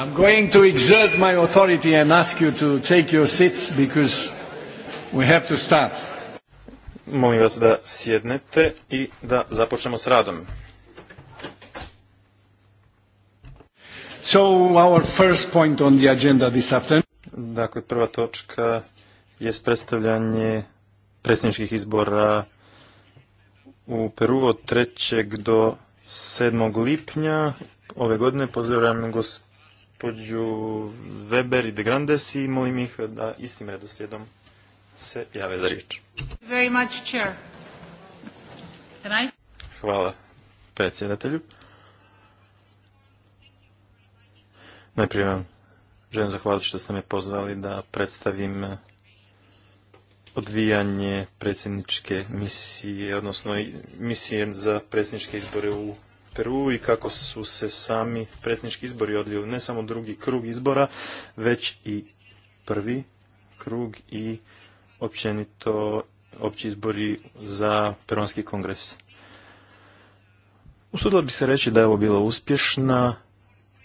I'm going to exert my authority and ask you to take your seats because we have to start. Molim vas da sjednete i da započnemo s radom. So our first point on the agenda this afternoon. Dakle, prva točka je predstavljanje predsjedničkih izbora u Peru od 3. do 7. lipnja ove godine. Pozdravljam gospodinu gospođu Weber i De Grandes i molim ih da istim redoslijedom se jave za riječ. Very much, chair. I... Hvala predsjedatelju. Najprije vam želim zahvaliti što ste me pozvali da predstavim odvijanje predsjedničke misije, odnosno misije za predsjedničke izbore u Peru i kako su se sami predsjednički izbori odlijeli, Ne samo drugi krug izbora, već i prvi krug i općenito opći izbori za Peronski kongres. Usudila bi se reći da je ovo bila uspješna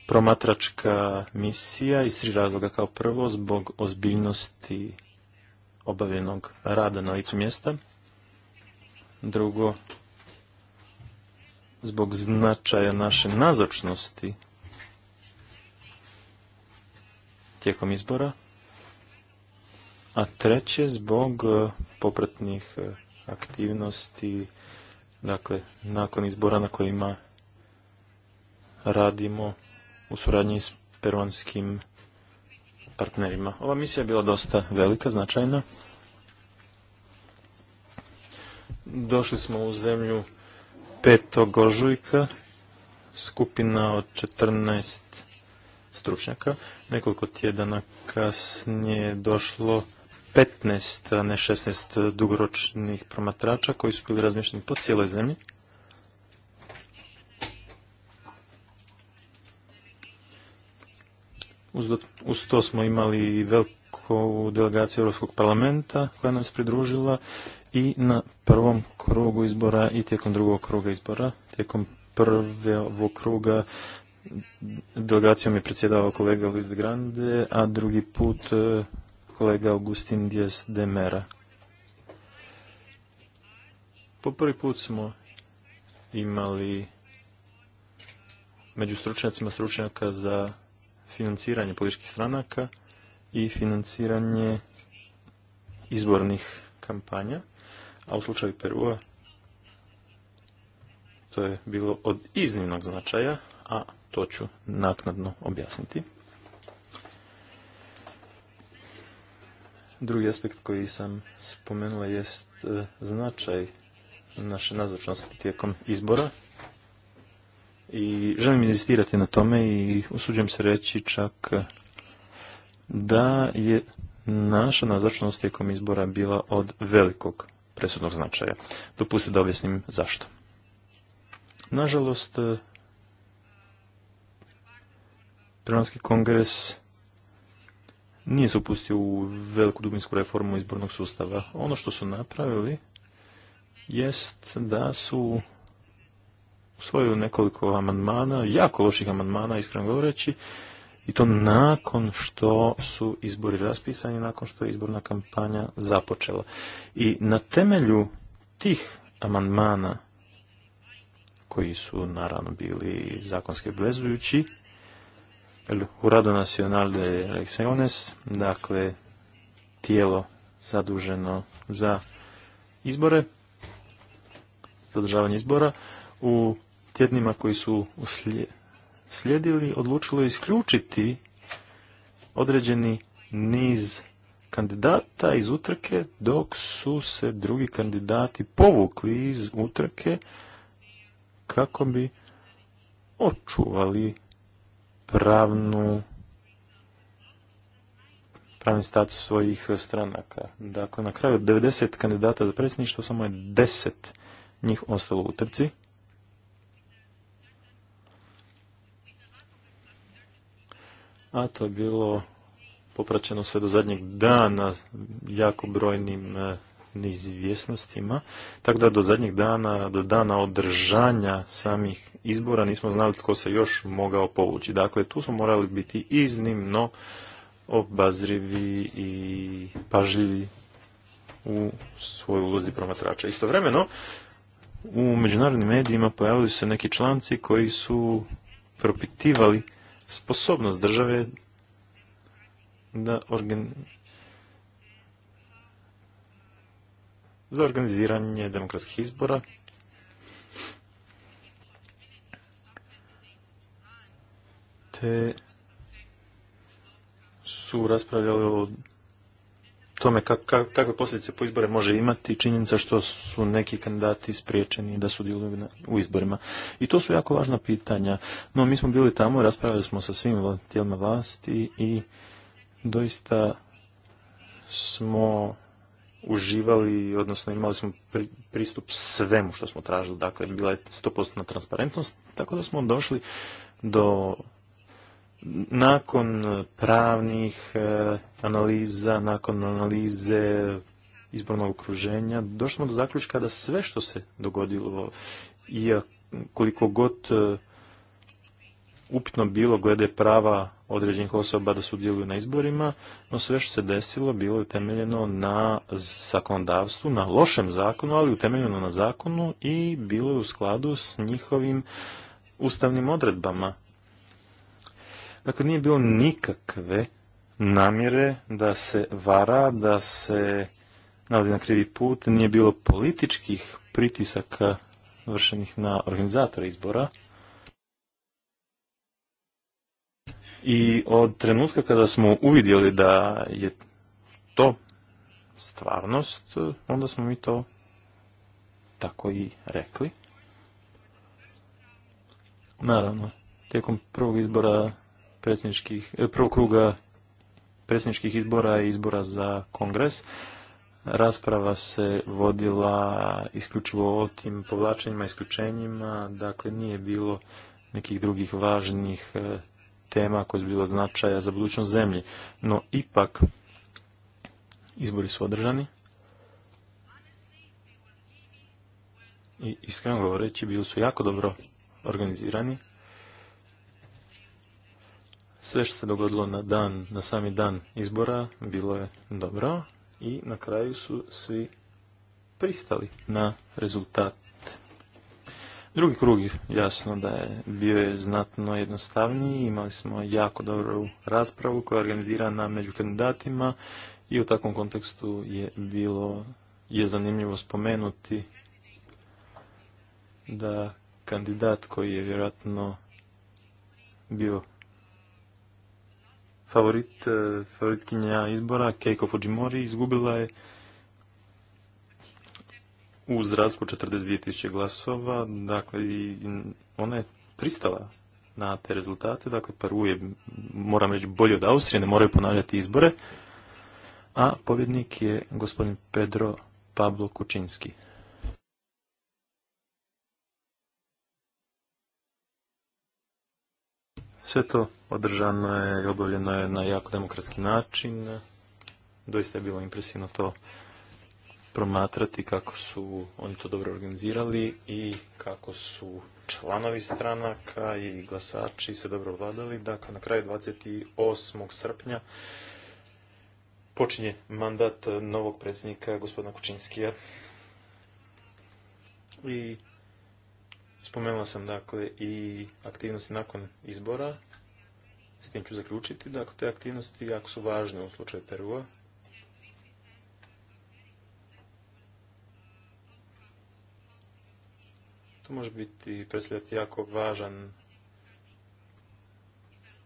promatračka misija iz tri razloga. Kao prvo, zbog ozbiljnosti obavljenog rada na licu mjesta. Drugo, zbog značaja naše nazočnosti tijekom izbora, a treće zbog e, popratnih e, aktivnosti, dakle, nakon izbora na kojima radimo u suradnji s peruanskim partnerima. Ova misija je bila dosta velika, značajna. Došli smo u zemlju 5. ožujka skupina od 14 stručnjaka. Nekoliko tjedana kasnije došlo 15, a ne 16 dugoročnih promatrača koji su bili razmišljeni po cijeloj zemlji. Uz to smo imali veliku delegaciju Europskog parlamenta koja nam se pridružila i na prvom krugu izbora i tijekom drugog kruga izbora. Tijekom prvog kruga delegacijom je predsjedavao kolega Luis de Grande, a drugi put e, kolega Augustin Dias de Mera. Po prvi put smo imali među stručnjacima stručnjaka za financiranje političkih stranaka i financiranje izbornih kampanja a u slučaju Perua to je bilo od iznimnog značaja, a to ću naknadno objasniti. Drugi aspekt koji sam spomenula jest e, značaj naše nazočnosti tijekom izbora. I želim inzistirati na tome i usuđujem se reći čak e, da je naša nazočnost tijekom izbora bila od velikog presudnog značaja. Dopustite da objasnim zašto. Nažalost, Prvanski kongres nije se upustio u veliku dubinsku reformu izbornog sustava. Ono što su napravili jest da su usvojili nekoliko amandmana, jako loših amandmana, iskreno govoreći, i to nakon što su izbori raspisani, nakon što je izborna kampanja započela. I na temelju tih amandmana koji su naravno bili zakonski obvezujući, Urado Nacional de Elecciones, dakle tijelo zaduženo za izbore, zadržavanje izbora, u tjednima koji su uslijedili, slijedili odlučilo isključiti određeni niz kandidata iz utrke dok su se drugi kandidati povukli iz utrke kako bi očuvali pravnu pravni status svojih stranaka. Dakle, na kraju od 90 kandidata za predsjedništvo samo je 10 njih ostalo u utrci. a to je bilo popraćeno sve do zadnjeg dana jako brojnim e, neizvjesnostima, tako da do zadnjeg dana, do dana održanja samih izbora nismo znali tko se još mogao povući. Dakle, tu smo morali biti iznimno obazrivi i pažljivi u svojoj ulozi promatrača. Istovremeno, u međunarodnim medijima pojavili su se neki članci koji su propitivali sposobnost države da organ... za organiziranje demokratskih izbora te su raspravljali o tome kakve posljedice po izbore može imati činjenica što su neki kandidati spriječeni da sudjeluju u izborima. I to su jako važna pitanja. No, mi smo bili tamo, raspravili smo sa svim tijelima vlasti i doista smo uživali, odnosno imali smo pristup svemu što smo tražili. Dakle, bila je 100% transparentnost, tako da smo došli do nakon pravnih e, analiza, nakon analize izbornog okruženja, došli smo do zaključka da sve što se dogodilo, i koliko god e, upitno bilo glede prava određenih osoba da sudjeluju na izborima, no sve što se desilo bilo je utemeljeno na zakonodavstvu, na lošem zakonu, ali utemeljeno na zakonu i bilo je u skladu s njihovim ustavnim odredbama. Dakle, nije bilo nikakve namjere da se vara, da se navodi na krivi put, nije bilo političkih pritisaka vršenih na organizatora izbora. I od trenutka kada smo uvidjeli da je to stvarnost, onda smo mi to tako i rekli. Naravno, tijekom prvog izbora predsjedničkih, e, prvog kruga predsjedničkih izbora i izbora za kongres. Rasprava se vodila isključivo o tim povlačenjima, isključenjima, dakle nije bilo nekih drugih važnih e, tema koje su bilo značaja za budućnost zemlje. No ipak izbori su održani. I iskreno govoreći bili su jako dobro organizirani. Sve što se dogodilo na dan, na sami dan izbora bilo je dobro i na kraju su svi pristali na rezultat. Drugi krug, jasno da je bio je znatno jednostavniji, imali smo jako dobru raspravu koja je organizirana među kandidatima i u takvom kontekstu je bilo je zanimljivo spomenuti da kandidat koji je vjerojatno bio favorit, e, favoritkinja izbora Keiko Fujimori izgubila je uz razliku 42.000 glasova, dakle i ona je pristala na te rezultate, dakle Peru je, moram reći, bolje od Austrije, ne moraju ponavljati izbore, a pobjednik je gospodin Pedro Pablo Kučinski. Sve to održano je i obavljeno je na jako demokratski način. Doista je bilo impresivno to promatrati kako su oni to dobro organizirali i kako su članovi stranaka i glasači se dobro vladali. Dakle, na kraju 28. srpnja počinje mandat novog predsjednika gospodina Kučinskija. I spomenula sam dakle i aktivnosti nakon izbora. S tim ću zaključiti, dakle, te aktivnosti jako su važne u slučaju Perua. To može biti predstavljati jako važan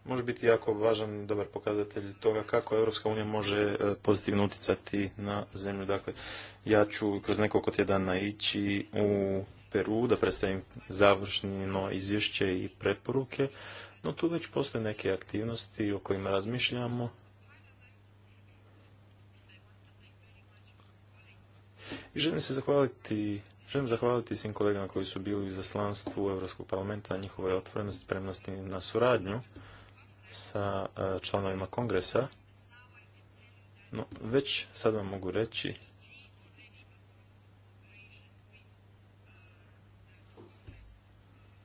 može biti jako važan dobar pokazatelj toga kako Europska unija može e, pozitivno utjecati na zemlju. Dakle, ja ću kroz nekoliko tjedana ići u Peru da predstavim završno izvješće i preporuke, no tu već postoje neke aktivnosti o kojima razmišljamo. I želim se zahvaliti Želim zahvaliti svim kolegama koji su bili u izaslanstvu Europskog parlamenta na njihovoj otvorenosti, spremnosti na suradnju sa e, članovima kongresa. No, već sad vam mogu reći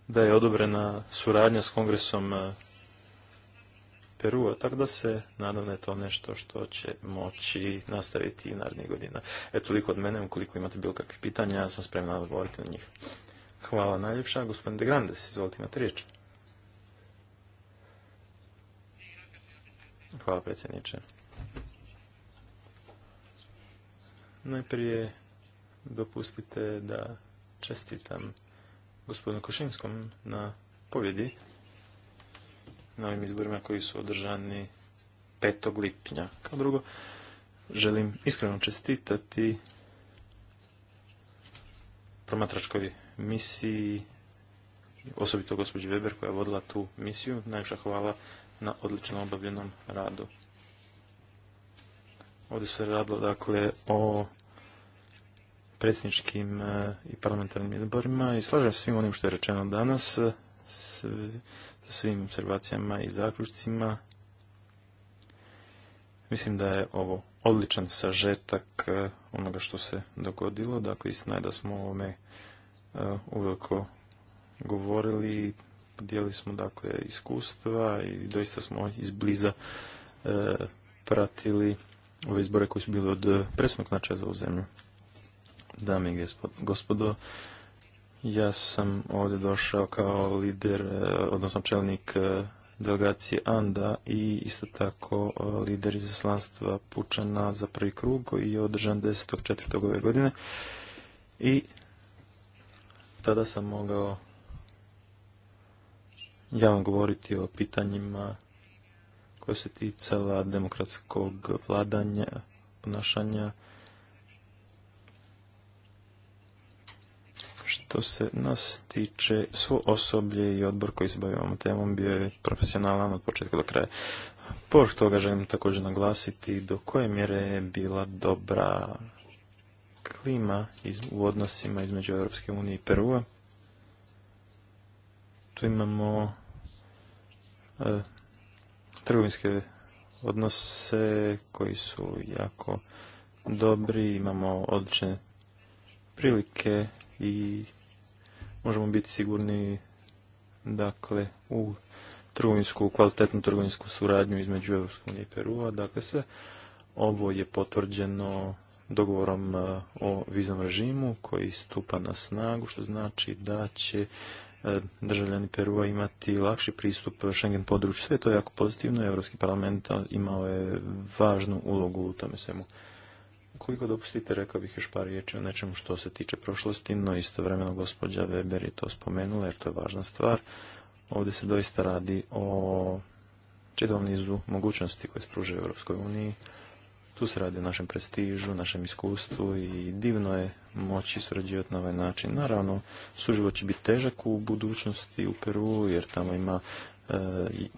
da je odobrena suradnja s kongresom eh, Perua, tako da se nadam da je to nešto što će moći nastaviti i narednih godina. E, toliko od mene, ukoliko imate bilo kakvih pitanja, ja sam spreman odgovoriti na njih. Hvala najljepša, gospodin De Grandes, izvolite imate riječ. Hvala predsjedniče. Najprije dopustite da čestitam gospodinu Košinskom na povjedi na ovim izborima koji su održani 5. lipnja. Kao drugo, želim iskreno čestitati promatračkoj misiji, osobito gospođi Weber koja je vodila tu misiju. Najviša hvala na odlično obavljenom radu. Ovdje se radilo dakle o predsjedničkim e, i parlamentarnim izborima i slažem se svim onim što je rečeno danas, e, sa svim observacijama i zaključcima. Mislim da je ovo odličan sažetak e, onoga što se dogodilo. Dakle, istina je da smo o ovome uveliko govorili, podijelili smo dakle iskustva i doista smo izbliza pratili ove izbore koji su bili od presnog značaja za ovu zemlju. Dame i gospodo, ja sam ovdje došao kao lider, e, odnosno čelnik e, delegacije ANDA i isto tako e, lider izaslanstva Pučana za prvi krug koji je održan 10.4. ove godine i tada sam mogao javno govoriti o pitanjima koje se ticala demokratskog vladanja, ponašanja Što se nas tiče, svo osoblje i odbor koji se bavio ovom temom bio je profesionalan od početka do kraja. Povrh toga želim također naglasiti do koje mjere je bila dobra klima u odnosima između Europske unije i Perua. Tu imamo e, trgovinske odnose koji su jako dobri, imamo odlične prilike i možemo biti sigurni dakle u trgovinsku, kvalitetnu trgovinsku suradnju između EU i Perua. Dakle, se ovo je potvrđeno dogovorom e, o viznom režimu koji stupa na snagu, što znači da će e, državljani Perua imati lakši pristup Schengen području. Sve to je jako pozitivno. Europski parlament imao je važnu ulogu u tome svemu. Koliko dopustite, rekao bih još par riječi o nečemu što se tiče prošlosti, no istovremeno gospođa Weber je to spomenula, jer to je važna stvar. Ovdje se doista radi o čitavom nizu mogućnosti koje spruže Europskoj uniji. Tu se radi o našem prestižu, našem iskustvu i divno je moći surađivati na ovaj način. Naravno, suživo će biti težak u budućnosti u Peru, jer tamo ima e,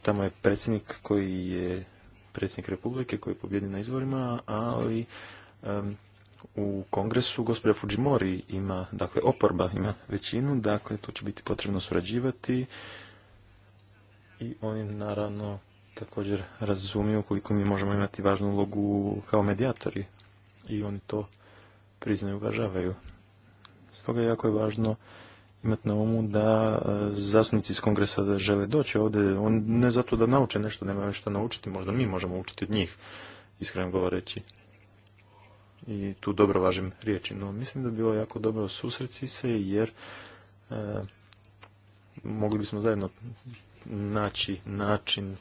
tamo je predsjednik koji je predsjednik Republike koji je pobjedi na izvorima, ali u kongresu gospođa Fujimori ima, dakle oporba ima većinu, dakle to će biti potrebno surađivati i oni naravno također razumiju koliko mi možemo imati važnu ulogu kao medijatori i oni to priznaju i uvažavaju. Stoga jako je važno imati na umu da e, zastupnici iz kongresa žele doći ovdje, on ne zato da nauče nešto, nema nešto naučiti, možda mi možemo učiti od njih, iskreno govoreći i tu dobro važim riječi. No, mislim da bi bilo jako dobro susreci se jer e, mogli bismo zajedno naći način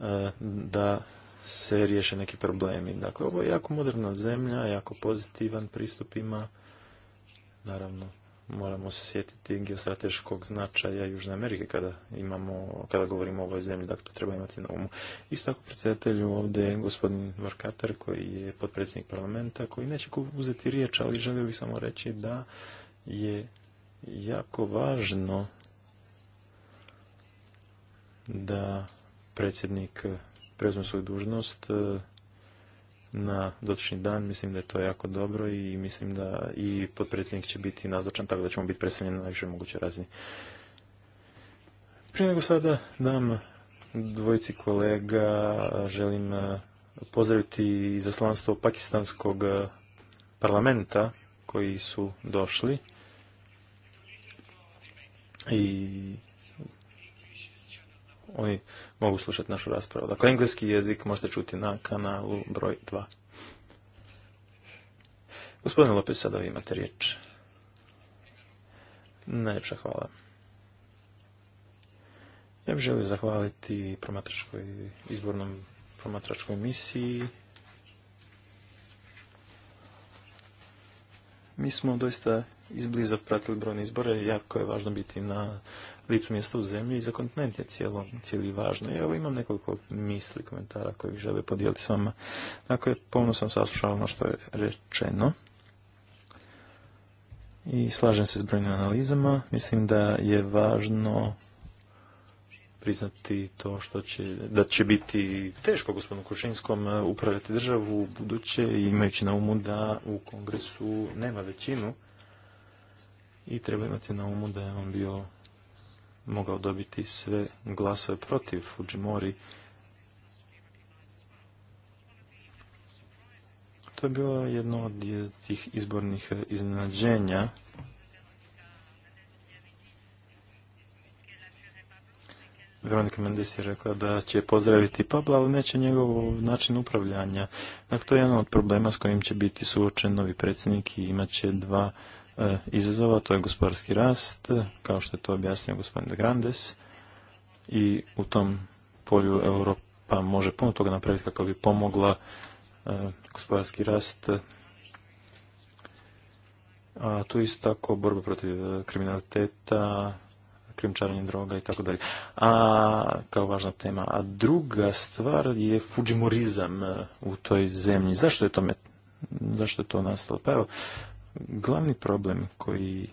e, da se riješe neki problemi. Dakle, ovo je jako moderna zemlja, jako pozitivan pristup ima. Naravno, moramo se sjetiti geostrateškog značaja Južne Amerike kada imamo, kada govorimo o ovoj zemlji, dakle to treba imati na umu. Isto tako predsjedatelju ovdje je gospodin Varkater koji je potpredsjednik parlamenta koji neće uzeti riječ, ali želio bih samo reći da je jako važno da predsjednik preuzme svoju dužnost na dotični dan. Mislim da je to jako dobro i mislim da i potpredsjednik će biti nazočan, tako da ćemo biti predstavljeni na najviše moguće razini. Prije nego sada dam dvojici kolega, želim eh, pozdraviti izaslanstvo pakistanskog eh, parlamenta koji su došli i oni mogu slušati našu raspravu. Dakle, engleski jezik možete čuti na kanalu broj 2. Gospodine Lopez, sada vi imate riječ. Najljepša hvala. Ja bih želio zahvaliti promatračkoj, izbornom promatračkoj misiji. Mi smo doista izbliza pratili brojne izbore, jako je važno biti na licu mjesta u zemlji i za kontinent je cijelo, cijeli važno. I evo imam nekoliko misli, komentara koje bih želio podijeliti s vama. Dakle, pomno sam saslušao ono što je rečeno i slažem se s brojnim analizama. Mislim da je važno priznati to što će, da će biti teško gospodinu Krušinskom eh, upravljati državu u buduće, imajući na umu da u kongresu nema većinu i treba imati na umu da je on bio mogao dobiti sve glasove protiv Fujimori. To je bilo jedno od tih izbornih iznenađenja. Veronika Mendes je rekla da će pozdraviti Pabla, ali neće njegov način upravljanja. Dakle, to je jedan od problema s kojim će biti suočen novi predsjednik i imat će dva E, izazova, to je gospodarski rast, kao što je to objasnio gospodin De Grandes, i u tom polju Europa može puno toga napraviti kako bi pomogla e, gospodarski rast, a tu isto tako borba protiv e, kriminaliteta, krimčaranje droga i tako dalje. A kao važna tema. A druga stvar je fuđimurizam u toj zemlji. Zašto je zašto je to nastalo? Pa evo, Glavni problem koji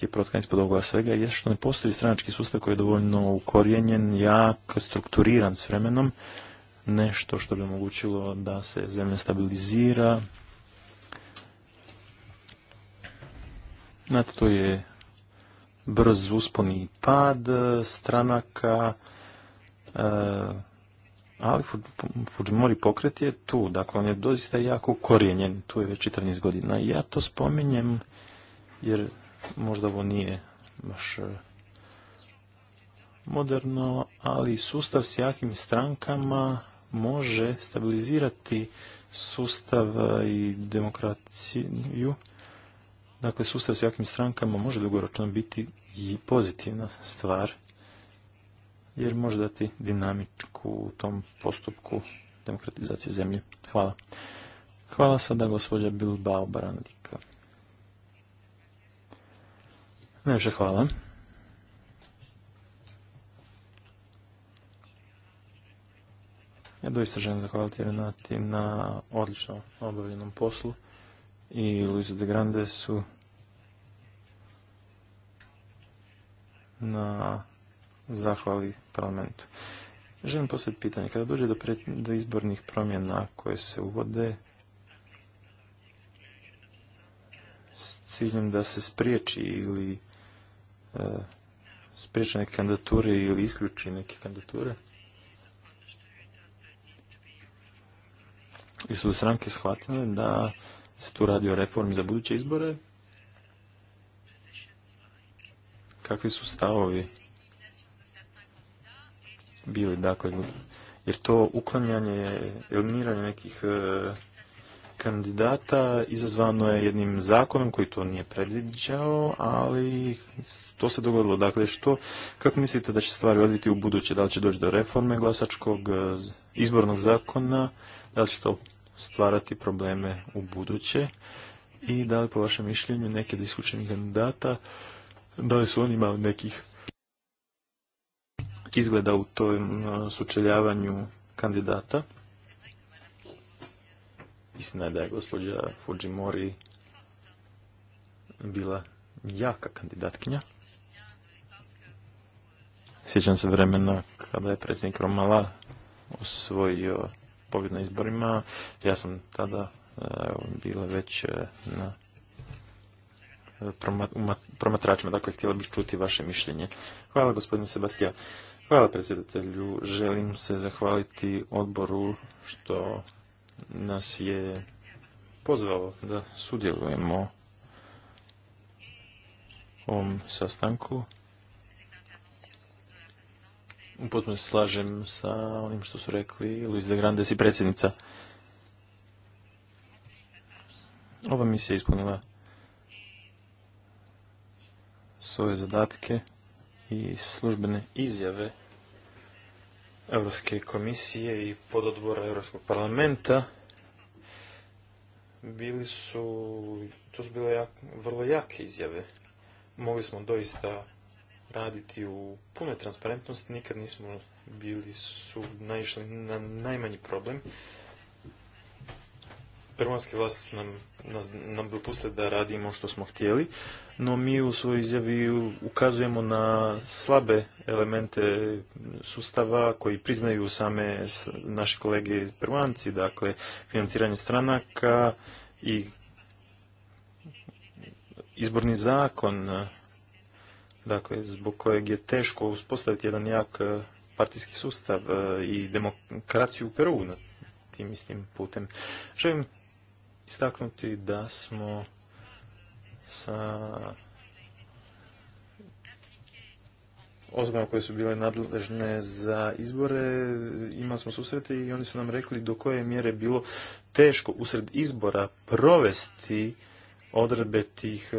je protkan ispod ovoga svega je što ne postoji stranački sustav koji je dovoljno ukorijenjen, jak, strukturiran s vremenom, nešto što bi omogućilo da se zemlja stabilizira. Znate, to je brz usponi pad stranaka, e, ali Fujimori pokret je tu, dakle on je doista jako korijenjen, tu je već 14 godina. Ja to spominjem jer možda ovo nije baš e, moderno, ali sustav s jakim strankama može stabilizirati sustav e, i demokraciju. Dakle, sustav s jakim strankama može dugoročno biti i pozitivna stvar jer može dati dinamičku u tom postupku demokratizacije zemlje. Hvala. Hvala sada gospođa Bilbao Barandika. Najviše hvala. Ja doista želim zahvaliti Renati na odlično obavljenom poslu i Luizu de Grande su na zahvali parlamentu. Želim postaviti pitanje. Kada dođe do, izbornih promjena koje se uvode s ciljem da se spriječi ili e, spriječi neke kandidature ili isključi neke kandidature, i su stranke shvatile da se tu radi o reformi za buduće izbore? Kakvi su stavovi bili. Dakle, jer to uklanjanje, eliminiranje nekih e, kandidata izazvano je jednim zakonom koji to nije predviđao, ali to se dogodilo. Dakle, što, kako mislite da će stvari odviti u buduće? Da li će doći do reforme glasačkog e, izbornog zakona? Da li će to stvarati probleme u buduće? I da li po vašem mišljenju neke od kandidata, da li su oni imali nekih izgleda u tom e, sučeljavanju kandidata. Istina je da je gospođa Fujimori bila jaka kandidatkinja. Sjećam se vremena kada je predsjednik Romala osvojio pobjed na izborima. Ja sam tada e, bila već e, na promatračima, dakle htjela bih čuti vaše mišljenje. Hvala gospodine Sebastija. Hvala predsjedatelju. Želim se zahvaliti odboru što nas je pozvao da sudjelujemo ovom sastanku. Potpuno se slažem sa onim što su rekli Luis de Grandes i predsjednica. Ova misija je ispunila svoje zadatke i službene izjave Europske komisije i pododbora Europskog parlamenta bili su, to su bile vrlo jake izjave. Mogli smo doista raditi u pune transparentnosti, nikad nismo bili su naišli na najmanji problem. Prvanske vlasti su nam, nam da radimo što smo htjeli, no mi u svojoj izjavi ukazujemo na slabe elemente sustava koji priznaju same naši kolege prvanci dakle financiranje stranaka i izborni zakon, dakle zbog kojeg je teško uspostaviti jedan jak partijski sustav i demokraciju u Peru tim istim putem. Želim istaknuti da smo sa osobama koje su bile nadležne za izbore, imali smo susrete i oni su nam rekli do koje mjere bilo teško usred izbora provesti odredbe tih, e,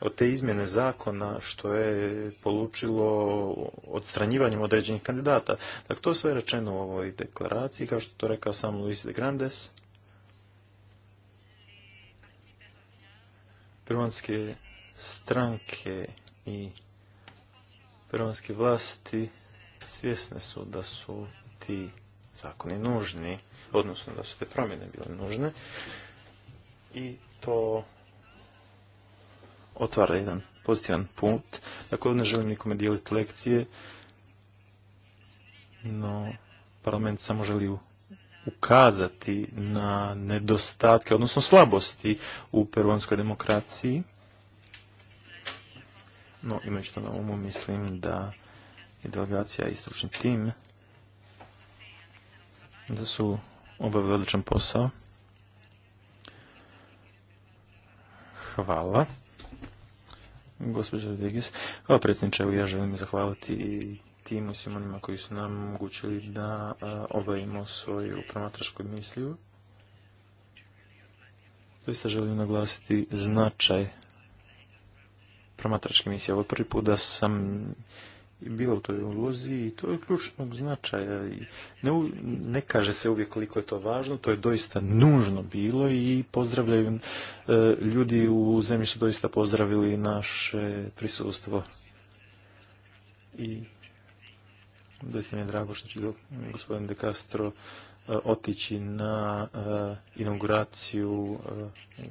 od te izmjene zakona što je polučilo odstranjivanjem određenih kandidata. Dakle, to sve je rečeno u ovoj deklaraciji, kao što to rekao sam Luis de Grandes. Prvanske stranke i prvanske vlasti svjesne su da su ti zakoni nužni, odnosno da su te promjene bile nužne i to otvara jedan pozitivan punkt. Dakle, ne želim nikome dijeliti lekcije, no parlament samo želi u ukazati na nedostatke, odnosno slabosti u peruanskoj demokraciji. No, imajući to na umu, mislim da je delegacija i stručni tim da su obavili odličan posao. Hvala. Gospođa Rodriguez. Hvala predsjedniče, ja želim zahvaliti i timu, svim onima koji su nam omogućili da e, obavimo svoju promatrašku misliju. Doista želim naglasiti značaj promatračke misije. Ovo prvi put da sam bila u toj ulozi i to je ključnog značaja. Ne, ne kaže se uvijek koliko je to važno, to je doista nužno bilo i pozdravljaju e, ljudi u zemlji su doista pozdravili naše prisustvo. I doista mi je drago što će gospodin De Castro e, otići na e, inauguraciju e,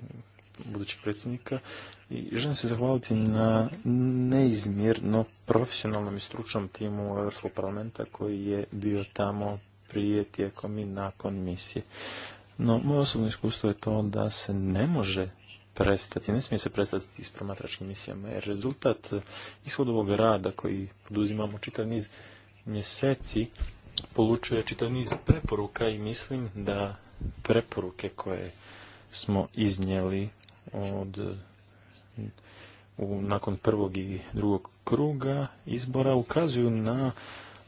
budućeg predsjednika i želim se zahvaliti na neizmjerno profesionalnom i stručnom timu Europskog parlamenta koji je bio tamo prije, tijekom i nakon misije. No, moje osobno iskustvo je to da se ne može prestati, ne smije se prestati s promatračkim misijama, jer rezultat ishod rada koji poduzimamo čitav niz mjeseci polučuje čitav niz preporuka i mislim da preporuke koje smo iznijeli od u, nakon prvog i drugog kruga izbora ukazuju na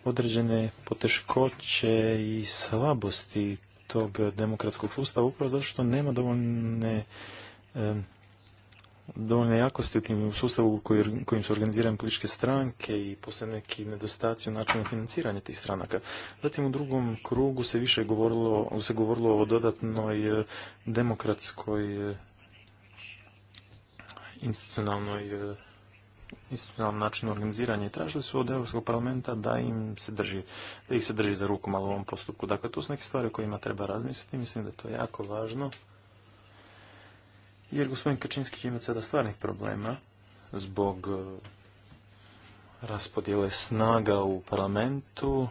određene poteškoće i slabosti tog demokratskog sustava upravo zato što nema dovoljne dovoljne jakosti u tim sustavu kojim su organizirane političke stranke i postoje neki nedostaci u načinu financiranja tih stranaka. Zatim u drugom krugu se više govorilo, se govorilo o dodatnoj e, demokratskoj e, institucionalnoj e, institucionalnom načinu organiziranja i tražili su od Europskog parlamenta da im se drži, da ih se drži za ruku malo u ovom postupku. Dakle, to su neke stvari o kojima treba razmisliti, mislim da to je jako važno jer gospodin Kačinski imati sada stvarnih problema zbog e, raspodjele snaga u parlamentu,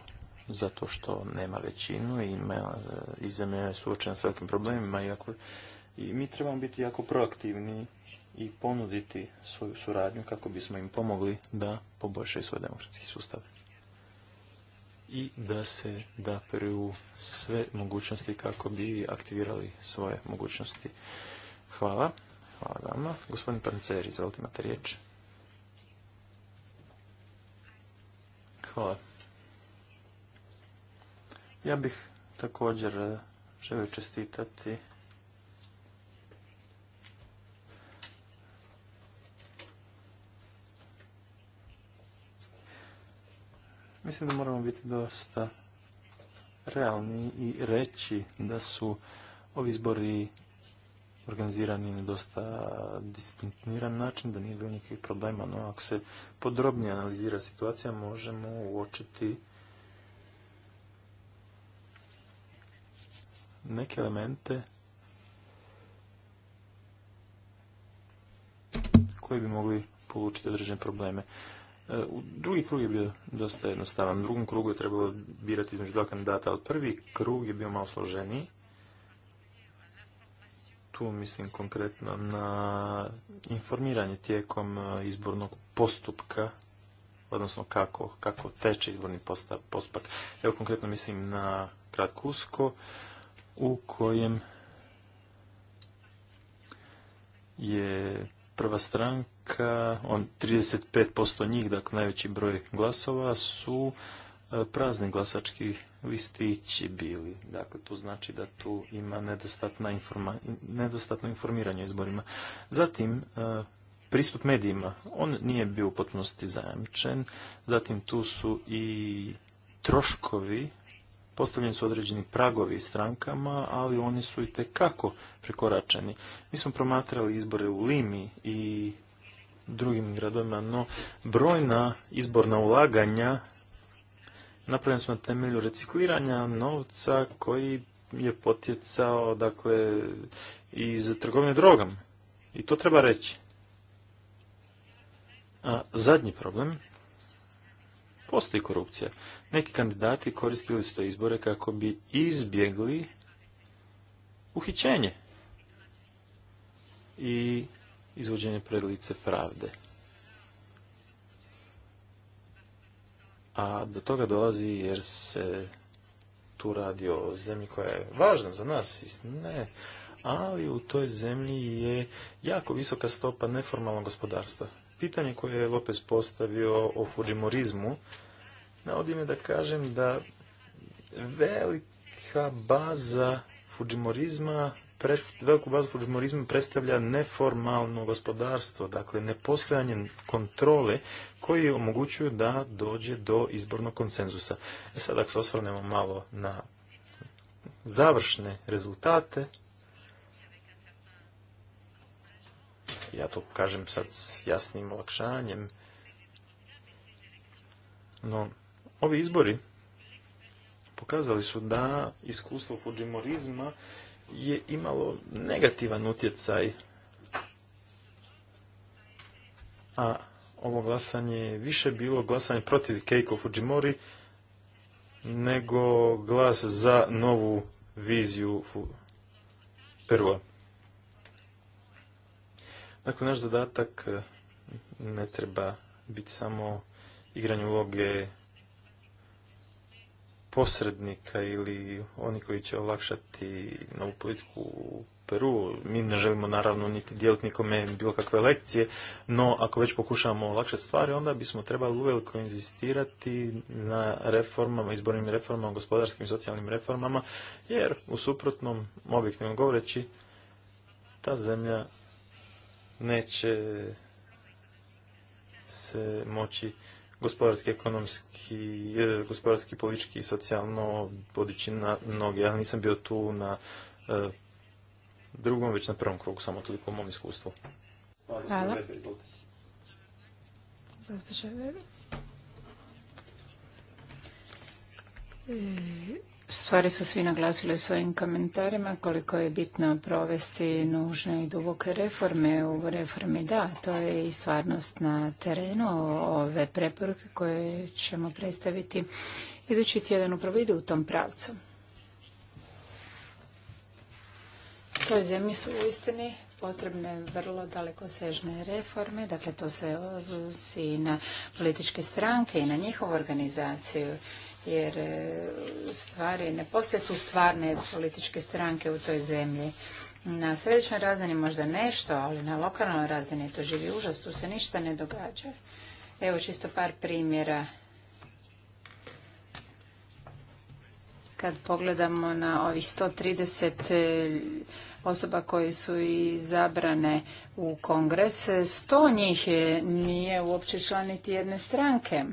zato što nema većinu i, ima, e, i zemlja je suočena s velikim problemima. Iako, I mi trebamo biti jako proaktivni i ponuditi svoju suradnju kako bismo im pomogli da poboljšaju svoj demokratski sustav i da se daperu sve mogućnosti kako bi aktivirali svoje mogućnosti. Hvala. Hvala vama. Gospodin Pancer, izvolite, imate riječ. Hvala. Ja bih također eh, želio čestitati Mislim da moramo biti dosta realni i reći da su ovi izbori organizirani na dosta discipliniran način, da nije bilo nikakvih problema, no ako se podrobnije analizira situacija, možemo uočiti neke elemente koji bi mogli polučiti određene probleme. E, u drugi krug je bio dosta jednostavan. U drugom krugu je trebalo birati između dva kandidata, ali prvi krug je bio malo složeniji mislim konkretno na informiranje tijekom e, izbornog postupka, odnosno kako, kako teče izborni postupak. Evo konkretno mislim na Kratkusko u kojem je prva stranka, on 35% njih, dakle najveći broj glasova, su e, prazni glasački listići bili. Dakle, to znači da tu ima nedostatna nedostatno informiranje o izborima. Zatim, e, pristup medijima, on nije bio u potpunosti zajamčen. Zatim, tu su i troškovi, postavljeni su određeni pragovi strankama, ali oni su i tekako prekoračeni. Mi smo promatrali izbore u Limi i drugim gradovima, no brojna izborna ulaganja napravljeni smo na temelju recikliranja novca koji je potjecao dakle, iz trgovine drogama. I to treba reći. A zadnji problem, postoji korupcija. Neki kandidati koristili su to izbore kako bi izbjegli uhićenje i izvođenje predlice pravde. a do toga dolazi jer se tu radi o zemlji koja je važna za nas, ne, ali u toj zemlji je jako visoka stopa neformalnog gospodarstva. Pitanje koje je Lopez postavio o na navodim je da kažem da velika baza fujimorizma veliku bazu fudžimorizma predstavlja neformalno gospodarstvo, dakle nepostojanje kontrole koji omogućuju da dođe do izbornog konsenzusa. E sad ako se osvrnemo malo na završne rezultate, ja to kažem sad s jasnim olakšanjem, no ovi izbori pokazali su da iskustvo fudžimorizma je imalo negativan utjecaj, a ovo glasanje je više bilo glasanje protiv Keiko Fujimori nego glas za novu viziju prvo. Dakle, naš zadatak ne treba biti samo igranje uloge posrednika ili oni koji će olakšati novu politiku u Peru. Mi ne želimo naravno niti dijeliti nikome bilo kakve lekcije, no ako već pokušavamo olakšati stvari, onda bismo trebali uveliko inzistirati na reformama, izbornim reformama, gospodarskim i socijalnim reformama, jer u suprotnom, objektivno govoreći, ta zemlja neće se moći gospodarski, ekonomski, e, gospodarski, politički i socijalno podići na noge. Ja nisam bio tu na e, drugom, već na prvom krugu, samo toliko u mom iskustvu. Hvala. Hvala stvari su svi naglasili u svojim komentarima koliko je bitno provesti nužne i duboke reforme u reformi. Da, to je i stvarnost na terenu. Ove preporuke koje ćemo predstaviti idući tjedan upravo ide u tom pravcu. Toj zemlji su u potrebne vrlo dalekosežne reforme, dakle to se odnosi na političke stranke i na njihovu organizaciju jer e, stvari ne postoje tu stvarne političke stranke u toj zemlji. Na središnjoj razini možda nešto, ali na lokalnoj razini to živi užas, tu se ništa ne događa. Evo čisto par primjera. Kad pogledamo na ovih 130 e, osoba koje su izabrane u kongres, sto njih nije uopće član niti jedne stranke.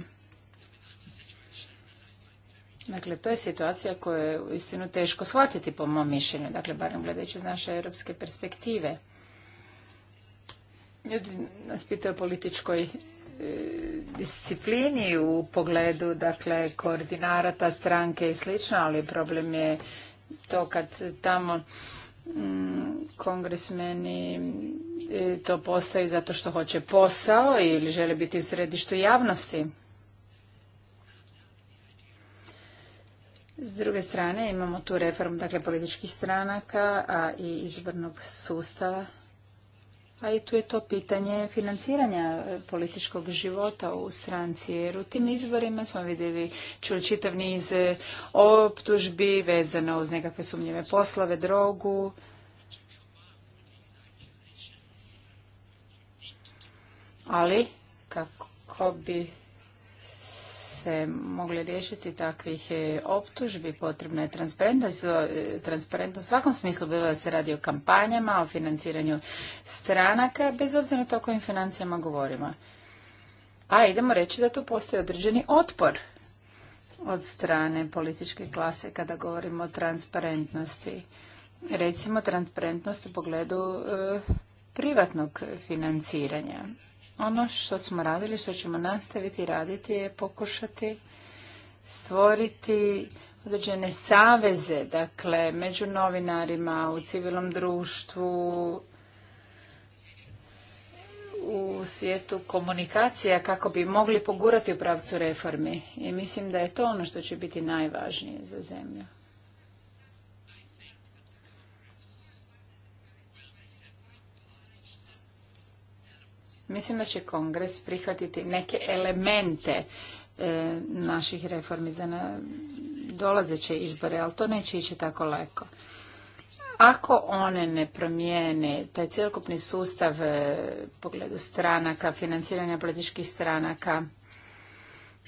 Dakle, to je situacija koju je istinu teško shvatiti po mom mišljenju, dakle, barem gledajući iz naše europske perspektive. Ljudi nas pitaju o političkoj e, disciplini u pogledu, dakle, koordinarata, stranke i slično, ali problem je to kad tamo mm, kongresmeni e, to postaju zato što hoće posao ili žele biti u središtu javnosti. S druge strane imamo tu reformu dakle, političkih stranaka a i izbornog sustava. A i tu je to pitanje financiranja e, političkog života u stranci, jer u tim izborima smo vidjeli, čuli čitav niz e, optužbi vezano uz nekakve sumnjive poslove, drogu. Ali, kako bi se mogli riješiti takvih e, optužbi, potrebna je e, transparentnost, u svakom smislu, bilo da se radi o kampanjama, o financiranju stranaka, bez obzira na to o kojim financijama govorimo. A idemo reći da tu postoji određeni otpor od strane političke klase kada govorimo o transparentnosti. Recimo transparentnost u pogledu e, privatnog financiranja. Ono što smo radili, što ćemo nastaviti raditi je pokušati stvoriti određene saveze, dakle, među novinarima, u civilnom društvu, u svijetu komunikacija kako bi mogli pogurati u pravcu reformi. I mislim da je to ono što će biti najvažnije za zemlju. Mislim da će Kongres prihvatiti neke elemente e, naših reformi za dolazeće izbore, ali to neće ići tako lako. Ako one ne promijene taj cjelokupni sustav e, pogledu stranaka, financiranja političkih stranaka,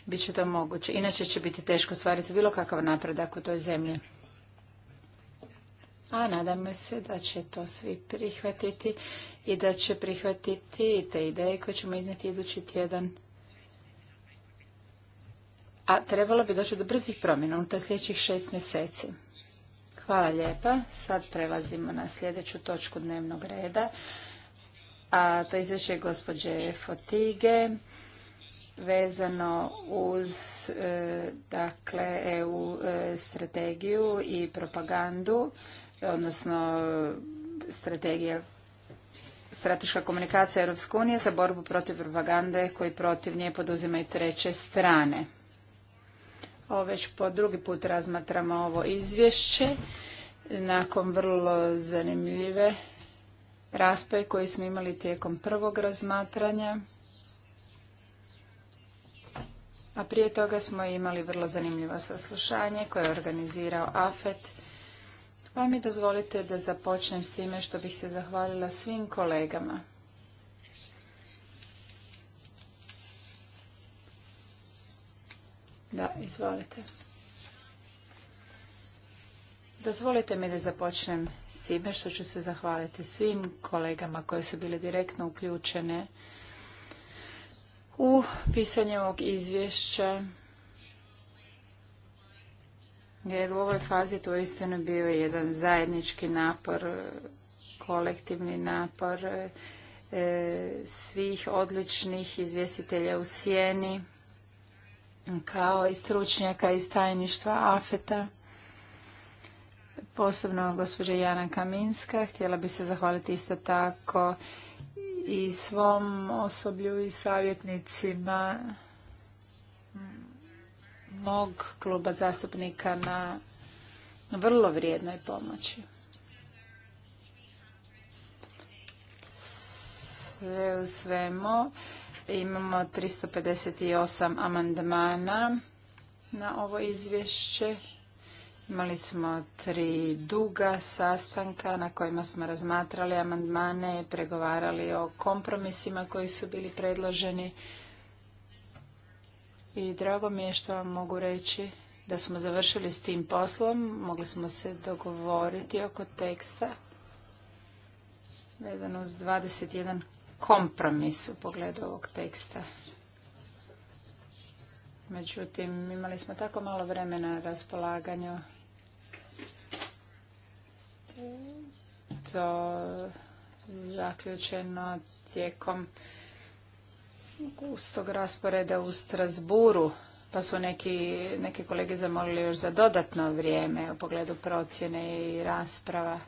bit će to moguće. Inače će biti teško stvariti bilo kakav napredak u toj zemlji a nadamo se da će to svi prihvatiti i da će prihvatiti te ideje koje ćemo iznijeti idući tjedan. A trebalo bi doći do brzih promjena unutar sljedećih šest mjeseci. Hvala lijepa. Sad prelazimo na sljedeću točku dnevnog reda. A to izvješće gospođe Fotige vezano uz e, dakle EU e, strategiju i propagandu odnosno strategija strateška komunikacija Europske unije za borbu protiv propagande koji protiv nje poduzimaju treće strane. Ovo već po drugi put razmatramo ovo izvješće nakon vrlo zanimljive rasprave koje smo imali tijekom prvog razmatranja. A prije toga smo imali vrlo zanimljivo saslušanje koje je organizirao AFET pa mi dozvolite da započnem s time što bih se zahvalila svim kolegama. Da, izvolite. Dozvolite mi da započnem s time što ću se zahvaliti svim kolegama koje su bile direktno uključene u pisanje ovog izvješća jer u ovoj fazi to je istinu bio jedan zajednički napor, kolektivni napor e, e, svih odličnih izvjestitelja u sjeni, kao i stručnjaka iz tajništva AFETA, posebno gospođe Jana Kaminska. Htjela bi se zahvaliti isto tako i svom osoblju i savjetnicima mog kluba zastupnika na vrlo vrijednoj pomoći. Sve u svemu imamo 358 amandmana na ovo izvješće. Imali smo tri duga sastanka na kojima smo razmatrali amandmane i pregovarali o kompromisima koji su bili predloženi i drago mi je što vam mogu reći da smo završili s tim poslom. Mogli smo se dogovoriti oko teksta vezano uz 21 kompromis u pogledu ovog teksta. Međutim, imali smo tako malo vremena na raspolaganju. To zaključeno tijekom gustog rasporeda u Strasburu, pa su neki, neke kolege zamolili još za dodatno vrijeme u pogledu procjene i rasprava.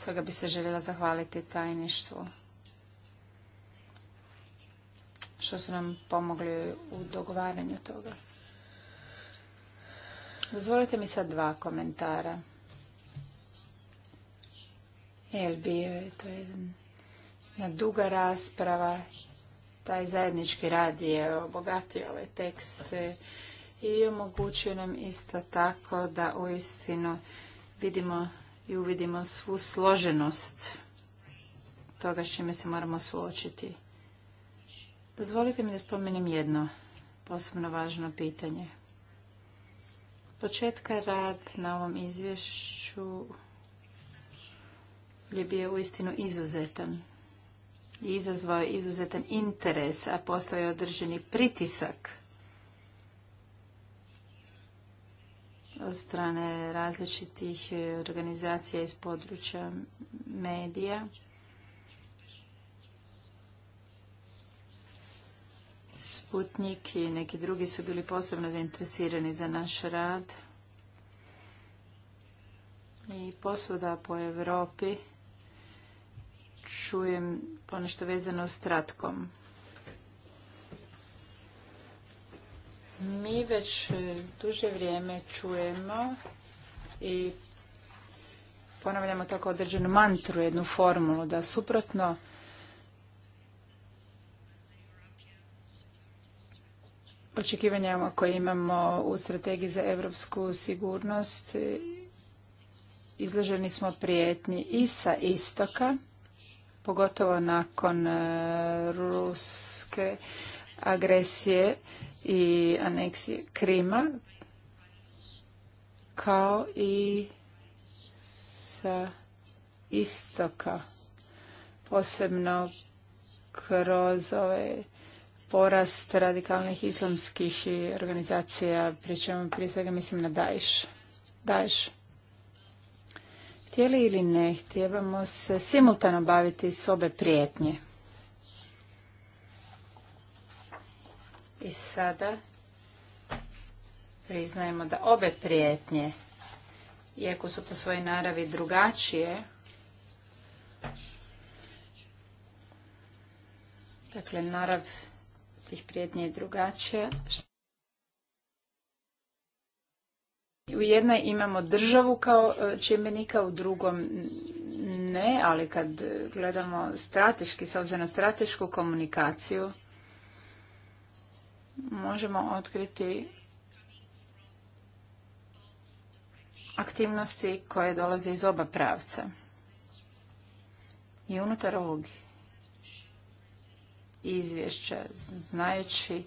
Svega bi se željela zahvaliti tajništvu što su nam pomogli u dogovaranju toga. Dozvolite mi sad dva komentara. Jel bio je to jedan jedna duga rasprava. Taj zajednički rad je obogatio ovaj tekst i omogućio nam isto tako da uistinu vidimo i uvidimo svu složenost toga s čime se moramo suočiti. Dozvolite mi da spomenem jedno posebno važno pitanje. Početka rad na ovom izvješću je bio uistinu izuzetan je izazvao izuzetan interes, a je održeni pritisak od strane različitih organizacija iz područja medija. Sputnik i neki drugi su bili posebno zainteresirani za naš rad. I posuda po Europi čujem ponešto vezano s Tratkom. Mi već e, duže vrijeme čujemo i ponavljamo tako određenu mantru, jednu formulu, da suprotno očekivanjama koje imamo u strategiji za europsku sigurnost, e, izloženi smo prijetnji i sa istoka, pogotovo nakon e, ruske agresije i aneksije Krima, kao i sa istoka, posebno kroz ove porast radikalnih islamskih organizacija, pri čemu prije svega mislim na Daesh. Daesh Htjeli ili ne, htjevamo se simultano baviti s obe prijetnje. I sada priznajemo da obe prijetnje, iako su po svojoj naravi drugačije, dakle narav tih prijetnje je drugačija, u jednoj imamo državu kao e, čimbenika, u drugom ne, ali kad gledamo strateški, s obzirom na stratešku komunikaciju, možemo otkriti aktivnosti koje dolaze iz oba pravca. I unutar ovog izvješća, znajući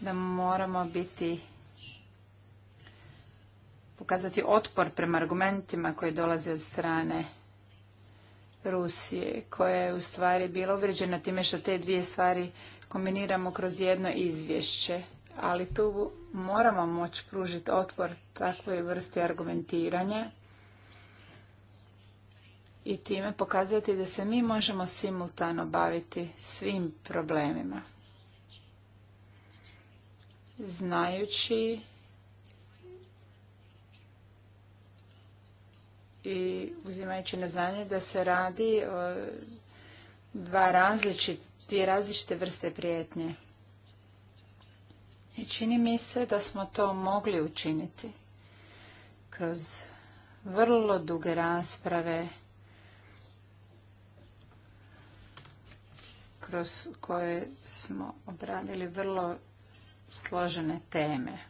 da moramo biti pokazati otpor prema argumentima koji dolaze od strane Rusije, koja je u stvari bila uvređena time što te dvije stvari kombiniramo kroz jedno izvješće. Ali tu moramo moći pružiti otpor takvoj vrsti argumentiranja i time pokazati da se mi možemo simultano baviti svim problemima. Znajući i uzimajući na znanje da se radi o dva različite, dvije različite vrste prijetnje. I čini mi se da smo to mogli učiniti kroz vrlo duge rasprave, kroz koje smo obradili vrlo složene teme.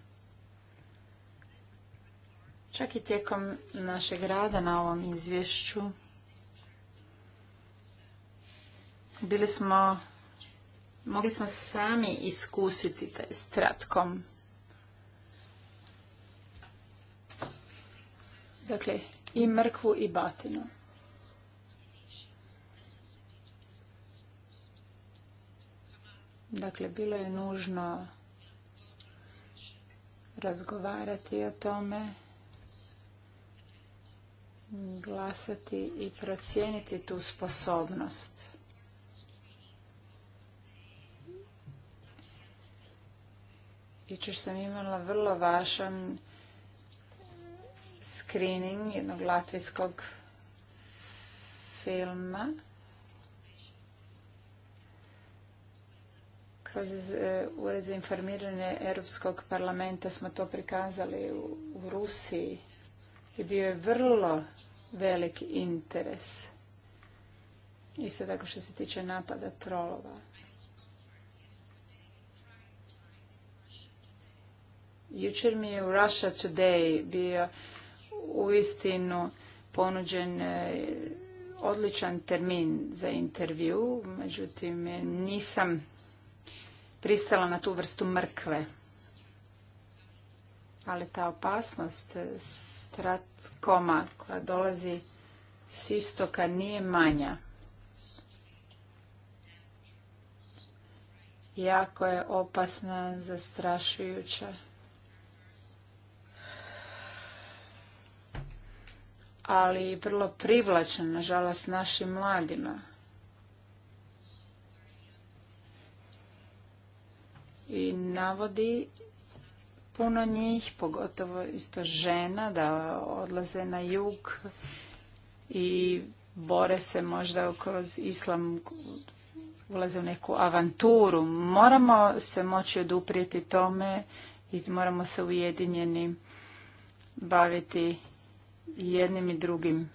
Čak i tijekom našeg rada na ovom izvješću bili smo, mogli smo sami iskusiti taj stratkom. Dakle, i mrkvu i batinu. Dakle, bilo je nužno razgovarati o tome glasati i procijeniti tu sposobnost. Jučer sam imala vrlo važan screening jednog latvijskog filma kroz e, Ured za informiranje Europskog parlamenta smo to prikazali u Rusiji i bio je vrlo velik interes. Isto tako što se tiče napada trolova. Jučer mi je u Russia Today bio uistinu ponuđen e, odličan termin za intervju, međutim e, nisam pristala na tu vrstu mrkve. Ali ta opasnost koma koja dolazi s istoka nije manja. Jako je opasna, zastrašujuća. ali i vrlo privlačna, nažalost, našim mladima. I navodi puno njih, pogotovo isto žena, da odlaze na jug i bore se možda kroz islam ulaze u neku avanturu. Moramo se moći oduprijeti tome i moramo se ujedinjeni baviti jednim i drugim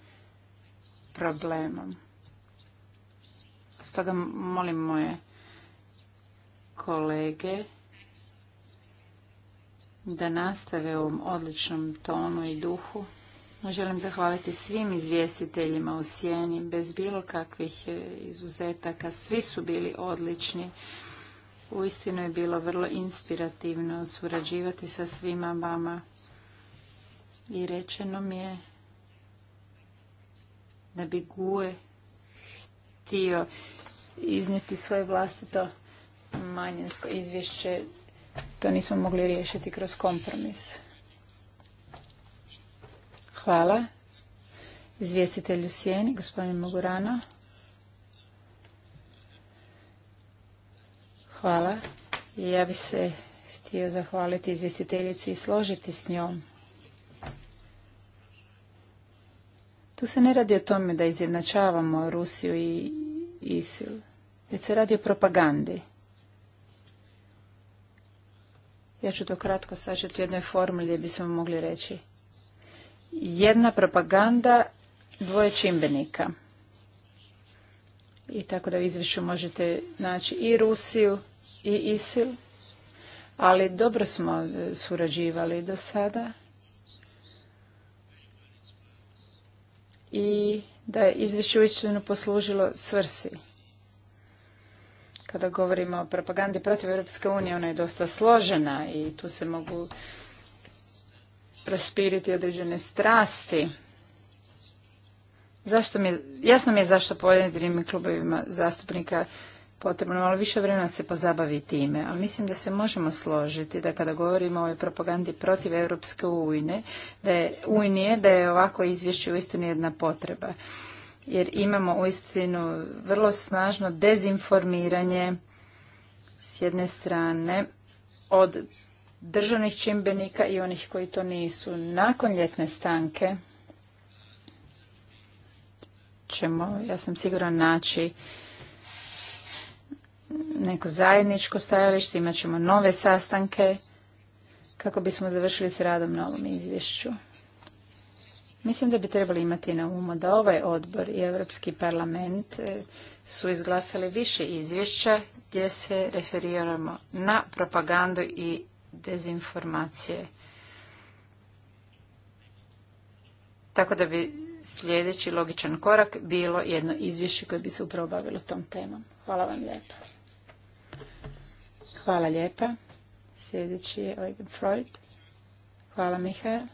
problemom. Stoga molim moje kolege da nastave u ovom odličnom tonu i duhu. Želim zahvaliti svim izvjestiteljima u Sjeni, bez bilo kakvih e, izuzetaka. Svi su bili odlični. Uistinu je bilo vrlo inspirativno surađivati sa svima vama. I rečeno mi je da bi Gue htio iznijeti svoje vlastito manjinsko izvješće to nismo mogli riješiti kroz kompromis. Hvala. Izvjestitelju Sjeni, gospodin Mogurana. Hvala. Ja bih se htio zahvaliti izvjestiteljici i složiti s njom. Tu se ne radi o tome da izjednačavamo Rusiju i ISIL, već se radi o propagandi. Ja ću to kratko sažeti u jednoj formuli smo mogli reći. Jedna propaganda, dvoje čimbenika. I tako da u izvješću možete naći i Rusiju i ISIL, ali dobro smo e, surađivali do sada. I da je izvješće uistinu poslužilo svrsi. Kada govorimo o propagandi protiv Europske unije, ona je dosta složena i tu se mogu raspiriti određene strasti. Zašto mi jasno mi je zašto pojedinim klubovima zastupnika potrebno malo više vremena se pozabavi time, ali mislim da se možemo složiti da kada govorimo o ovoj propagandi protiv Europske unije, da je, unije, da je ovako izvješće uistinu jedna potreba jer imamo uistinu vrlo snažno dezinformiranje s jedne strane od državnih čimbenika i onih koji to nisu. Nakon ljetne stanke ćemo, ja sam siguran, naći neko zajedničko stajalište, imat ćemo nove sastanke kako bismo završili s radom na ovom izvješću. Mislim da bi trebali imati na umu da ovaj odbor i Europski parlament e, su izglasali više izvješća gdje se referiramo na propagandu i dezinformacije. Tako da bi sljedeći logičan korak bilo jedno izvješće koje bi se upravo bavilo tom temom. Hvala vam lijepa. Hvala lijepa. Sljedeći je Eugen Freud. Hvala Mihael.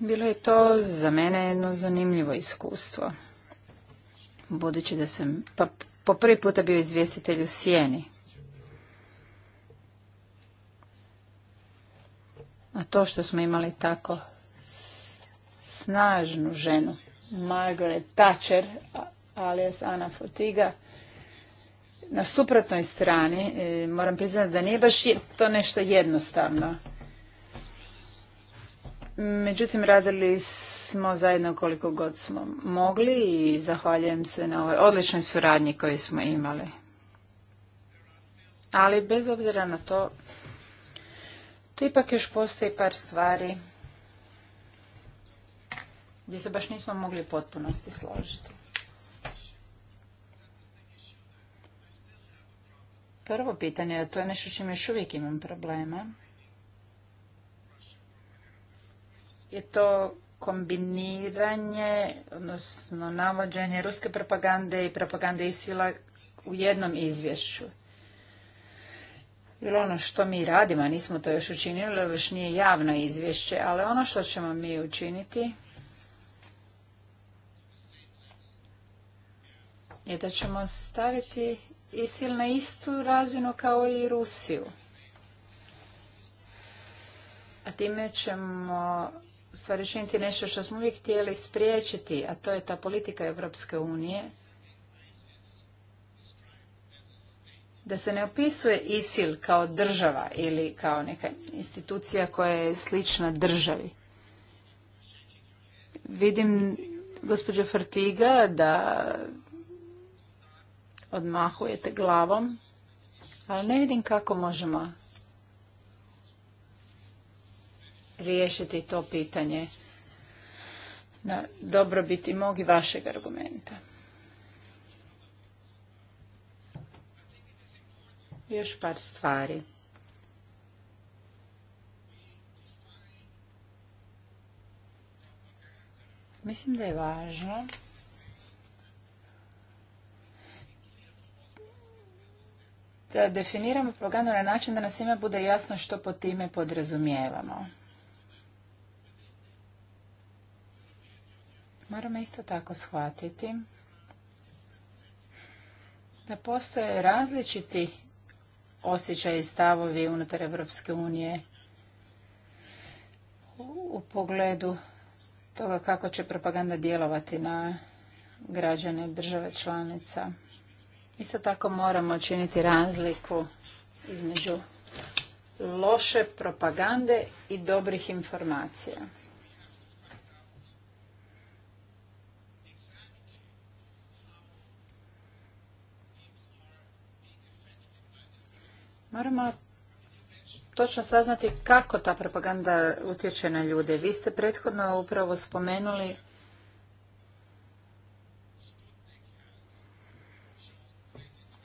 Bilo je to za mene jedno zanimljivo iskustvo. Budući da sam pa, po prvi puta bio izvjestitelj u Sijeni. A to što smo imali tako snažnu ženu, Margaret Thatcher, alias Ana Fotiga, na suprotnoj strani, e, moram priznati da nije baš to nešto jednostavno. Međutim, radili smo zajedno koliko god smo mogli i zahvaljujem se na ovoj odličnoj suradnji koju smo imali. Ali bez obzira na to, tu ipak još postoji par stvari gdje se baš nismo mogli potpunosti složiti. Prvo pitanje, a to je nešto čime još uvijek imam problema, je to kombiniranje, odnosno navođenje ruske propagande i propagande sila u jednom izvješću. Jer ono što mi radimo, nismo to još učinili, još nije javno izvješće, ali ono što ćemo mi učiniti je da ćemo staviti ISIL na istu razinu kao i Rusiju. A time ćemo stvari učiniti nešto što smo uvijek htjeli spriječiti, a to je ta politika Europske unije, da se ne opisuje ISIL kao država ili kao neka institucija koja je slična državi. Vidim, gospođo Fartiga, da odmahujete glavom, ali ne vidim kako možemo riješiti to pitanje na dobrobiti mog i vašeg argumenta. Još par stvari. Mislim da je važno da definiramo program na način da nas ima bude jasno što po time podrazumijevamo. Moramo isto tako shvatiti da postoje različiti osjećaji i stavovi unutar Europske unije u pogledu toga kako će propaganda djelovati na građane države članica. Isto tako moramo činiti razliku između loše propagande i dobrih informacija. Moramo točno saznati kako ta propaganda utječe na ljude. Vi ste prethodno upravo spomenuli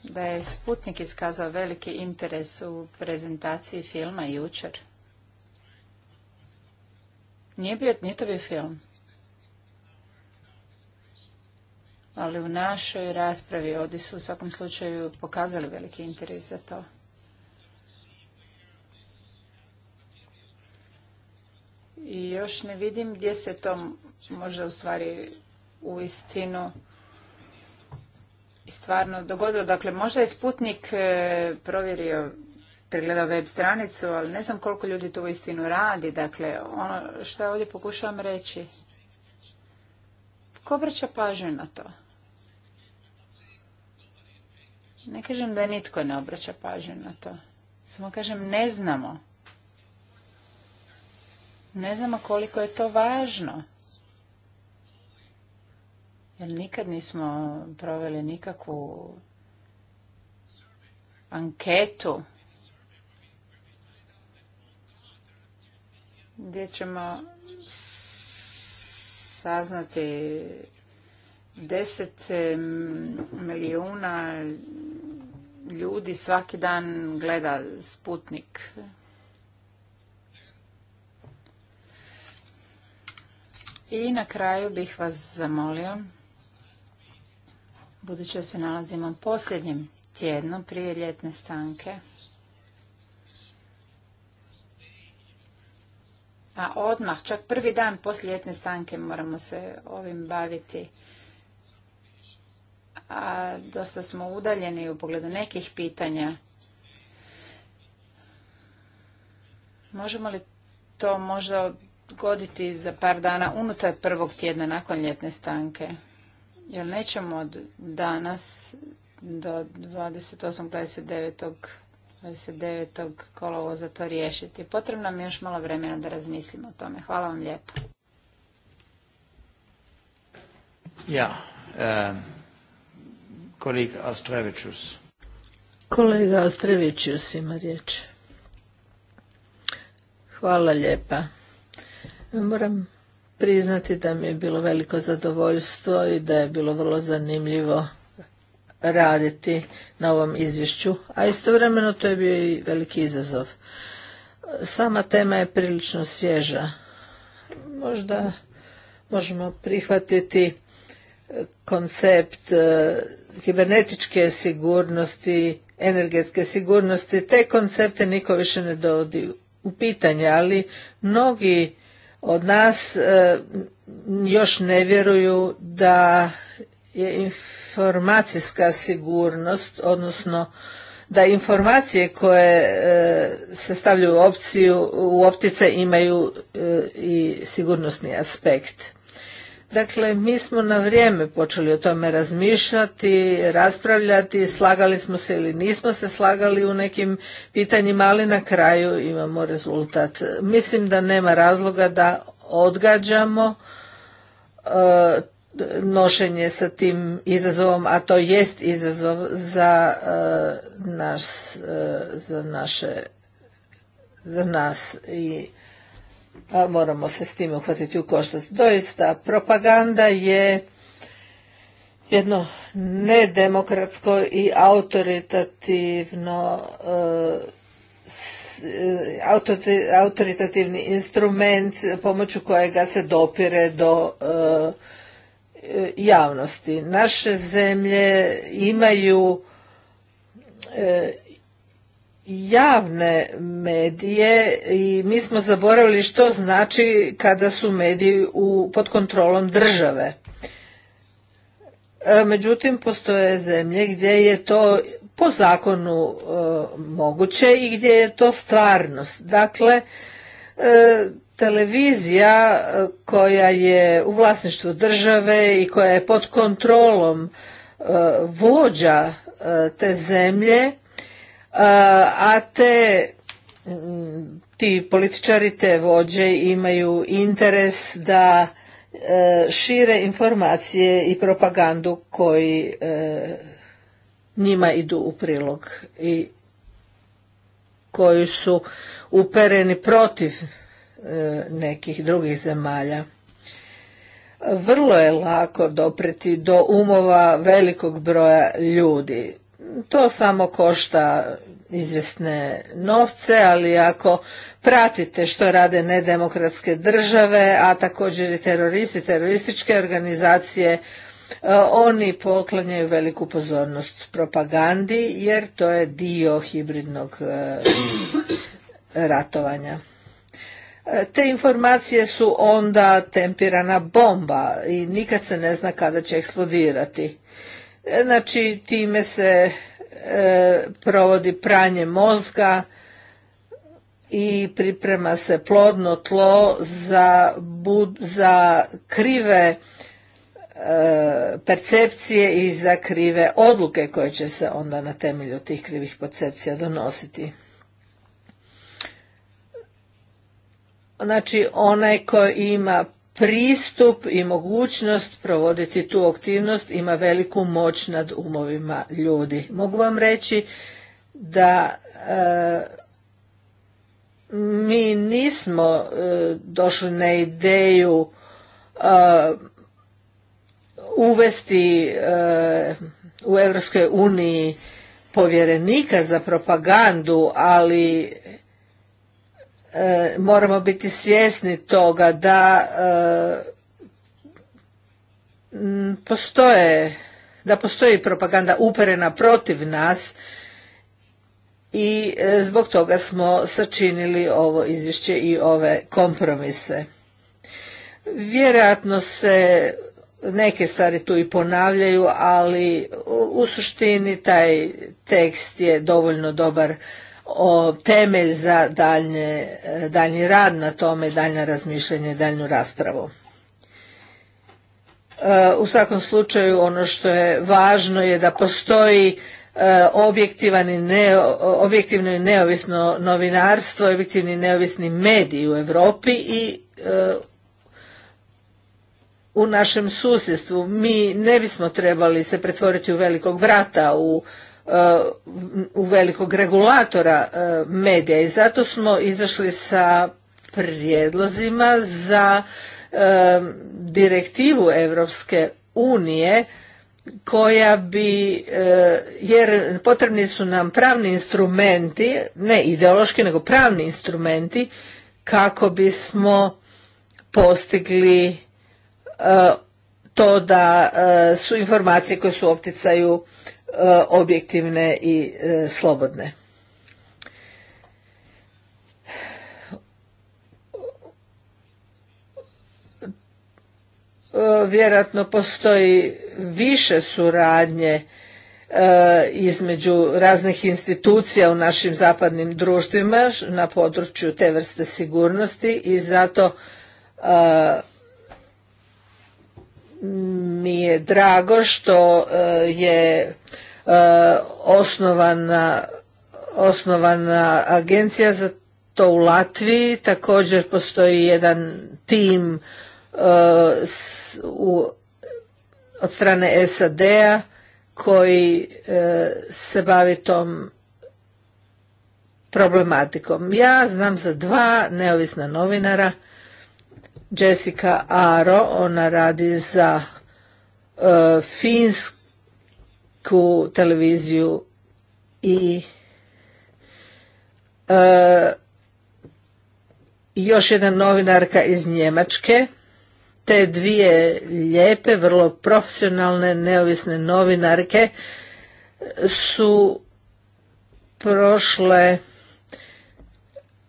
da je Sputnik iskazao veliki interes u prezentaciji filma jučer. Nije bio nitovi film. Ali u našoj raspravi ovdje su u svakom slučaju pokazali veliki interes za to. i još ne vidim gdje se to može u stvari u istinu stvarno dogodilo. Dakle, možda je Sputnik e, provjerio, pregledao web stranicu, ali ne znam koliko ljudi to u istinu radi. Dakle, ono što ja ovdje pokušavam reći, tko obraća pažnju na to? Ne kažem da nitko ne obraća pažnju na to. Samo kažem ne znamo. Ne znamo koliko je to važno. Jer nikad nismo proveli nikakvu anketu gdje ćemo saznati deset milijuna ljudi svaki dan gleda Sputnik. I na kraju bih vas zamolio, budući da se nalazimo posljednjim tjednom prije ljetne stanke, a odmah, čak prvi dan poslije ljetne stanke moramo se ovim baviti. A dosta smo udaljeni u pogledu nekih pitanja. Možemo li to možda odgoditi za par dana unutar prvog tjedna nakon ljetne stanke. Jer nećemo od danas do 28. 29. 29. kolovoza to riješiti. Potrebno nam je još malo vremena da razmislimo o tome. Hvala vam lijepo. Ja, kolega Ostrevićus. Kolega Ostrevićus ima riječ. Hvala lijepa. Moram priznati da mi je bilo veliko zadovoljstvo i da je bilo vrlo zanimljivo raditi na ovom izvješću, a istovremeno to je bio i veliki izazov. Sama tema je prilično svježa. Možda možemo prihvatiti koncept e, kibernetičke sigurnosti, energetske sigurnosti, te koncepte niko više ne dovodi u pitanje, ali mnogi od nas e, još ne vjeruju da je informacijska sigurnost, odnosno da informacije koje e, se stavljaju u opciju u optice imaju e, i sigurnosni aspekt. Dakle, mi smo na vrijeme počeli o tome razmišljati, raspravljati, slagali smo se ili nismo se slagali u nekim pitanjima, ali na kraju imamo rezultat. Mislim da nema razloga da odgađamo e, nošenje sa tim izazovom, a to jest izazov za, e, naš, e, za naše za nas i moramo se s tim uhvatiti u koštac. Doista, propaganda je jedno nedemokratsko i autoritativno e, autoritativni instrument pomoću kojega se dopire do e, javnosti. Naše zemlje imaju e, javne medije i mi smo zaboravili što znači kada su mediji pod kontrolom države. E, međutim, postoje zemlje gdje je to po zakonu e, moguće i gdje je to stvarnost. Dakle, e, televizija koja je u vlasništvu države i koja je pod kontrolom vođa te zemlje a te mm, ti političari te vođe imaju interes da e, šire informacije i propagandu koji e, njima idu u prilog i koji su upereni protiv e, nekih drugih zemalja. Vrlo je lako dopreti do umova velikog broja ljudi to samo košta izvjesne novce, ali ako pratite što rade nedemokratske države, a također i teroristi, terorističke organizacije, e, oni poklanjaju veliku pozornost propagandi jer to je dio hibridnog e, ratovanja. E, te informacije su onda tempirana bomba i nikad se ne zna kada će eksplodirati. Znači, time se e, provodi pranje mozga i priprema se plodno tlo za, za krive e, percepcije i za krive odluke koje će se onda na temelju tih krivih percepcija donositi. Znači, onaj ko ima pristup i mogućnost provoditi tu aktivnost ima veliku moć nad umovima ljudi. Mogu vam reći da e, mi nismo e, došli na ideju e, uvesti u Europskoj uniji povjerenika za propagandu, ali E, moramo biti svjesni toga da e, da postoji propaganda uperena protiv nas i e, zbog toga smo sačinili ovo izvješće i ove kompromise. Vjerojatno se neke stvari tu i ponavljaju, ali u suštini taj tekst je dovoljno dobar o temelj za daljnje, e, daljnji rad na tome, daljnje razmišljanje daljnu raspravu. E, u svakom slučaju ono što je važno je da postoji e, objektivan i objektivno i neovisno novinarstvo, objektivni i neovisni mediji u Europi i u našem susjedstvu. Mi ne bismo trebali se pretvoriti u velikog vrata u u velikog regulatora e, medija i zato smo izašli sa prijedlozima za e, direktivu Europske unije koja bi, e, jer potrebni su nam pravni instrumenti, ne ideološki, nego pravni instrumenti, kako bismo postigli to da su informacije koje su opticaju E, objektivne i e, slobodne. E, vjerojatno postoji više suradnje između raznih institucija u našim zapadnim društvima na području te vrste sigurnosti i zato mi je drago što e, je e, osnovana, osnovana agencija za to u Latviji. Također postoji jedan tim e, u, od strane SAD-a koji se bavi tom problematikom. Ja znam za dva neovisna novinara Jessica Aro, ona radi za e, finsku televiziju i e, još jedna novinarka iz Njemačke. Te dvije lijepe, vrlo profesionalne, neovisne novinarke su prošle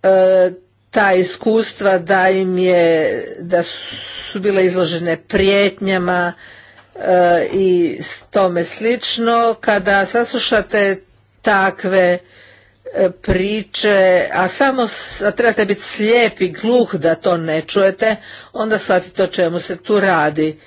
e, ta iskustva da im je, da su bile izložene prijetnjama eh, i tome slično. Kada saslušate takve eh, priče, a samo a trebate biti slijep i gluh da to ne čujete, onda shvatite o čemu se tu radi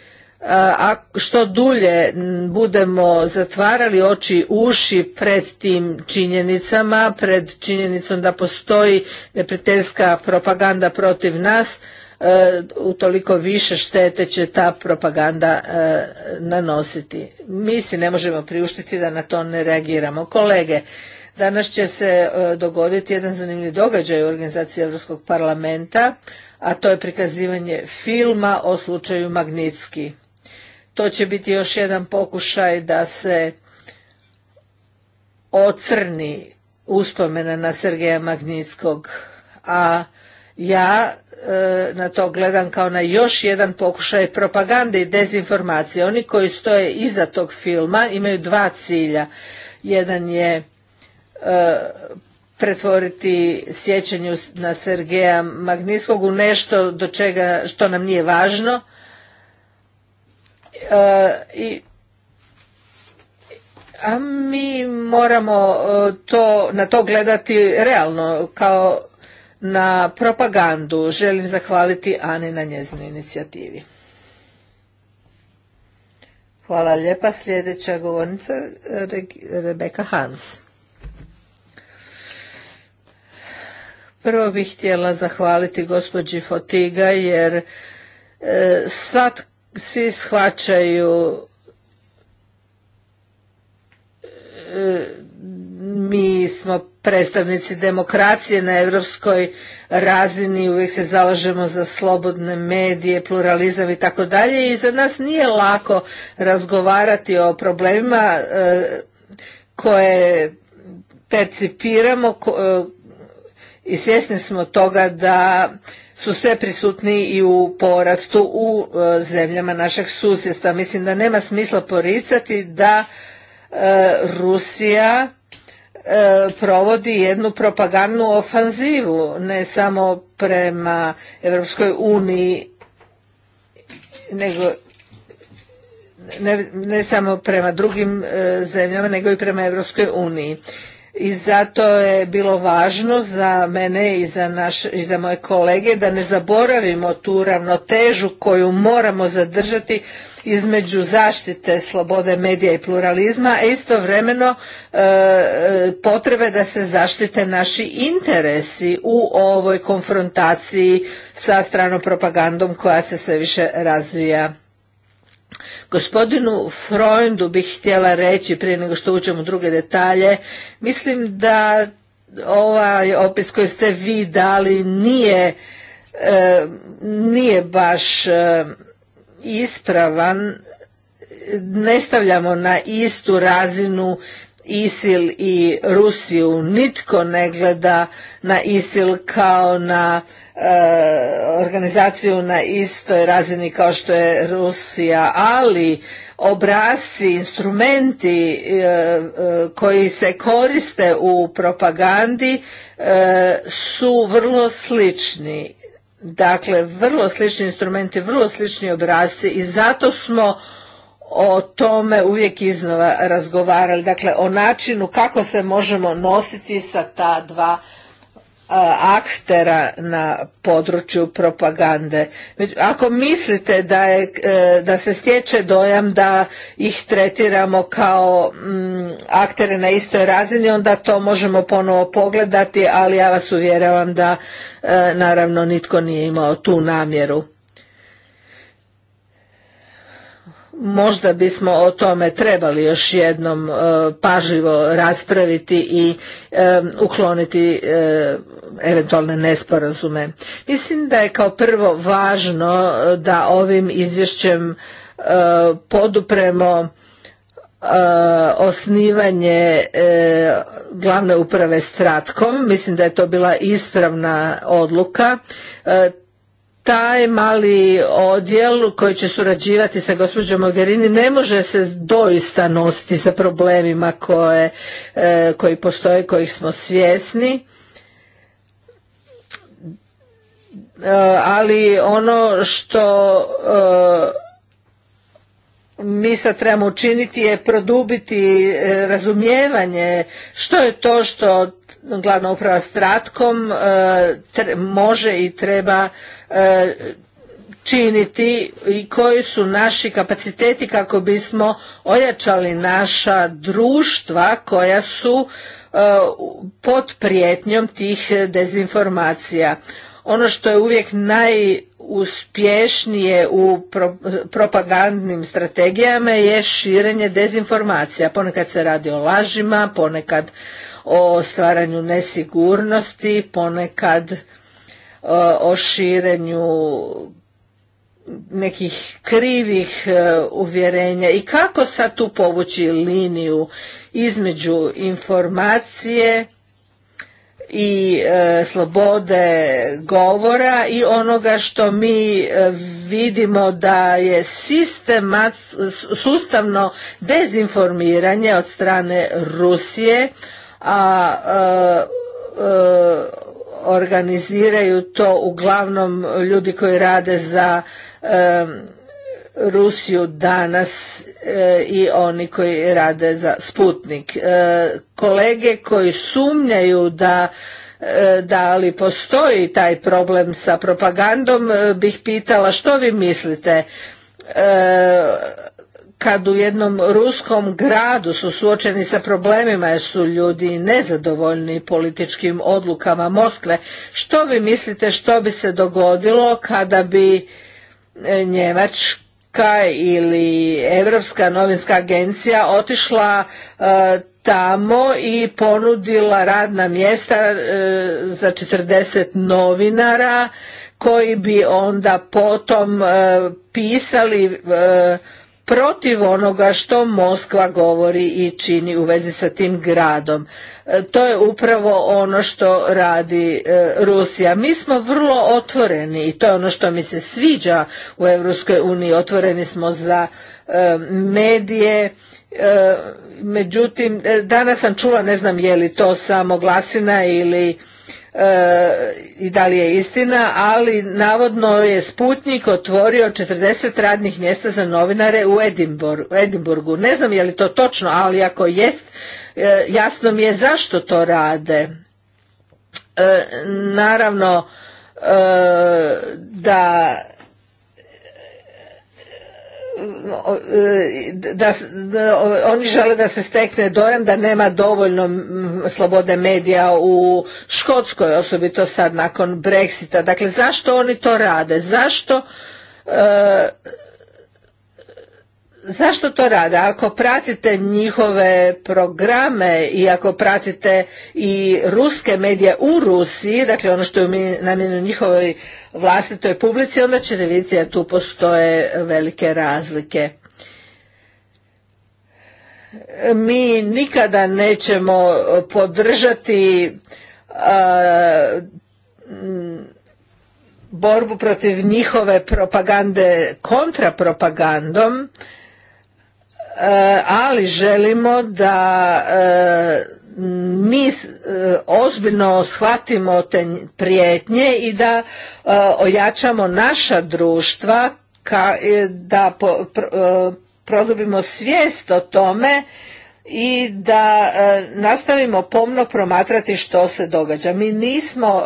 a što dulje budemo zatvarali oči uši pred tim činjenicama, pred činjenicom da postoji neprijateljska propaganda protiv nas, e, utoliko više štete će ta propaganda e, nanositi. Mi si ne možemo priuštiti da na to ne reagiramo. Kolege, danas će se e, dogoditi jedan zanimljiv događaj u organizaciji Europskog parlamenta, a to je prikazivanje filma o slučaju Magnitski. To će biti još jedan pokušaj da se ocrni uspomena na Sergeja Magnitskog, a ja e, na to gledam kao na još jedan pokušaj propagande i dezinformacije. Oni koji stoje iza tog filma imaju dva cilja. Jedan je e, pretvoriti sjećanju na Sergeja Magnitskog u nešto do što nam nije važno, i a mi moramo e, to, na to gledati realno kao na propagandu. Želim zahvaliti Ani na njezinoj inicijativi. Hvala lijepa. Sljedeća govornica Rebeka Hans. Prvo bih htjela zahvaliti gospođi Fotiga jer e, sad svi shvaćaju e, mi smo predstavnici demokracije na europskoj razini, uvijek se zalažemo za slobodne medije, pluralizam i tako dalje i za nas nije lako razgovarati o problemima e, koje percipiramo e, i svjesni smo toga da su sve prisutni i u porastu u e, zemljama našeg susjedstva. Mislim da nema smisla poricati da e, Rusija e, provodi jednu propagandnu ofanzivu ne samo prema Europskoj uniji nego ne, samo prema drugim zemljama nego i prema Europskoj uniji i zato je bilo važno za mene i za, naš, i za moje kolege da ne zaboravimo tu ravnotežu koju moramo zadržati između zaštite slobode medija i pluralizma, a istovremeno e, e, potrebe da se zaštite naši interesi u ovoj konfrontaciji sa stranom propagandom koja se sve više razvija Gospodinu Freundu bih htjela reći prije nego što učemo druge detalje, mislim da ovaj opis koji ste vi dali nije, e, nije baš e, ispravan, ne stavljamo na istu razinu ISIL i Rusiju, nitko ne gleda na ISIL kao na Eh, organizaciju na istoj razini kao što je Rusija, ali obrazci, instrumenti eh, eh, koji se koriste u propagandi su vrlo slični. Dakle, vrlo slični instrumenti, vrlo slični obrazci i zato smo o tome uvijek iznova razgovarali, dakle o načinu kako se možemo nositi sa ta dva aktera na području propagande. Ako mislite da, je, e, da se stječe dojam da ih tretiramo kao mm, aktere na istoj razini, onda to možemo ponovo pogledati, ali ja vas uvjeravam da e, naravno nitko nije imao tu namjeru. možda bismo o tome trebali još jednom e, pažljivo raspraviti i e, ukloniti e, eventualne nesporazume. Mislim da je kao prvo važno da ovim izvješćem podupremo osnivanje glavne uprave Stratkom. Mislim da je to bila ispravna odluka taj mali odjel koji će surađivati sa gospođom Mogherini ne može se doista nositi sa problemima koje, e, koji postoje, kojih smo svjesni. E, ali ono što e, mi sad trebamo učiniti je produbiti razumijevanje što je to što glavna uprava Stratkom e, može i treba e, činiti i koji su naši kapaciteti kako bismo ojačali naša društva koja su e, pod prijetnjom tih dezinformacija. Ono što je uvijek najuspješnije u propagandnim strategijama je širenje dezinformacija. Ponekad se radi o lažima, ponekad o stvaranju nesigurnosti, ponekad e, o širenju nekih krivih e, uvjerenja i kako sad tu povući liniju između informacije i e, slobode govora i onoga što mi vidimo da je sustavno dezinformiranje od strane Rusije a organiziraju to uglavnom ljudi koji rade za e, Rusiju danas e, i oni koji rade za Sputnik. E, kolege koji sumnjaju da da li postoji taj problem sa propagandom bih pitala što vi mislite kad u jednom ruskom gradu su suočeni sa problemima jer su ljudi nezadovoljni političkim odlukama Moskve, što vi mislite što bi se dogodilo kada bi e, Njemačka ili Europska novinska agencija otišla e, tamo i ponudila radna mjesta e, za 40 novinara koji bi onda potom pisali protiv onoga što Moskva govori i čini u vezi sa tim gradom. E, to je upravo ono što radi e, Rusija. Mi smo vrlo otvoreni i to je ono što mi se sviđa u Europskoj uniji. Otvoreni smo za e, medije, međutim danas sam čula, ne znam je li to samo glasina ili E, i da li je istina, ali navodno je Sputnik otvorio 40 radnih mjesta za novinare u Edimburgu. Ne znam je li to točno, ali ako jest, e, jasno mi je zašto to rade. E, naravno da da, da oni žele da se stekne dorem da nema dovoljno slobode medija u Škotskoj, osobito sad nakon Brexita. Dakle, zašto oni to rade? Zašto e, Zašto to rade? Ako pratite njihove programe i ako pratite i ruske medije u Rusiji, dakle ono što je namijenjeno njihovoj vlastitoj publici, onda ćete vidjeti da tu postoje velike razlike. Mi nikada nećemo podržati borbu protiv njihove propagande kontrapropagandom, Eh, ali želimo da eh, mi eh, ozbiljno shvatimo te prijetnje i da ojačamo naša društva da produbimo svijest o tome i da nastavimo pomno promatrati što se događa. Mi nismo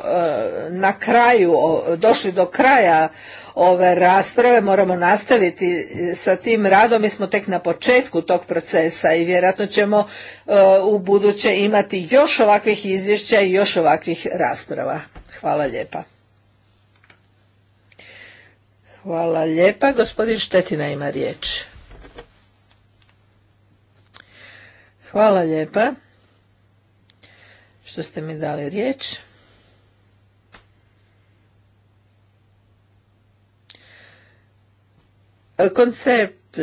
na kraju došli do kraja ove rasprave, moramo nastaviti e, sa tim radom. Mi smo tek na početku tog procesa i vjerojatno ćemo e, u buduće imati još ovakvih izvješća i još ovakvih rasprava. Hvala lijepa. Hvala lijepa. Gospodin Štetina ima riječ. Hvala lijepa što ste mi dali riječ. Koncept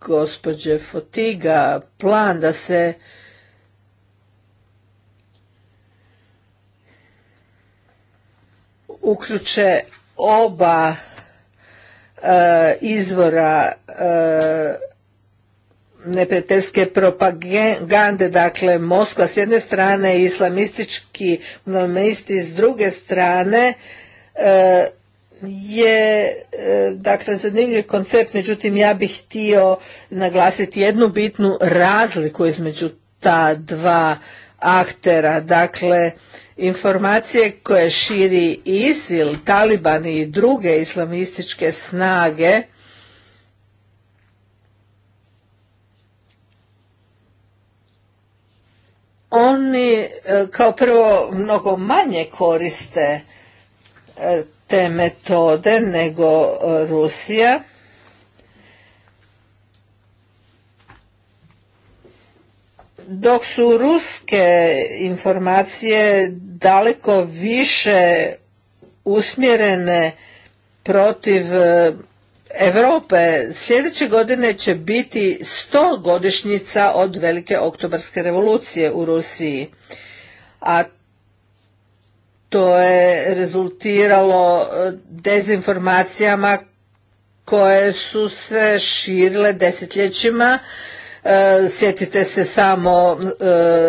gospođe Fotiga, plan da se uključe oba e, izvora e, neprijateljske propagande, dakle Moskva s jedne strane i islamistički islamisti s druge strane, e, je e, dakle zanimljiv koncept, međutim ja bih htio naglasiti jednu bitnu razliku između ta dva aktera. Dakle, informacije koje širi ISIL, Taliban i druge islamističke snage oni e, kao prvo mnogo manje koriste e, te metode nego e, Rusija. Dok su ruske informacije daleko više usmjerene protiv e, Europe sljedeće godine će biti 100 godišnjica od velike oktobarske revolucije u Rusiji. A to je rezultiralo e, dezinformacijama koje su se širile desetljećima. E, sjetite se samo e,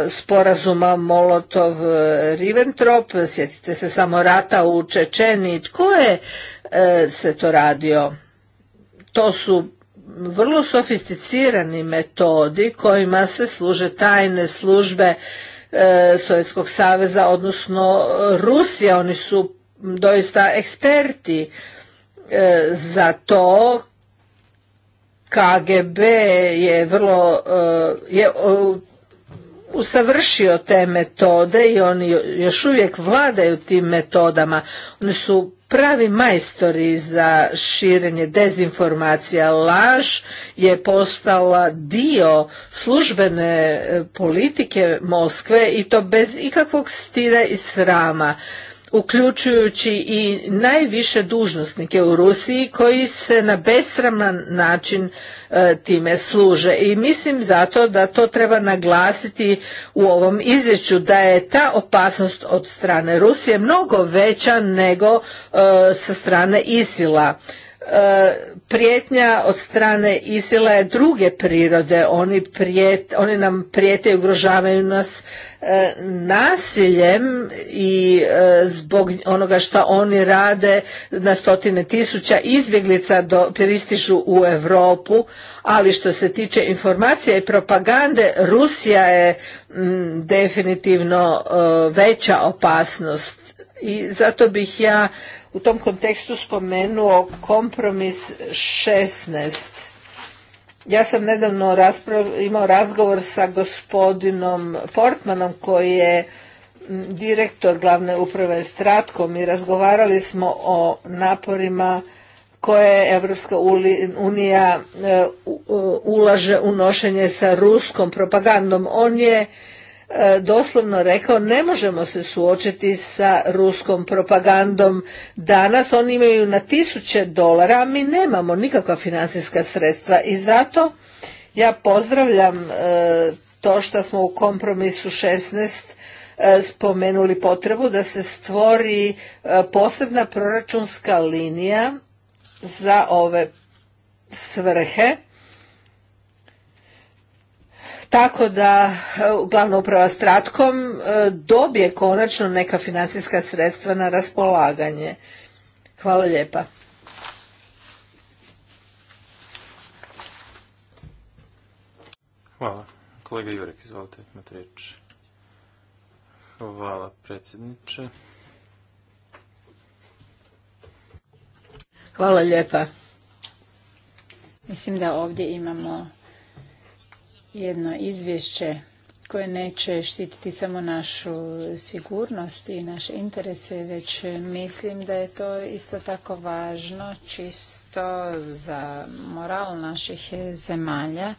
sporazuma Molotov-Riventrop, sjetite se samo rata u Čečeni. Tko je se to radio? To su vrlo sofisticirani metodi kojima se služe tajne službe E, Sovjetskog saveza, odnosno e, Rusija, Oni su doista eksperti e, za to. KGB je vrlo je usavršio te metode i oni još uvijek vladaju tim metodama. Oni su pravi majstori za širenje dezinformacija. Laž je postala dio službene eh, politike Moskve i to bez ikakvog stida i srama uključujući i najviše dužnosnike u Rusiji koji se na besraman način e, time služe i mislim zato da to treba naglasiti u ovom izvješću da je ta opasnost od strane Rusije mnogo veća nego e, sa strane Isila prijetnja od strane Isila je druge prirode. Oni, prijet, nam prijete i ugrožavaju nas e, nasiljem i e, zbog onoga što oni rade na stotine tisuća izbjeglica do, pristižu u Europu, ali što se tiče informacija i propagande, Rusija je definitivno e, veća opasnost i zato bih ja u tom kontekstu spomenuo kompromis 16. Ja sam nedavno imao razgovor sa gospodinom Portmanom koji je direktor glavne uprave Stratkom i razgovarali smo o naporima koje Evropska unija e, ulaže u nošenje sa ruskom propagandom. On je E, doslovno rekao ne možemo se suočiti sa ruskom propagandom danas oni imaju na tisuće dolara a mi nemamo nikakva financijska sredstva i zato ja pozdravljam e, to što smo u kompromisu 16 e, spomenuli potrebu da se stvori posebna proračunska linija za ove svrhe tako da e, glavna uprava Stratkom e, dobije konačno neka financijska sredstva na raspolaganje. Hvala lijepa. Hvala. Kolega Jurek, izvolite, imate Hvala, predsjedniče. Hvala lijepa. Mislim da ovdje imamo jedno izvješće koje neće štititi samo našu sigurnost i naše interese, već mislim da je to isto tako važno čisto za moral naših zemalja.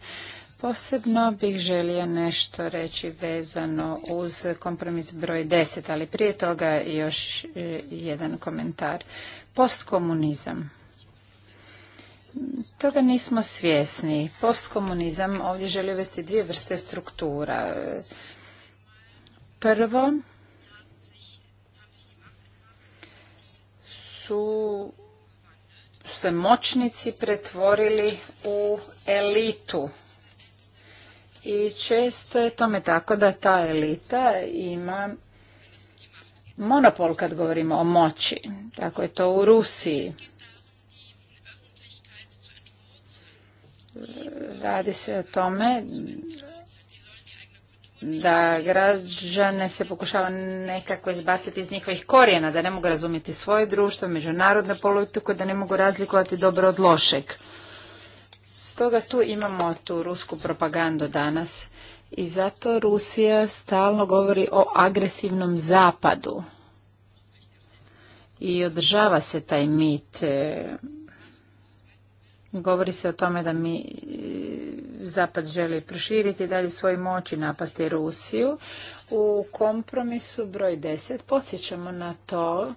Posebno bih želio nešto reći vezano uz kompromis broj 10, ali prije toga još e, jedan komentar. Postkomunizam toga nismo svjesni. Postkomunizam ovdje želi uvesti dvije vrste struktura. Prvo su se moćnici pretvorili u elitu. I često je tome tako da ta elita ima monopol kad govorimo o moći. Tako je to u Rusiji. Radi se o tome da građane se pokušava nekako izbaciti iz njihovih korijena, da ne mogu razumjeti svoje društvo, međunarodnu politiku, da ne mogu razlikovati dobro od lošeg. Stoga tu imamo tu rusku propagandu danas i zato Rusija stalno govori o agresivnom zapadu i održava se taj mit Govori se o tome da mi e, Zapad želi proširiti dalje svoj moći napasti Rusiju. U kompromisu broj 10 podsjećamo na to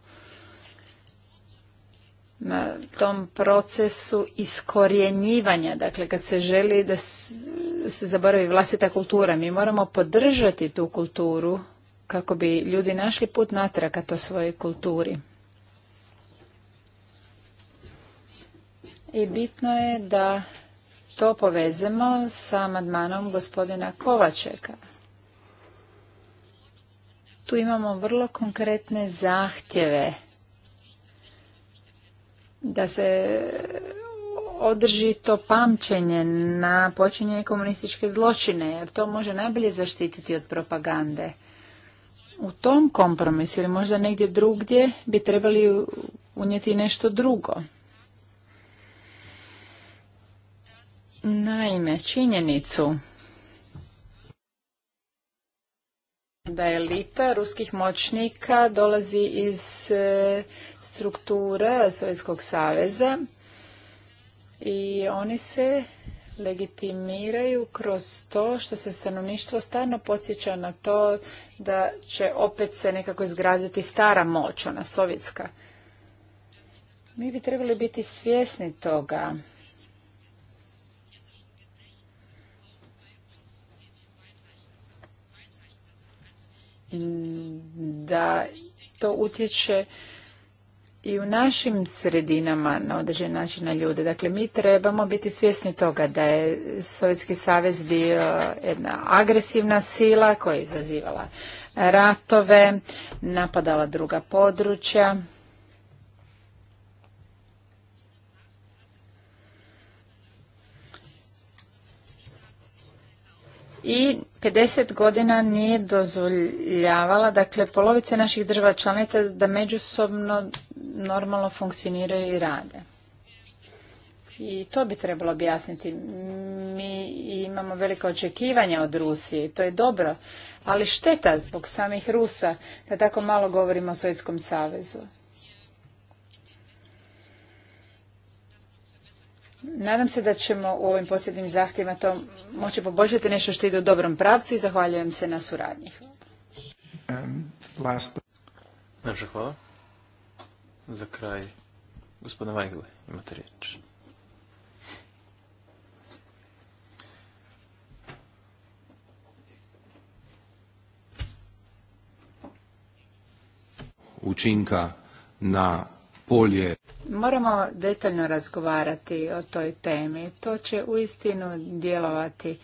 na tom procesu iskorjenjivanja, dakle kad se želi da se zaboravi vlastita kultura. Mi moramo podržati tu kulturu kako bi ljudi našli put natrag ka to svojoj kulturi. i bitno je da to povezemo sa amandmanom gospodina Kovačeka. Tu imamo vrlo konkretne zahtjeve da se održi to pamćenje na počinjenje komunističke zločine, jer to može najbolje zaštititi od propagande. U tom kompromisu ili možda negdje drugdje bi trebali unijeti nešto drugo. Naime, činjenicu da elita ruskih moćnika dolazi iz e, struktura Sovjetskog saveza i oni se legitimiraju kroz to što se stanovništvo stano podsjeća na to da će opet se nekako izgraziti stara moć, ona sovjetska. Mi bi trebali biti svjesni toga da to utječe i u našim sredinama na određen način na ljude. Dakle, mi trebamo biti svjesni toga da je Sovjetski savez bio jedna agresivna sila koja je izazivala ratove, napadala druga područja. i 50 godina nije dozvoljavala, dakle, polovice naših država članica da međusobno normalno funkcioniraju i rade. I to bi trebalo objasniti. Mi imamo velika očekivanja od Rusije i to je dobro, ali šteta zbog samih Rusa da tako malo govorimo o Sovjetskom savezu. Nadam se da ćemo u ovim posljednim zahtjevima to moći poboljšati nešto što ide u dobrom pravcu i zahvaljujem se na suradnji. Last... hvala. Za kraj, gospodina Vajgle, imate riječ. Učinka na polje. Moramo detaljno razgovarati o toj temi. To će uistinu djelovati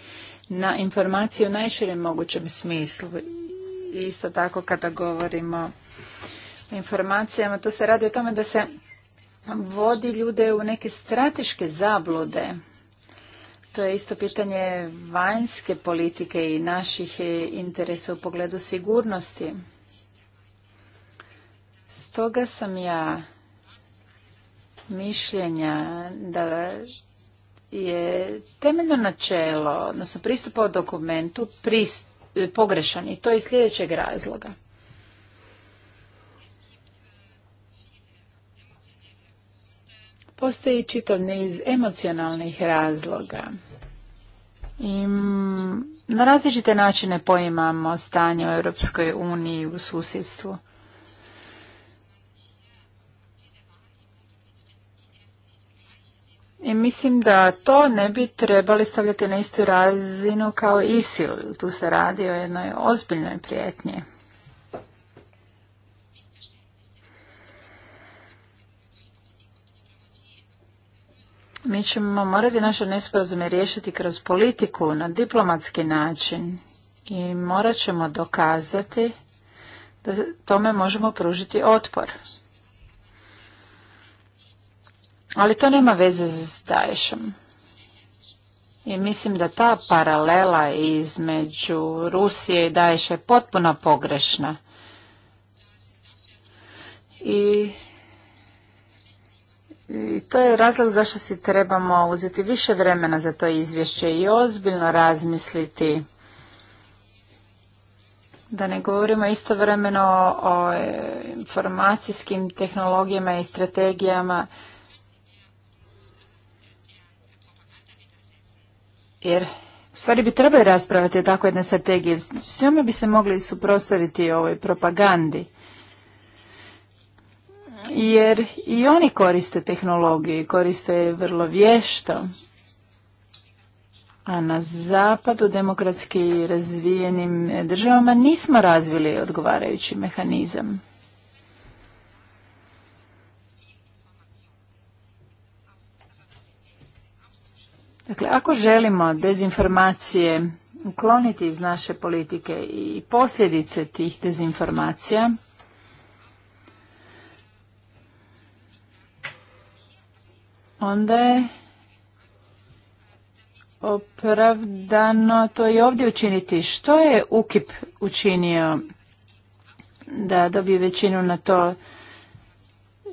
na informaciju u najširem mogućem smislu. Isto tako kada govorimo o informacijama, to se radi o tome da se vodi ljude u neke strateške zablude. To je isto pitanje vanjske politike i naših interesa u pogledu sigurnosti. Stoga sam ja mišljenja da je temeljno načelo, odnosno pristupa o dokumentu, pogrešan i to iz sljedećeg razloga. Postoji čitav niz emocionalnih razloga. I na različite načine poimamo stanje u Europskoj uniji u susjedstvu. I mislim da to ne bi trebali stavljati na istu razinu kao ISIL. Tu se radi o jednoj ozbiljnoj prijetnji. Mi ćemo morati naše nesporazume riješiti kroz politiku na diplomatski način i morat ćemo dokazati da tome možemo pružiti otpor. Ali to nema veze s Daješom. I mislim da ta paralela između Rusije i Daješa je potpuno pogrešna. I, to je razlog zašto si trebamo uzeti više vremena za to izvješće i ozbiljno razmisliti. Da ne govorimo istovremeno o, o informacijskim tehnologijama i strategijama jer u stvari bi trebali raspravljati o takvoj jednoj strategiji. S njome bi se mogli suprostaviti ovoj propagandi. Jer i oni koriste tehnologiju, koriste je vrlo vješto. A na zapadu demokratski razvijenim državama nismo razvili odgovarajući mehanizam. Dakle, ako želimo dezinformacije ukloniti iz naše politike i posljedice tih dezinformacija, onda je opravdano to i ovdje učiniti. Što je UKIP učinio da dobije većinu na to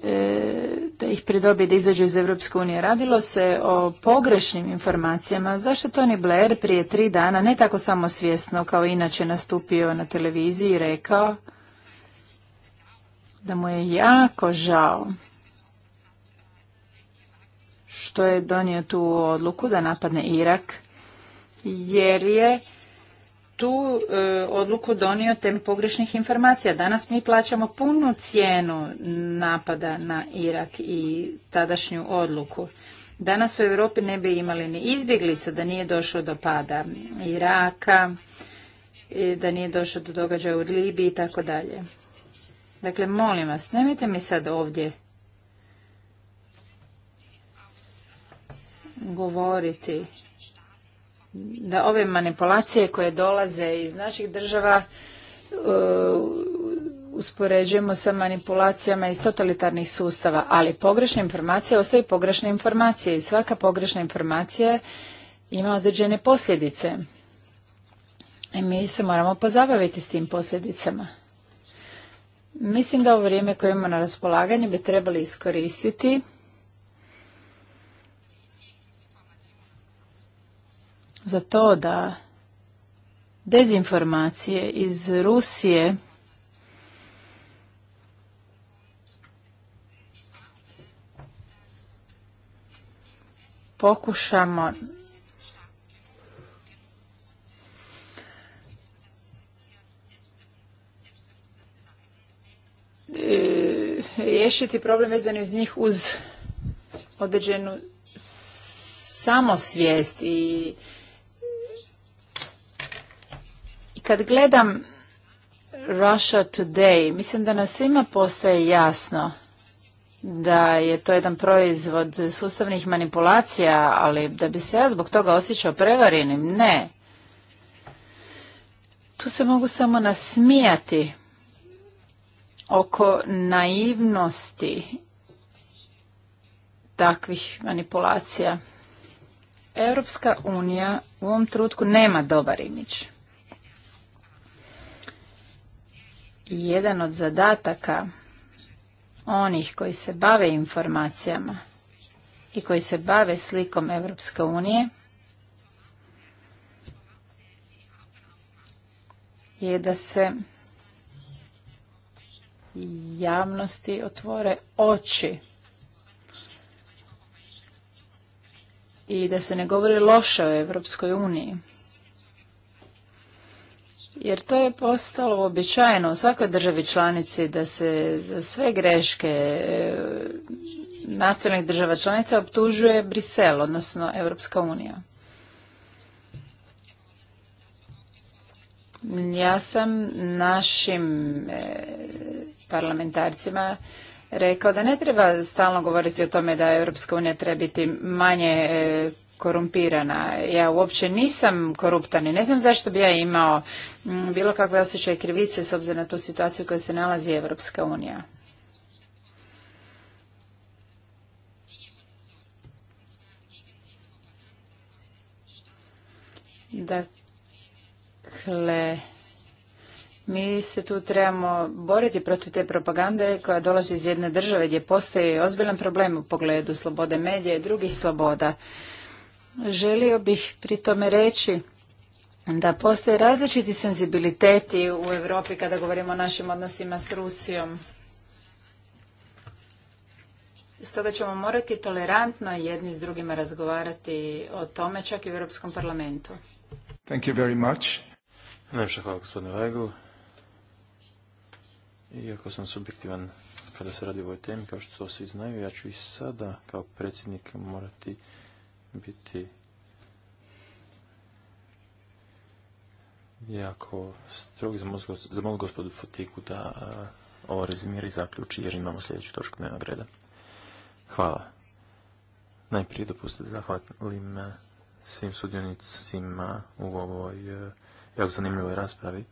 e, da ih pridobije da izađu iz EU. unije. Radilo se o pogrešnim informacijama. Zašto Tony Blair prije tri dana, ne tako samosvjesno kao inače nastupio na televiziji, rekao da mu je jako žao što je donio tu odluku da napadne Irak, jer je tu e, odluku donio tem pogrešnih informacija. Danas mi plaćamo punu cijenu napada na Irak i tadašnju odluku. Danas u Europi ne bi imali ni izbjeglica da nije došlo do pada Iraka, e, da nije došlo do događaja u Libiji i tako dalje. Dakle, molim vas, nemojte mi sad ovdje govoriti da ove manipulacije koje dolaze iz naših država e, uspoređujemo sa manipulacijama iz totalitarnih sustava, ali pogrešna informacija ostaju pogrešna informacija i svaka pogrešna informacija ima određene posljedice. I mi se moramo pozabaviti s tim posljedicama. Mislim da ovo vrijeme koje imamo na raspolaganju bi trebali iskoristiti za to da dezinformacije iz Rusije pokušamo riješiti problem vezan iz njih uz određenu samosvijest i Kad gledam Russia Today, mislim da nas svima postaje jasno da je to jedan proizvod sustavnih manipulacija, ali da bi se ja zbog toga osjećao prevarenim, ne. Tu se mogu samo nasmijati oko naivnosti takvih manipulacija. Europska unija u ovom trutku nema dobar imidž. jedan od zadataka onih koji se bave informacijama i koji se bave slikom Evropske unije je da se javnosti otvore oči i da se ne govori loše o Europskoj uniji jer to je postalo uobičajeno u svakoj državi članici da se za sve greške e, nacionalnih država članica optužuje Brisel, odnosno Europska unija. Ja sam našim e, parlamentarcima rekao da ne treba stalno govoriti o tome da Europska unija treba biti manje e, korumpirana. Ja uopće nisam koruptan i ne znam zašto bi ja imao mm, bilo kakve osjećaje krivice s obzirom na tu situaciju u kojoj se nalazi Evropska unija. Dakle, mi se tu trebamo boriti protiv te propagande koja dolazi iz jedne države gdje postoji ozbiljan problem u pogledu slobode medija i drugih sloboda. Želio bih pri tome reći da postoje različiti senzibiliteti u Europi kada govorimo o našim odnosima s Rusijom. Stoga ćemo morati tolerantno jedni s drugima razgovarati o tome, čak i u Europskom parlamentu. Thank you very much. Najviše hvala gospodine Vajgu. Iako sam subjektivan kada se radi o ovoj temi, kao što to svi znaju, ja ću i sada kao predsjednik morati biti jako strog molu gospodu Fotiku da eh, ovo rezimira i zaključi jer imamo sljedeću točku dnevnog reda. Hvala. Najprije dopustite eh, svim sudionicima u ovoj eh, jako zanimljivoj raspravi.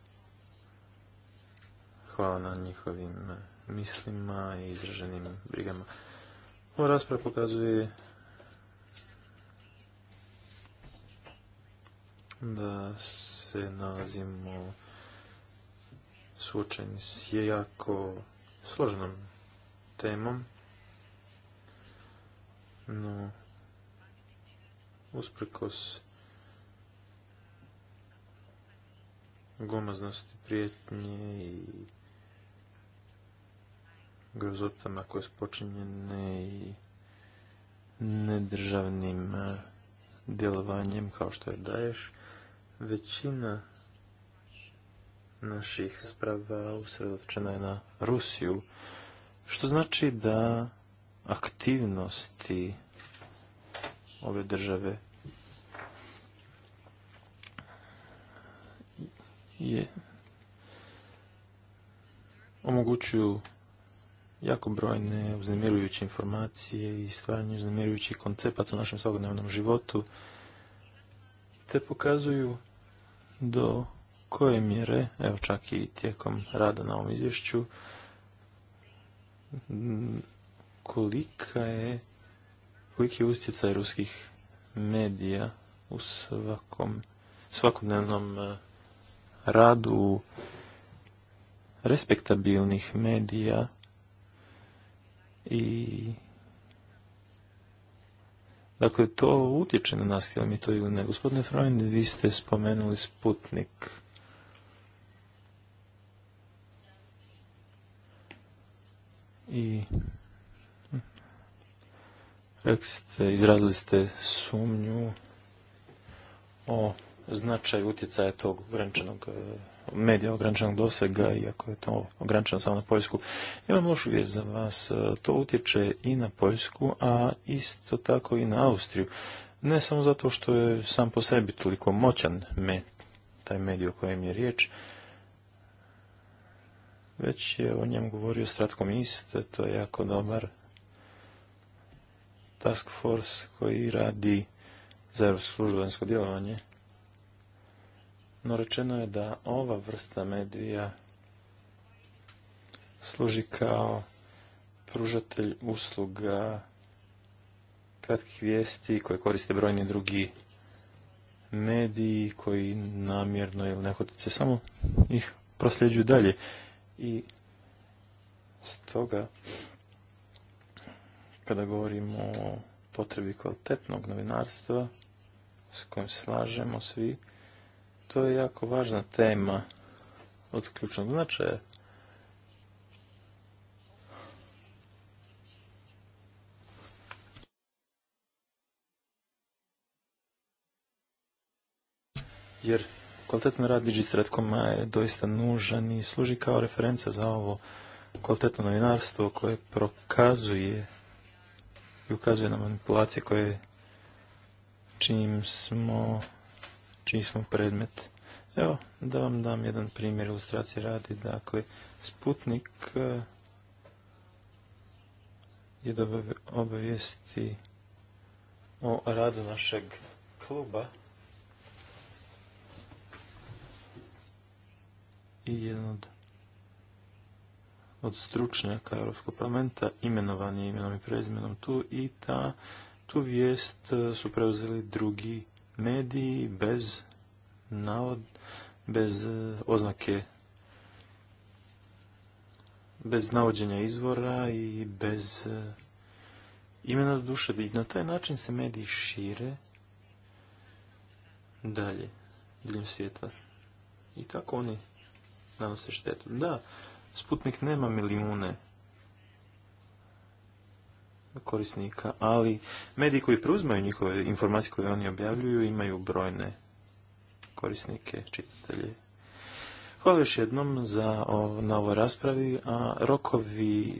Hvala na njihovim mislima i izraženim brigama. Ova rasprava pokazuje da se nalazimo suočeni s jako složenom temom, no usprkos gomaznosti prijetnje i grozotama koje su počinjene i nedržavnim eh, djelovanjem kao što je daješ, većina naših sprava usredotočena je na Rusiju, što znači da aktivnosti ove države je omogućuju jako brojne uznemirujuće informacije i stvaranje uznemirujućih koncepata u našem svakodnevnom životu, te pokazuju do koje mjere, evo čak i tijekom rada na ovom izvješću, kolika je, koliki je utjecaj ruskih medija u svakodnevnom e, radu respektabilnih medija i Dakle, to utječe na nas, jel mi to ili ne. Gospodine Freund, vi ste spomenuli Sputnik. I rekli ste, izrazili ste sumnju o značaju utjecaja tog ograničenog e, medija ograničenog dosega, iako je to ograničeno samo na Poljsku. Imam lošu vijest za vas, e, to utječe i na Poljsku, a isto tako i na Austriju. Ne samo zato što je sam po sebi toliko moćan me taj medij o kojem je riječ, već je o njem govorio Stratkom Ist, to je jako dobar task force koji radi za službensko djelovanje no rečeno je da ova vrsta medija služi kao pružatelj usluga kratkih vijesti koje koriste brojni drugi mediji koji namjerno ili nehotice samo ih prosljeđuju dalje. I stoga kada govorimo o potrebi kvalitetnog novinarstva s kojim slažemo svi, to je jako važna tema od ključnog značaja. Jer kvalitetno rad Digistretkoma je doista nužan i služi kao referenca za ovo kvalitetno novinarstvo koje prokazuje i ukazuje na manipulacije koje čim smo čiji smo predmet. Evo, da vam dam jedan primjer ilustracije radi. Dakle, Sputnik e, je da obavijesti o radu našeg kluba i jedan od, od stručnjaka Europskog parlamenta imenovan je imenom i prezimenom tu i ta, tu vijest e, su preuzeli drugi mediji bez bez e, oznake, bez navođenja izvora i bez e, imena do duše. I na taj način se mediji šire dalje, diljem svijeta. I tako oni nanose štetu. Da, Sputnik nema milijune korisnika, ali mediji koji preuzmaju njihove informacije koje oni objavljuju imaju brojne korisnike, čitatelje. Hvala još jednom za na ovoj raspravi, a rokovi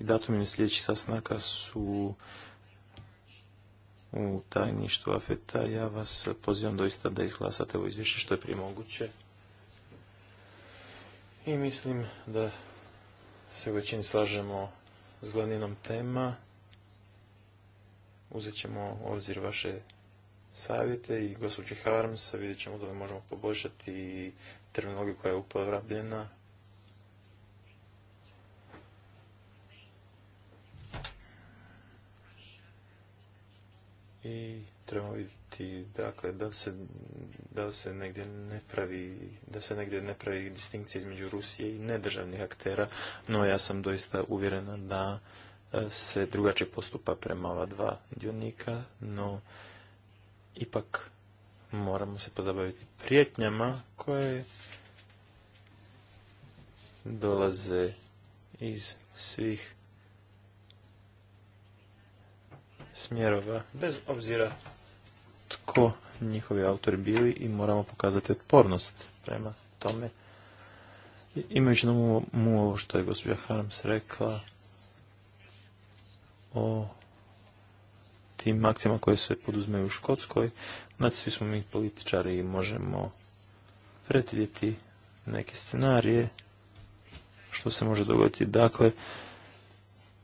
i datumi sljedećih sastanaka su u tajništvu AFETA. Ja vas pozivam doista da izglasate ovo izvješće što je prije moguće. I mislim da se u većini slažemo s tema. Uzet ćemo obzir vaše savjete i gospođe Harms, vidjet ćemo da možemo poboljšati terminologiju koja je uporabljena. I trebamo vidjeti dakle, da se, da se negdje ne pravi, da se negdje ne pravi distinkcija između Rusije i nedržavnih aktera, no ja sam doista uvjerena da e, se drugačije postupa prema ova dva dionika, no ipak moramo se pozabaviti prijetnjama koje dolaze iz svih smjerova, bez obzira tko njihovi autori bili i moramo pokazati otpornost prema tome. Imajući na mu ovo što je gospođa Harms rekla o tim akcijama koje se poduzmeju u Škotskoj, znači svi smo mi političari i možemo predvidjeti neke scenarije što se može dogoditi. Dakle,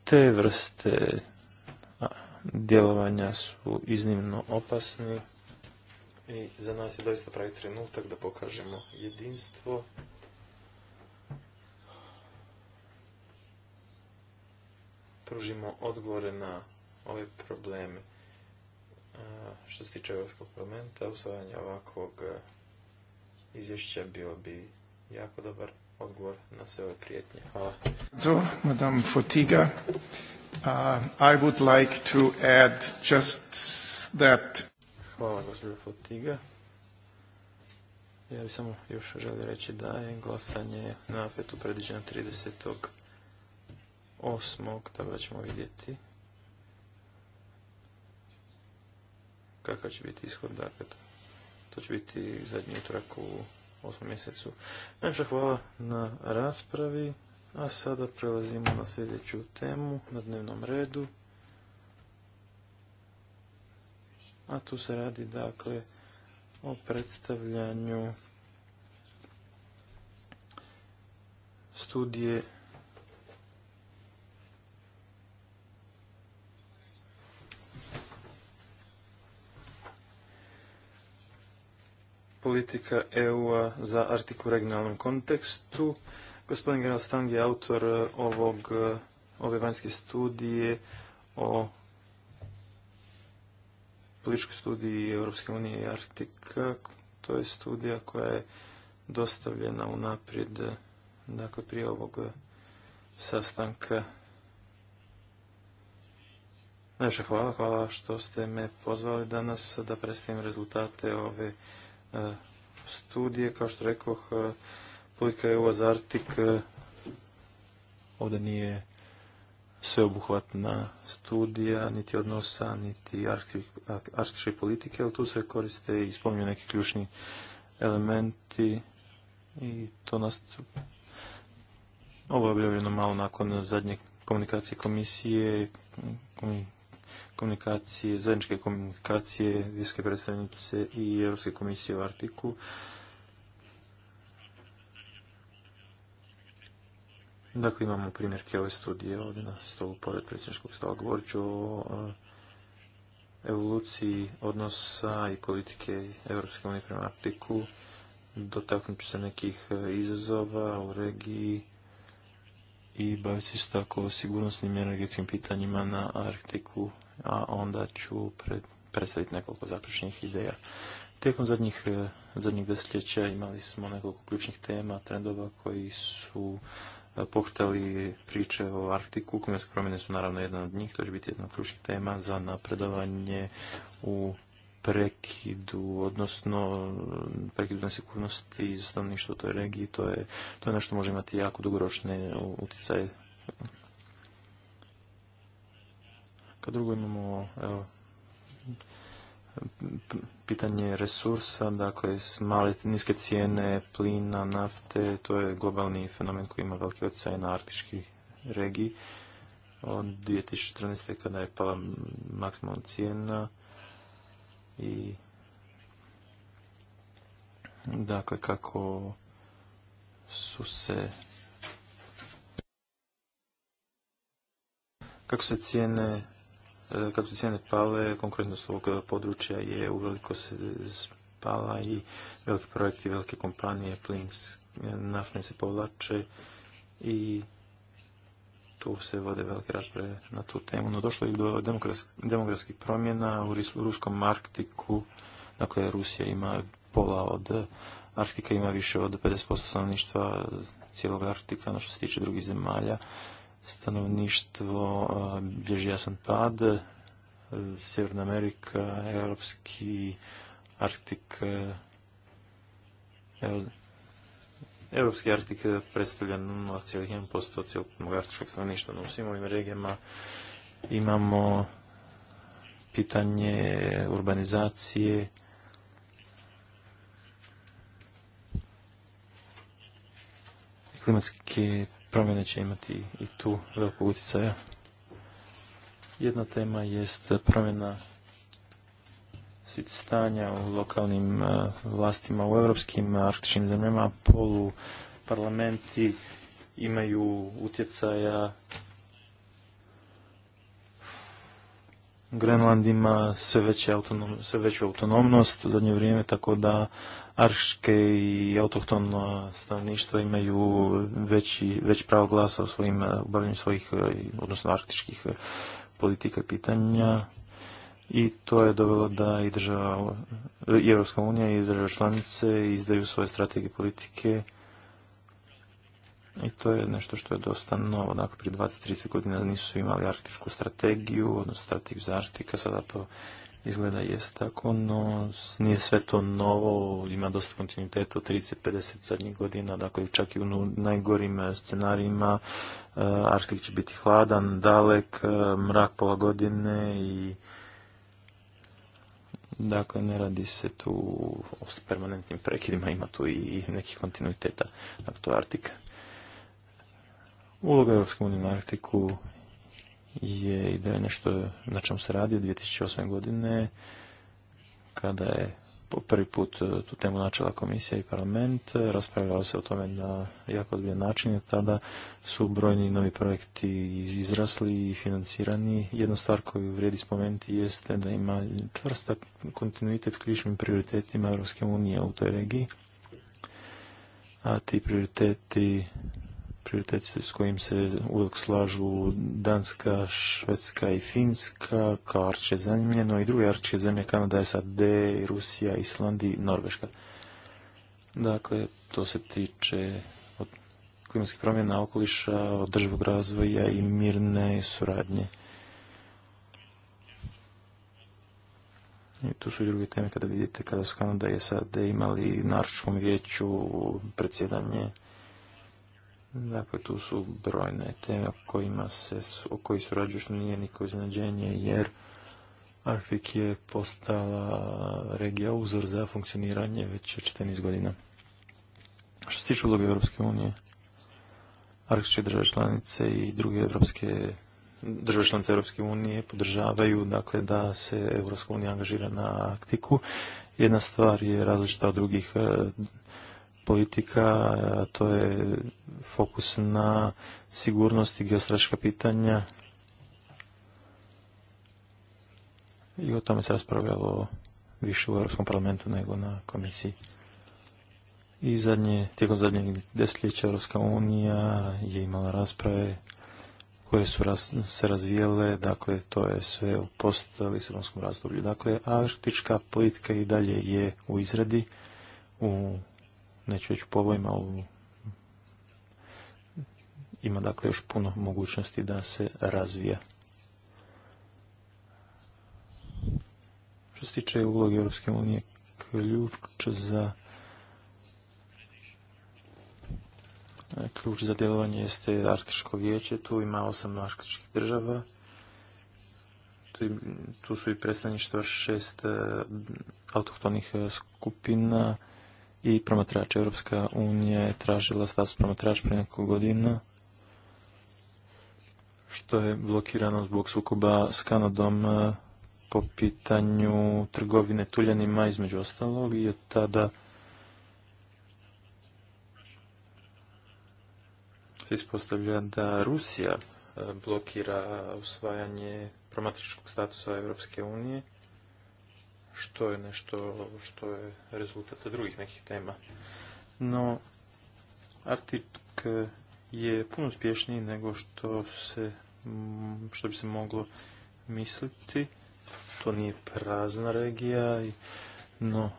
te vrste djelovanja su iznimno opasni i za nas je doista pravi trenutak da pokažemo jedinstvo. Pružimo odgovore na ove probleme. Što se tiče Europskog parlamenta, usvajanje ovakvog e, izvješća bio bi jako dobar odgovor na sve ove prijetnje. Hvala. Madame Fotiga. Uh, I would like to add just that... Hvala, gospođo Fotiga. Ja bih samo još želio reći da je glasanje na AFET-u predviđeno 38. Tako da ćemo vidjeti kakav će biti ishod. Dakle, to će biti zadnji utrak u osmom mjesecu. Najviše hvala na raspravi. A sada prelazimo na sljedeću temu na dnevnom redu. A tu se radi dakle o predstavljanju studije politika EU-a za Artiku regionalnom kontekstu. Gospodin General Stang je autor eh, ovog, eh, ove vanjske studije o političkoj studiji Europske unije i Arktika. To je studija koja je dostavljena unaprijed eh, dakle prije ovog sastanka. Najviše hvala, hvala što ste me pozvali danas da predstavim rezultate ove studije. Kao što rekoh, politika je ova za Artik e, ovdje nije sveobuhvatna studija, niti odnosa, niti arktičke politike, ali tu se koriste i spominju neki ključni elementi i to nas... Ovo je objavljeno malo nakon zadnje komunikacije komisije, komunikacije, zajedničke komunikacije, viske predstavnice i Europske komisije u Artiku. Dakle, imamo primjerke ove studije ovdje na stolu pored predsjedničkog stola. Govorit ću o evoluciji odnosa i politike Europske unije prema Arktiku. Dotaknut ću se nekih e, izazova u regiji i bavit se tako o sigurnosnim i energetskim pitanjima na Arktiku, a onda ću predstaviti nekoliko zaključnih ideja. Tijekom zadnjih, e, zadnjih desetljeća imali smo nekoliko ključnih tema, trendova koji su E, pohtali priče o Arktiku. Klimatske promjene su naravno jedna od njih. To će biti jedna od ključnih tema za napredovanje u prekidu, odnosno prekidu nesigurnosti i zastavništvo u toj regiji. To je, to je nešto može imati jako dugoročne utjecaje. Kad drugo imamo evo, pitanje resursa, dakle male, niske cijene plina, nafte, to je globalni fenomen koji ima veliki utjecaj na arktički regiji. Od 2014. kada je pala maksimalna cijena i dakle kako su se kako se cijene E, kad su cijene pale, konkretnost ovog e, područja je uveliko se spala i veliki projekti, velike kompanije, plin e, naftne se povlače i tu se vode velike rasprave na tu temu. No došlo je do demografskih promjena u ruskom Arktiku, dakle Rusija ima pola od Arktika ima više od 50% stanovništva cijelog Arktika, no što se tiče drugih zemalja stanovništvo bježi jasan pad, e, Sjeverna Amerika, Europski, Arktik, e, Europski Arktik predstavlja 0,1% cijelog arktičkog stanovništva, u svim ovim regijama imamo pitanje urbanizacije, klimatske promjene će imati i tu veliko utjecaja. Jedna tema jest promjena stanja u lokalnim eh, vlastima u europskim eh, arktičnim zemljama. Polu parlamenti imaju utjecaja Grenland ima sve, sve veću autonomnost u zadnje vrijeme, tako da arške i autohtono stanovništvo imaju veći, već pravo glasa u svojim e, obavljanju svojih, e, odnosno arktičkih e, politika pitanja. I to je dovelo da i država, i unija i države članice izdaju svoje strategije politike i to je nešto što je dosta novo. Dakle, prije 20-30 godina nisu imali arktičku strategiju, odnosno strategiju za Arktika, sada to izgleda jest tako, no nije sve to novo, ima dosta kontinuiteta od 30-50 zadnjih godina, dakle čak i u najgorim e, scenarijima e, Arktik će biti hladan, dalek, e, mrak pola godine i dakle ne radi se tu o permanentnim prekidima, ima tu i nekih kontinuiteta, dakle to je Arktik. Uloga Europske na Arktiku je i je nešto na čemu se radi od 2008. godine kada je po prvi put e, tu temu načela komisija i parlament, e, raspravljalo se o tome na jako odbijen način, tada su brojni novi projekti izrasli i financirani. Jedna stvar koju vrijedi spomenuti jeste da ima čvrsta kontinuitet ključnim prioritetima EU u toj regiji, a ti prioriteti prioritet s kojim se uvijek slažu Danska, Švedska i Finska, kao arčke zemlje, no i druge arčke zemlje, Kanada, SAD, Rusija, islandi i Norveška. Dakle, to se tiče od klimatskih promjena okoliša, održivog razvoja i mirne suradnje. I tu su i druge teme kada vidite kada su Kanada i SAD imali na Arčkom vijeću predsjedanje Dakle, tu su brojne teme o kojima se, o koji surađuješ nije niko iznadženje, jer Arfik je postala regija uzor za funkcioniranje već 14 godina. Što se tiče uloge Europske unije, arktičke države članice i druge Europske države članice Europske unije podržavaju dakle, da se Europska unija angažira na Arktiku. Jedna stvar je različita od drugih politika, a to je fokus na sigurnost i pitanja. I o tome se raspravljalo više u Europskom parlamentu nego na komisiji. I zadnje, tijekom zadnjeg desetljeća Europska unija je imala rasprave koje su se razvijele, dakle to je sve u post-lisabonskom razdoblju. Dakle, arktička politika i dalje je u izradi u neću već povojima, ali ima dakle još puno mogućnosti da se razvija. Što se tiče uloge Europske unije, ključ za ključ za djelovanje jeste Arktičko vijeće, tu ima osam arktičkih država, tu, tu su i predstavništva šest eh, autohtonih eh, skupina, i promatrač. Europska unija je tražila status promatrač prije nekoliko godina, što je blokirano zbog sukoba s Kanadom e, po pitanju trgovine tuljanima, između ostalog, i od tada se ispostavlja da Rusija e, blokira usvajanje promatračkog statusa Europske unije što je nešto što je rezultat drugih nekih tema. No, Artik je puno uspješniji nego što, se, što bi se moglo misliti. To nije prazna regija, no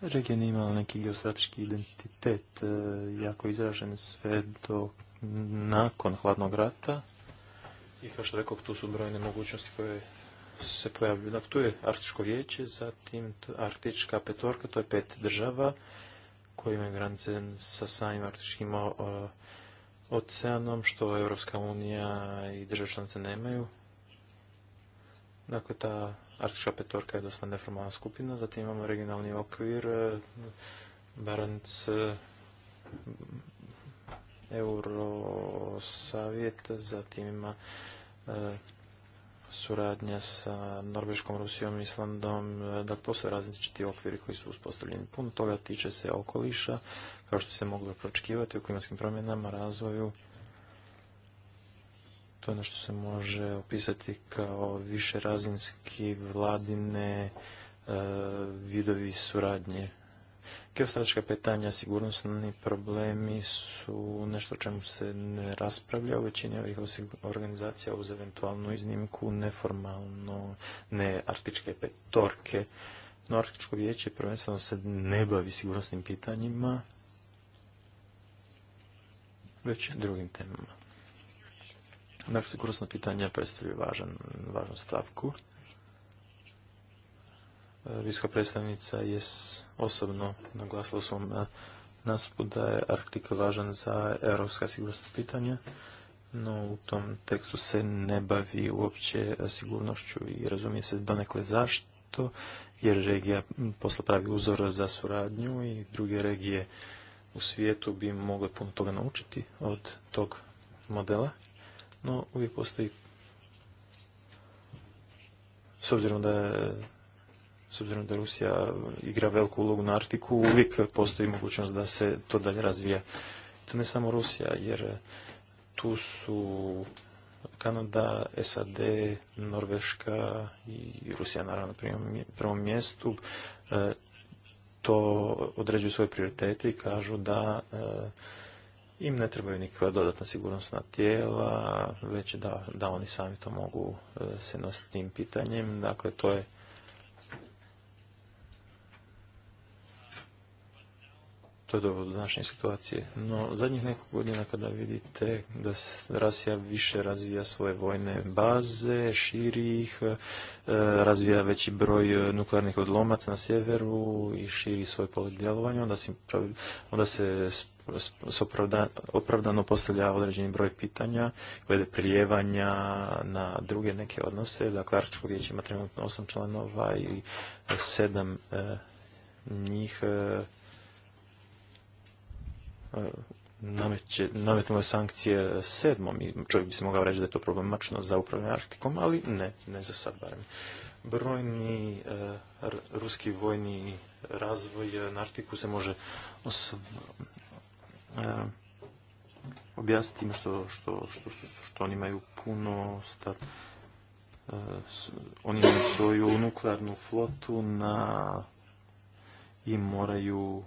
regija nije imala neki geostratički identitet e, jako izražen sve do nakon hladnog rata i kao što rekao, tu su brojne mogućnosti koje se pojavljuju. Dakle, tu je Arktičko vijeće, zatim Arktička petorka, to je pet država koje imaju granice sa samim Arktičkim oceanom, što Europska unija i države članice nemaju. Dakle, ta Arktička petorka je dosta neformalna skupina. Zatim imamo regionalni okvir, e, Barents, Eurosavjet, zatim ima e, suradnja sa Norveškom, Rusijom, Islandom, e, da postoje različiti okviri koji su uspostavljeni. Puno toga tiče se okoliša, kao što se moglo pročekivati u klimatskim promjenama, razvoju. To je nešto što se može opisati kao više razinski vladine e, vidovi suradnje geostrateška pitanja, sigurnosni problemi su nešto o čemu se ne raspravlja u većini ovih organizacija uz eventualnu iznimku neformalno ne arktičke petorke. No, Arktičko vijeće prvenstveno se ne bavi sigurnosnim pitanjima, već drugim temama. Dakle, sigurnosno pitanja predstavlja važnu stavku visoka predstavnica je osobno naglasila u svom eh, nastupu da je Arktika važan za europska sigurnost pitanja, no u tom tekstu se ne bavi uopće sigurnošću i razumije se donekle zašto, jer regija posla pravi uzor za suradnju i druge regije u svijetu bi mogle puno toga naučiti od tog modela, no uvijek postoji s obzirom da je s obzirom da Rusija igra veliku ulogu na Arktiku, uvijek postoji mogućnost da se to dalje razvija. To ne samo Rusija, jer tu su Kanada, SAD, Norveška i Rusija naravno na prvom mjestu. E, to određuju svoje prioritete i kažu da e, im ne trebaju nikakva dodatna sigurnosna tijela, već da, da oni sami to mogu e, se nositi tim pitanjem. Dakle, to je to je dovoljno do današnje situacije. No, zadnjih nekoliko godina kada vidite da Rasija više razvija svoje vojne baze, širi ih, e, razvija veći broj e, nuklearnih odlomaca na sjeveru i širi svoje djelovanje, onda, onda se opravdano postavlja određeni broj pitanja glede prijevanja na druge neke odnose. Dakle, Arčko vijeće ima trenutno osam članova i sedam e, njih E, nameće, nametnule sankcije sedmom i čovjek bi se mogao reći da je to problematično za upravljanje Arktikom, ali ne, ne za sad barem. Brojni e, ruski vojni razvoj na Arktiku se može e, objasniti što, što, oni imaju puno star... oni imaju svoju nuklearnu flotu na i moraju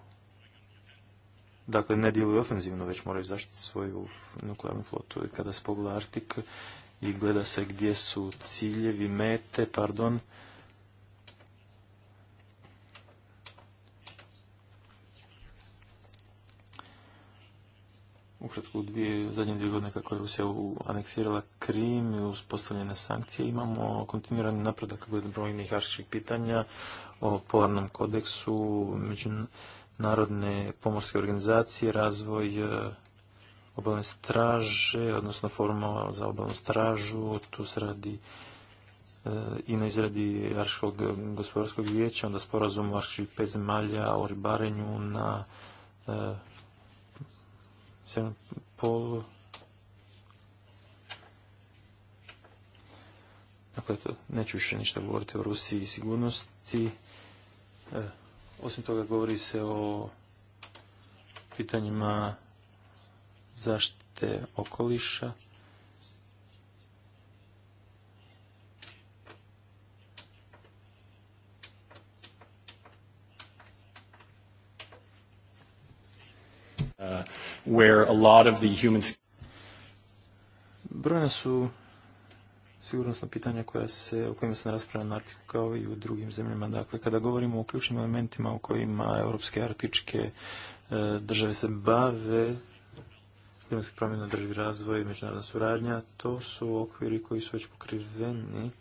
dakle ne djeluju ofenzivno, već moraju zaštiti svoju nuklearnu flotu. I kada se pogleda Artik i gleda se gdje su ciljevi, mete, pardon, ukratko u dvije, zadnje dvije godine kako je Rusija aneksirala Krim i uspostavljene sankcije, imamo kontinuirani napredak glede brojnih arhičkih pitanja o polarnom kodeksu, među Narodne pomorske organizacije, razvoj e, obalne straže, odnosno forma za obalnu stražu, tu se radi e, i na izradi Arškog gospodarskog vijeća, onda sporazum Arških pet zemalja o ribarenju na e, polu. Dakle, neću više ništa govoriti o Rusiji i sigurnosti. E, osim toga govori se o pitanjima zaštite okoliša. Uh, where a lot of the humans... Brojna su sigurnosna pitanja koja se, o kojima se raspravlja na Artiku kao i u drugim zemljama. Dakle, kada govorimo o ključnim elementima u kojima europske artičke e, države se bave, klimatske promjene, održivi razvoj, međunarodna suradnja, to su okviri koji su već pokriveni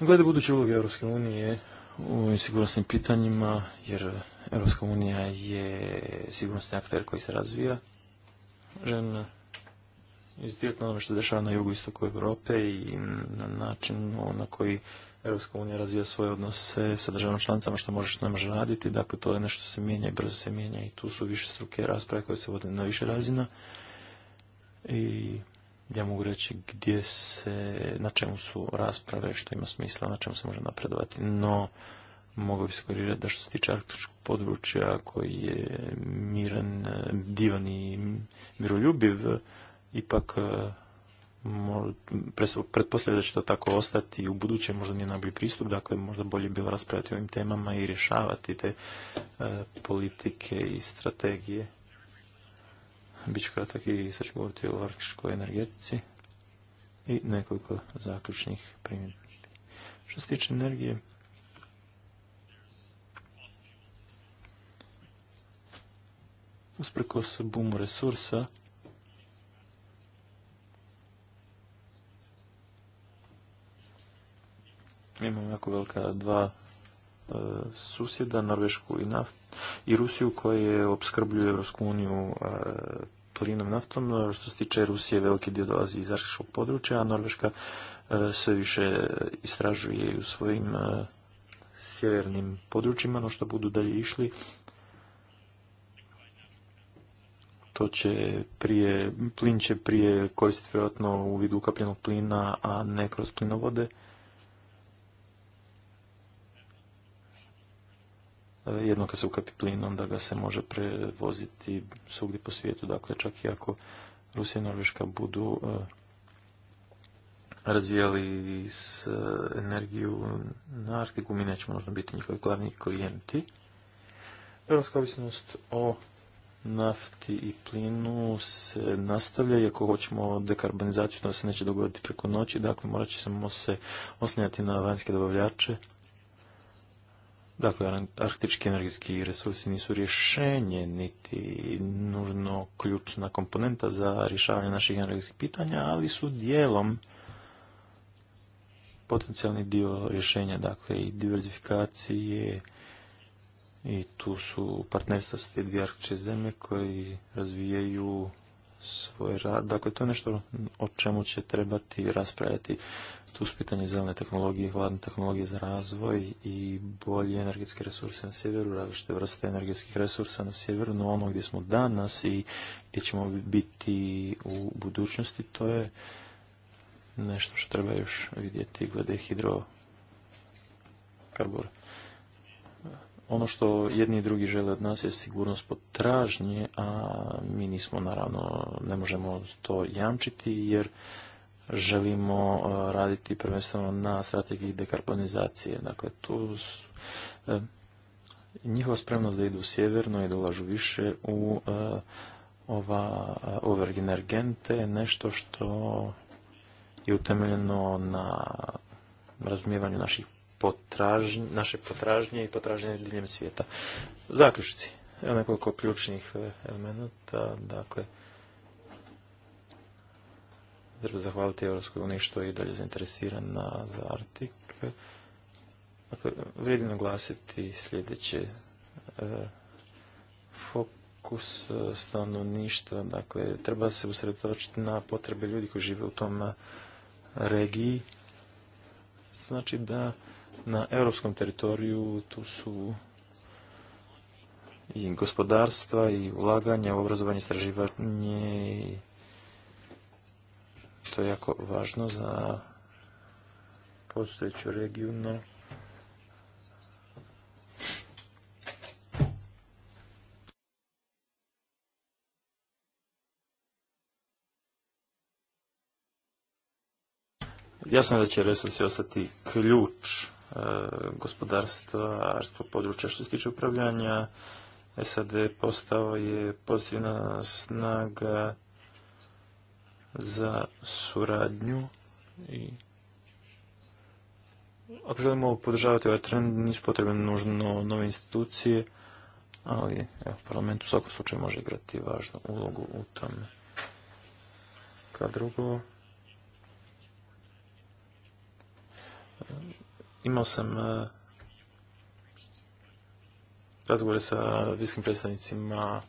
Glede buduće uloge Europske unije u sigurnosnim pitanjima, jer Europska unija je sigurnosni akter koji se razvija, želim izdjetno ono što se dešava na jugu istoku Europe i na način na koji Europska unija razvija svoje odnose sa državama članicama što može što ne može raditi. Dakle, to je nešto se mijenja i brzo se mijenja i tu su više struke rasprave koje se vode na više razina. I ja mogu reći gdje se, na čemu su rasprave, što ima smisla, na čemu se može napredovati, no mogu bi se da što se tiče arktičkog područja koji je miran, divan i miroljubiv, ipak e, pretpostavljam da će to tako ostati u buduće, možda nije najbolji pristup, dakle možda bolje bilo raspravljati o ovim temama i rješavati te e, politike i strategije bit ću kratak i sad ću govoriti o arktičkoj energetici i nekoliko zaključnih primjedbi. Što se tiče energije, usprkos bumu resursa, imamo jako velika dva e, susjeda, Norvešku i, Rusiju koje opskrbljuju Evropsku uniju e, plinom, naftom. E, što se tiče Rusije, veliki dio dolazi iz arhiškog područja, a Norveška e, sve više istražuje u svojim e, sjevernim područjima, no što budu dalje išli, to će prije, plin će prije koristiti vjerojatno u vidu ukapljenog plina, a ne kroz plinovode. E, jednom kad se ukapi plinom onda ga se može prevoziti svugdje po svijetu. Dakle, čak i ako Rusija i Norveška budu e, razvijali s e, energiju na Arktiku, mi nećemo možda biti njihovi glavni klijenti. Europska ovisnost o nafti i plinu se nastavlja, iako hoćemo dekarbonizaciju, to se neće dogoditi preko noći, dakle morat ćemo se osnijati na vanjske dobavljače, Dakle, arktički energetski resursi nisu rješenje, niti nužno ključna komponenta za rješavanje naših energetskih pitanja, ali su dijelom potencijalni dio rješenja, dakle i diverzifikacije i tu su partnerstva s te dvije zemlje koji razvijaju svoj rad. Dakle, to je nešto o čemu će trebati raspravljati tu su pitanje zelene tehnologije, hladne tehnologije za razvoj i bolje energetske resurse na sjeveru, različite vrste energetskih resursa na sjeveru, no ono gdje smo danas i gdje ćemo biti u budućnosti, to je nešto što treba još vidjeti glede hidrokarbura. Ono što jedni i drugi žele od nas je sigurnost potražnje, a mi nismo naravno, ne možemo to jamčiti jer želimo e, raditi prvenstveno na strategiji dekarbonizacije. Dakle, tu su, e, njihova spremnost da idu sjeverno i da ulažu više u e, ova ove energente nešto što je utemeljeno na razumijevanju naših potražnje, naše potražnje i potražnje diljem svijeta. Zaključci. Evo nekoliko ključnih elemenata. Dakle, treba zahvaliti Europskoj uniji što je i dalje zainteresirana za Artik. Dakle, vrijedi naglasiti sljedeće. E, fokus e, stanovništva, dakle, treba se usredotočiti na potrebe ljudi koji žive u tom e, regiji. Znači da na europskom teritoriju tu su i gospodarstva i ulaganja u obrazovanje, istraživanje i to je jako važno za postojeću no Jasno da će resursi ostati ključ e, gospodarstva, područja što se tiče upravljanja. SAD postao je pozitivna snaga za suradnju i ako želimo podržavati ovaj trend, nisu potrebne nužno nove institucije, ali evo, parlament u svakom slučaju može igrati važnu ulogu u tome. Kao drugo, imao sam e, razgovore sa viskim predstavnicima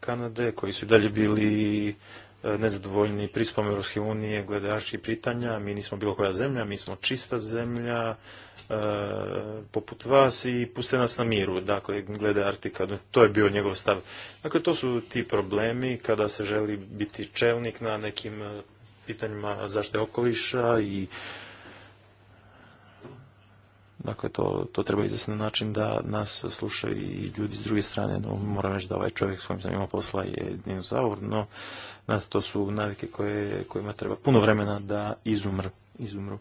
Kanade, koji su i dalje bili E, nezadovoljni prispom Europske unije glede različitih pitanja. Mi nismo bilo koja zemlja, mi smo čista zemlja, e, poput vas i puste nas na miru, dakle, glede Artika. To je bio njegov stav. Dakle, to su ti problemi kada se želi biti čelnik na nekim e, pitanjima zašte okoliša i Dakle, to, to treba izvesti na način da nas slušaju i ljudi s druge strane. No, moram reći da ovaj čovjek s kojim sam imao posla je dinozaur, no to su navike koje, kojima treba puno vremena da izumr, izumru.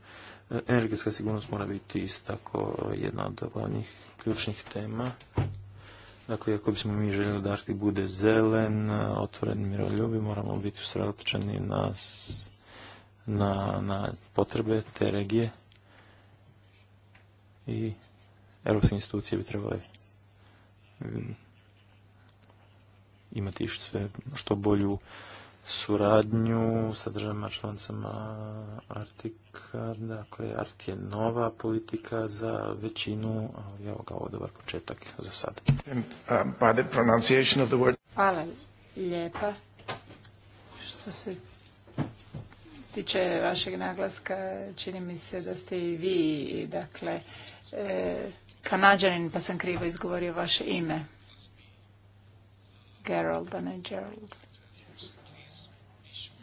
E, energetska sigurnost mora biti isto tako jedna od glavnih ključnih tema. Dakle, ako bismo mi željeli da Arktik bude zelen, otvoren miroljubi, moramo biti usredotočeni na, na, na potrebe te regije i europske institucije bi trebali mm, imati sve što bolju suradnju sa državama članicama Artika. Dakle, Art je nova politika za većinu, ali evo ga ovo dobar početak za sad. Um, Hvala lijepa. Što se tiče vašeg naglaska, čini mi se da ste i vi, dakle, E, kanadžanin, pa sam krivo izgovorio vaše ime. Gerald, a ne Gerald.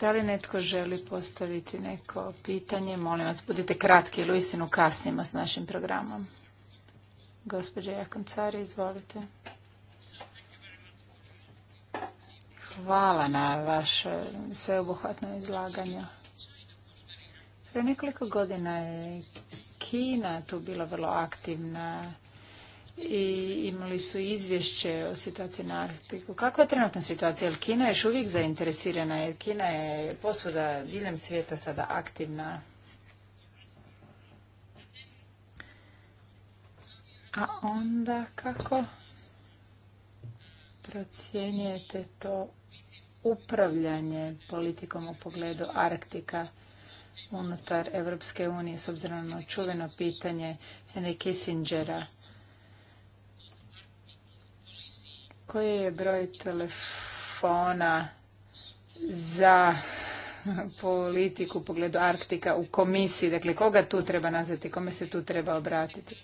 Da li netko želi postaviti neko pitanje? Molim vas, budite kratki u uistinu kasnimo s našim programom. Gospođa Jakoncari, izvolite. Hvala na vaše sveobuhvatno izlaganje. Pre nekoliko godina je Kina tu bila vrlo aktivna i imali su izvješće o situaciji na Arktiku. Kakva je trenutna situacija? Jer Kina je još uvijek zainteresirana, jer Kina je posvuda diljem svijeta sada aktivna. A onda kako procjenjujete to upravljanje politikom u pogledu Arktika? unutar Europske unije s obzirom na čuveno pitanje Henry Kissingera koji je broj telefona za politiku u pogledu Arktika u komisiji. Dakle, koga tu treba nazvati, kome se tu treba obratiti?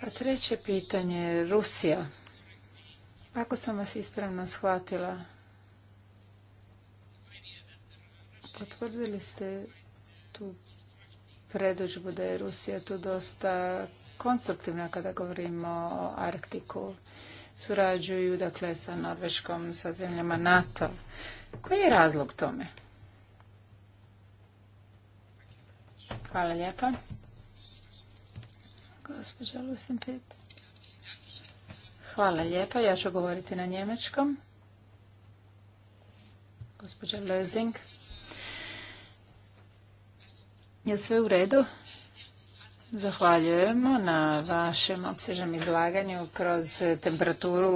A treće pitanje je Rusija. Ako sam vas ispravno shvatila, Potvrdili ste tu predođbu da je Rusija tu dosta konstruktivna kada govorimo o Arktiku. Surađuju dakle sa Norveškom, sa zemljama NATO. Koji je razlog tome? Hvala lijepa. Gospođa Hvala lijepa. Ja ću govoriti na njemačkom. Gospođa Lezing. Je sve u redu? Zahvaljujemo na vašem opsežnom izlaganju. Kroz temperaturu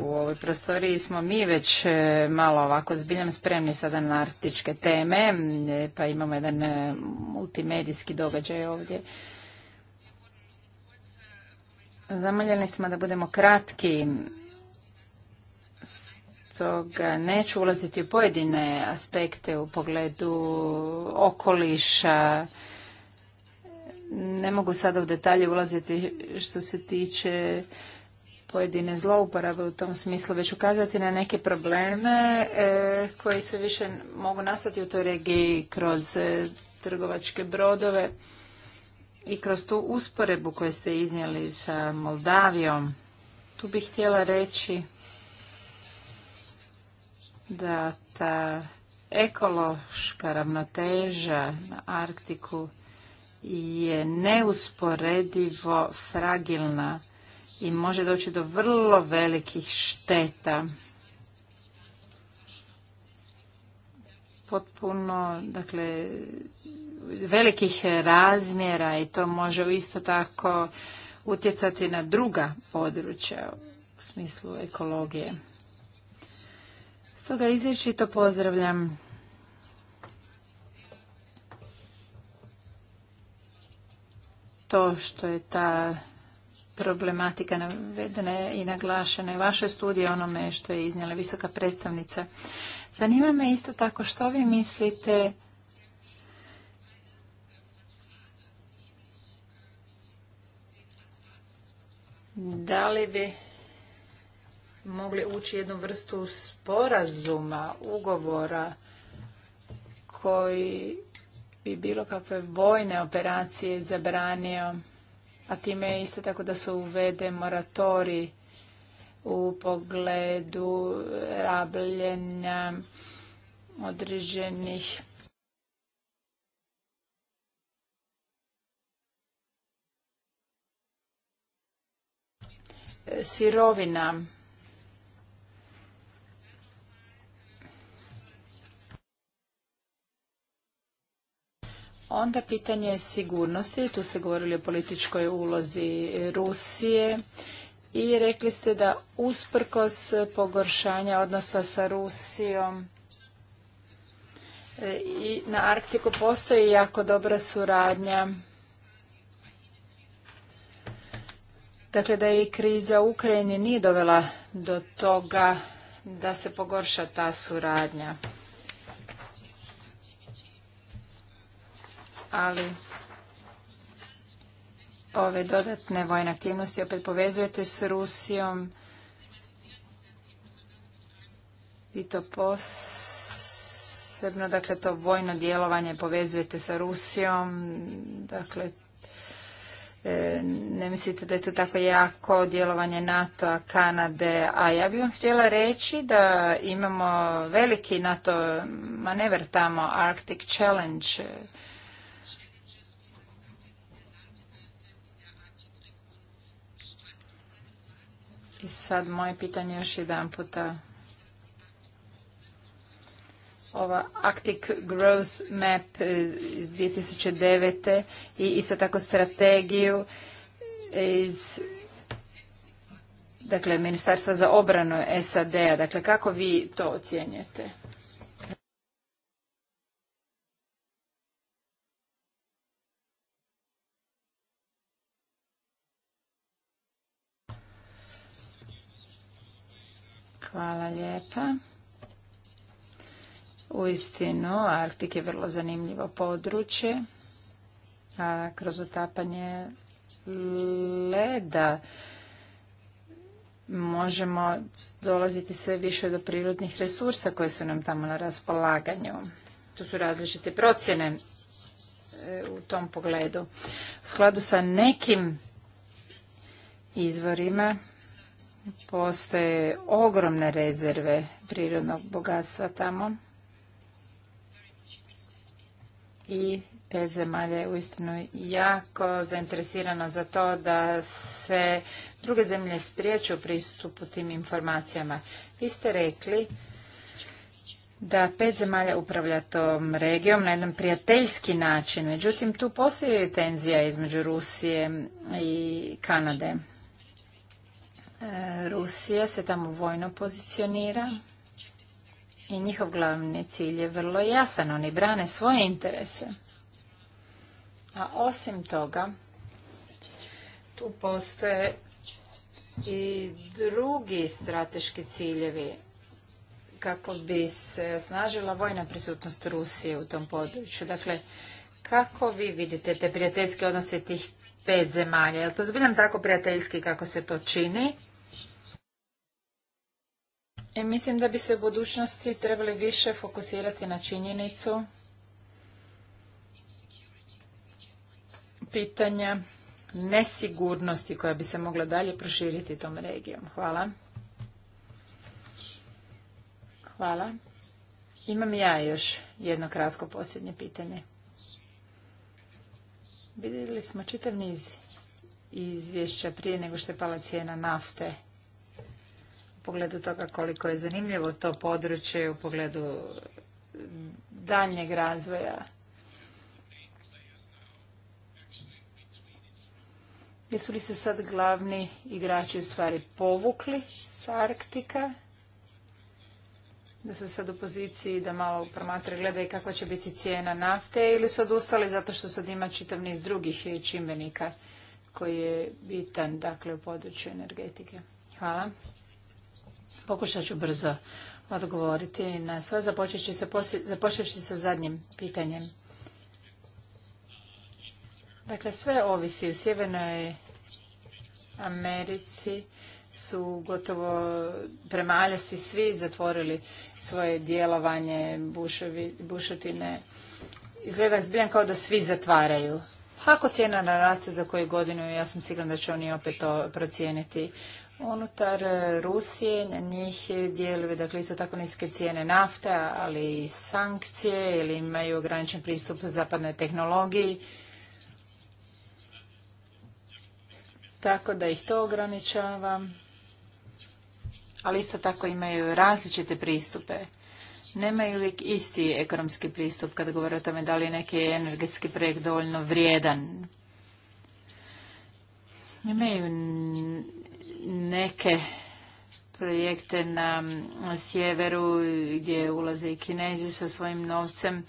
u ovoj prostoriji smo mi već e, malo ovako zbiljam spremni sada na arktičke teme, e, pa imamo jedan e, multimedijski događaj ovdje. Zamoljeni smo da budemo kratki toga neću ulaziti u pojedine aspekte u pogledu okoliša. Ne mogu sada u detalje ulaziti što se tiče pojedine zlouporabe u tom smislu, već ukazati na neke probleme e, koji se više mogu nastati u toj regiji kroz e, trgovačke brodove i kroz tu usporebu koju ste iznijeli sa Moldavijom. Tu bih htjela reći da ta ekološka ravnoteža na Arktiku je neusporedivo fragilna i može doći do vrlo velikih šteta. Potpuno, dakle, velikih razmjera i to može isto tako utjecati na druga područja u smislu ekologije. Stoga izvješćito pozdravljam to što je ta problematika navedena i naglašena i vaše studije onome što je iznijela visoka predstavnica. Zanima me isto tako što vi mislite da li bi mogli ući jednu vrstu sporazuma, ugovora koji bi bilo kakve vojne operacije zabranio, a time je isto tako da se uvede moratori u pogledu rabljenja određenih sirovina Onda pitanje sigurnosti, tu ste govorili o političkoj ulozi Rusije i rekli ste da usprkos pogoršanja odnosa sa Rusijom e, i na Arktiku postoji jako dobra suradnja. Dakle, da i kriza u Ukrajini nije dovela do toga da se pogorša ta suradnja. ali ove dodatne vojne aktivnosti opet povezujete s Rusijom i to posebno, dakle to vojno djelovanje povezujete sa Rusijom, dakle e, ne mislite da je to tako jako djelovanje NATO-a, Kanade, a ja bih vam htjela reći da imamo veliki NATO manever tamo, Arctic Challenge, I sad moje pitanje još jedan puta. Ova Arctic Growth Map iz 2009. i isto tako strategiju iz dakle, Ministarstva za obranu SAD-a. Dakle, kako vi to ocjenjujete? Hvala lijepa. U istinu, Arktik je vrlo zanimljivo područje. A kroz otapanje leda možemo dolaziti sve više do prirodnih resursa koje su nam tamo na raspolaganju. Tu su različite procjene e, u tom pogledu. U skladu sa nekim izvorima Postoje ogromne rezerve prirodnog bogatstva tamo i pet zemalja je uistinu jako zainteresirano za to da se druge zemlje spriječu pristupu tim informacijama. Vi ste rekli da pet zemalja upravlja tom regijom na jedan prijateljski način. Međutim, tu postoji tenzija između Rusije i Kanade. E, Rusija se tamo vojno pozicionira i njihov glavni cilj je vrlo jasan. Oni brane svoje interese. A osim toga, tu postoje i drugi strateški ciljevi kako bi se osnažila vojna prisutnost Rusije u tom području. Dakle, kako vi vidite te prijateljske odnose tih pet zemalja? Je li to zbiljam tako prijateljski kako se to čini? I e, mislim da bi se u budućnosti trebali više fokusirati na činjenicu pitanja nesigurnosti koja bi se mogla dalje proširiti tom regijom. Hvala. Hvala. Imam ja još jedno kratko posljednje pitanje. Vidjeli smo čitav niz izvješća prije nego što je pala cijena nafte pogledu toga koliko je zanimljivo to područje u pogledu daljnjeg razvoja. Jesu li se sad glavni igrači u stvari povukli sa Arktika? Da su sad u poziciji da malo promatra i gledaju kakva će biti cijena nafte ili su odustali zato što sad ima čitav niz drugih čimbenika koji je bitan dakle u području energetike. Hvala. Pokušat ću brzo odgovoriti na sve, započevši sa zadnjim pitanjem. Dakle, sve ovisi u Sjevernoj Americi su gotovo prema Aljasi svi zatvorili svoje djelovanje bušotine. Izgleda zbija kao da svi zatvaraju. Ako cijena naraste za koju godinu, ja sam sigurna da će oni opet to procijeniti unutar e, Rusije, na njih dijeluju dakle isto tako niske cijene nafte, ali i sankcije ili imaju ograničen pristup zapadnoj tehnologiji. Tako da ih to ograničava, ali isto tako imaju različite pristupe. Nemaju uvijek isti ekonomski pristup kada govore o tome da li je neki energetski projekt dovoljno vrijedan. Imaju neke projekte na sjeveru gdje ulaze i kinezi sa svojim novcem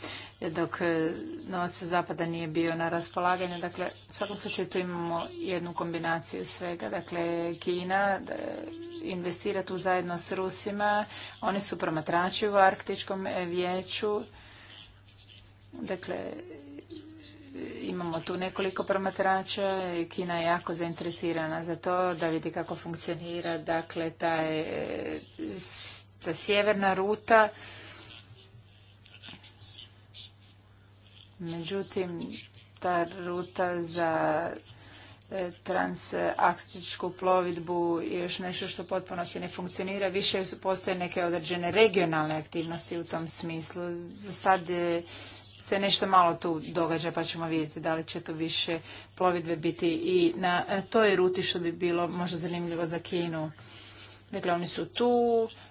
dok novac zapada nije bio na raspolaganju. Dakle, u svakom slučaju tu imamo jednu kombinaciju svega. Dakle, Kina investira tu zajedno s Rusima. Oni su promatrači u Arktičkom vijeću. Dakle, imamo tu nekoliko promatrača. Kina je jako zainteresirana za to da vidi kako funkcionira. Dakle, taj, ta sjeverna ruta. Međutim, ta ruta za e, transaktičku plovidbu je još nešto što potpuno se ne funkcionira. Više postoje neke određene regionalne aktivnosti u tom smislu. Za sad se nešto malo tu događa pa ćemo vidjeti da li će tu više plovidbe biti i na e, toj ruti što bi bilo možda zanimljivo za Kinu. Dakle, oni su tu,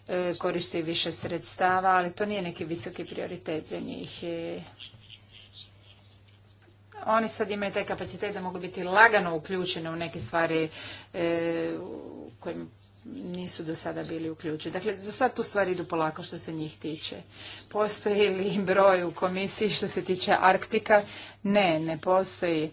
e, koriste više sredstava, ali to nije neki visoki prioritet za njih. E, oni sad imaju taj kapacitet da mogu biti lagano uključeni u neke stvari kojim nisu do sada bili uključeni. Dakle, za sad tu stvari idu polako što se njih tiče. Postoji li broj u komisiji što se tiče Arktika? Ne, ne postoji.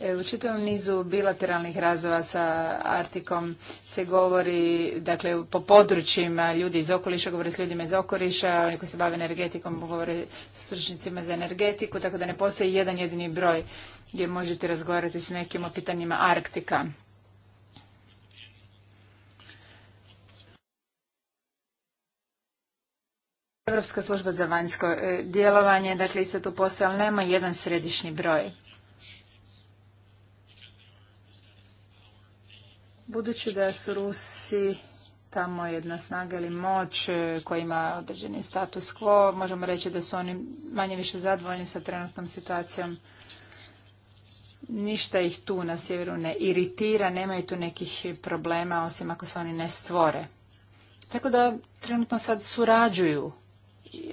E, u čitavom nizu bilateralnih razova sa Artikom se govori, dakle, po područjima ljudi iz okoliša, govore s ljudima iz okoliša, oni koji se bave energetikom govore s stručnicima za energetiku, tako da ne postoji jedan jedini broj gdje možete razgovarati s nekim o pitanjima Arktika. Europska služba za vanjsko e, djelovanje, dakle isto tu postoje, ali nema jedan središnji broj. Budući da su Rusi tamo jedna snaga ili moć e, koja ima određeni status quo, možemo reći da su oni manje više zadovoljni sa trenutnom situacijom. Ništa ih tu na sjeveru ne iritira, nemaju tu nekih problema osim ako se oni ne stvore. Tako da trenutno sad surađuju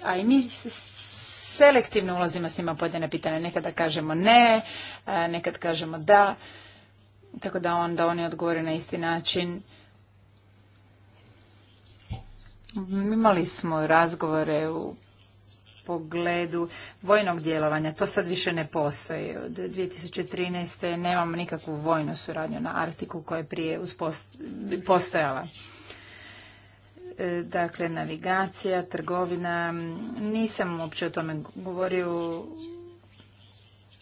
a i mi selektivno ulazimo s njima pojedine pitanja. Nekada kažemo ne, nekad kažemo da, tako da onda oni odgovore na isti način. Imali smo razgovore u pogledu vojnog djelovanja. To sad više ne postoji. Od 2013. nemamo nikakvu vojnu suradnju na Artiku koja je prije postojala. E, dakle navigacija, trgovina, nisam uopće o tome govorio,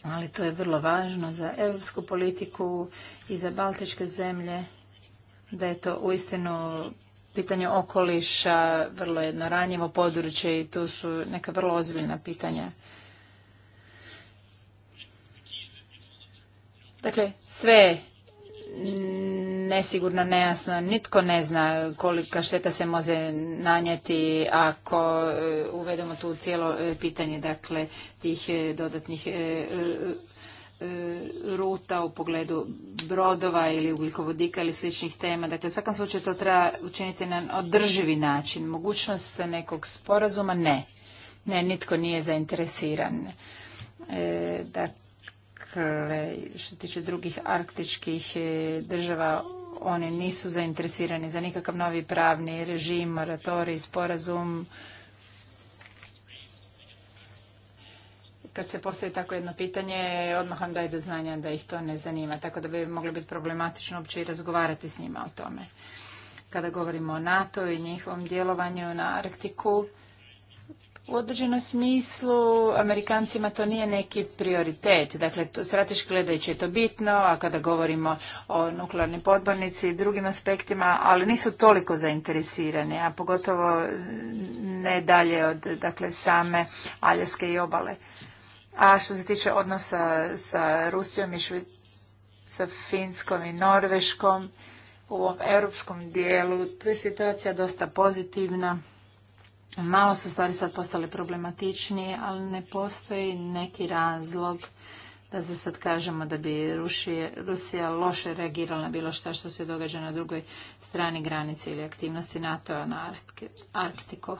ali to je vrlo važno za europsku politiku i za baltičke zemlje, da je to uistinu pitanje okoliša, vrlo jedno ranjivo područje i tu su neka vrlo ozbiljna pitanja. Dakle, sve nesigurno, nejasno, nitko ne zna kolika šteta se može nanijeti ako e, uvedemo tu cijelo e, pitanje dakle tih e, dodatnih ruta u pogledu brodova ili ugljikovodika ili sličnih tema. Dakle, u svakom slučaju to treba učiniti na održivi način. Mogućnost nekog sporazuma ne. Ne, nitko nije zainteresiran. dakle, što tiče drugih arktičkih država oni nisu zainteresirani za nikakav novi pravni režim, moratorij, sporazum. Kad se postavi tako jedno pitanje, odmah vam daje do znanja da ih to ne zanima, tako da bi moglo biti problematično uopće i razgovarati s njima o tome. Kada govorimo o NATO i njihovom djelovanju na Arktiku, u određenom smislu Amerikancima to nije neki prioritet. Dakle, to, strateški gledajući je to bitno, a kada govorimo o nuklearnim podbornici i drugim aspektima, ali nisu toliko zainteresirani, a pogotovo ne dalje od dakle, same Aljaske i obale. A što se tiče odnosa sa Rusijom i sa Finskom i Norveškom, u ovom europskom dijelu, tu je situacija dosta pozitivna. Malo su stvari sad postale problematičnije, ali ne postoji neki razlog da se sad kažemo da bi Rusija loše reagirala na bilo šta što se događa na drugoj strani granice ili aktivnosti NATO-a na Arktiku.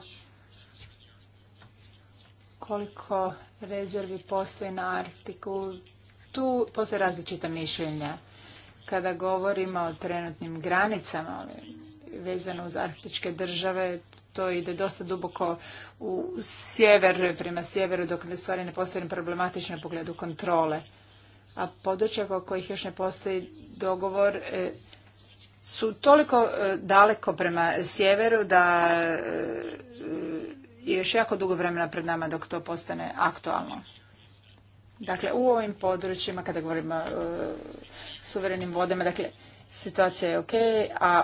Koliko rezervi postoji na Arktiku, tu postoje različita mišljenja. Kada govorimo o trenutnim granicama, vezano uz arktičke države. To ide dosta duboko u sjever, prema sjeveru, dok ne stvari ne postoji problematične u pogledu kontrole. A područja oko kojih još ne postoji dogovor e, su toliko e, daleko prema sjeveru da e, je još jako dugo vremena pred nama dok to postane aktualno. Dakle, u ovim područjima, kada govorimo o suverenim vodama, dakle, situacija je ok, a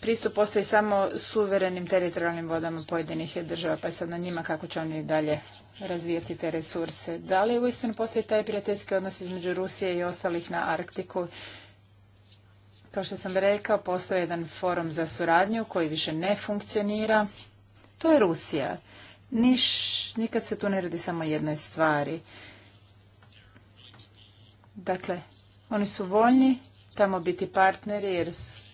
pristup postoji samo suverenim teritorijalnim vodama pojedinih država, pa je sad na njima kako će oni dalje razvijati te resurse. Da li uistinu postoji taj prijateljski odnos između Rusije i ostalih na Arktiku? Kao što sam rekao, postoji jedan forum za suradnju koji više ne funkcionira. To je Rusija. Niš, nikad se tu ne radi samo jednoj stvari. Dakle, oni su voljni tamo biti partneri jer su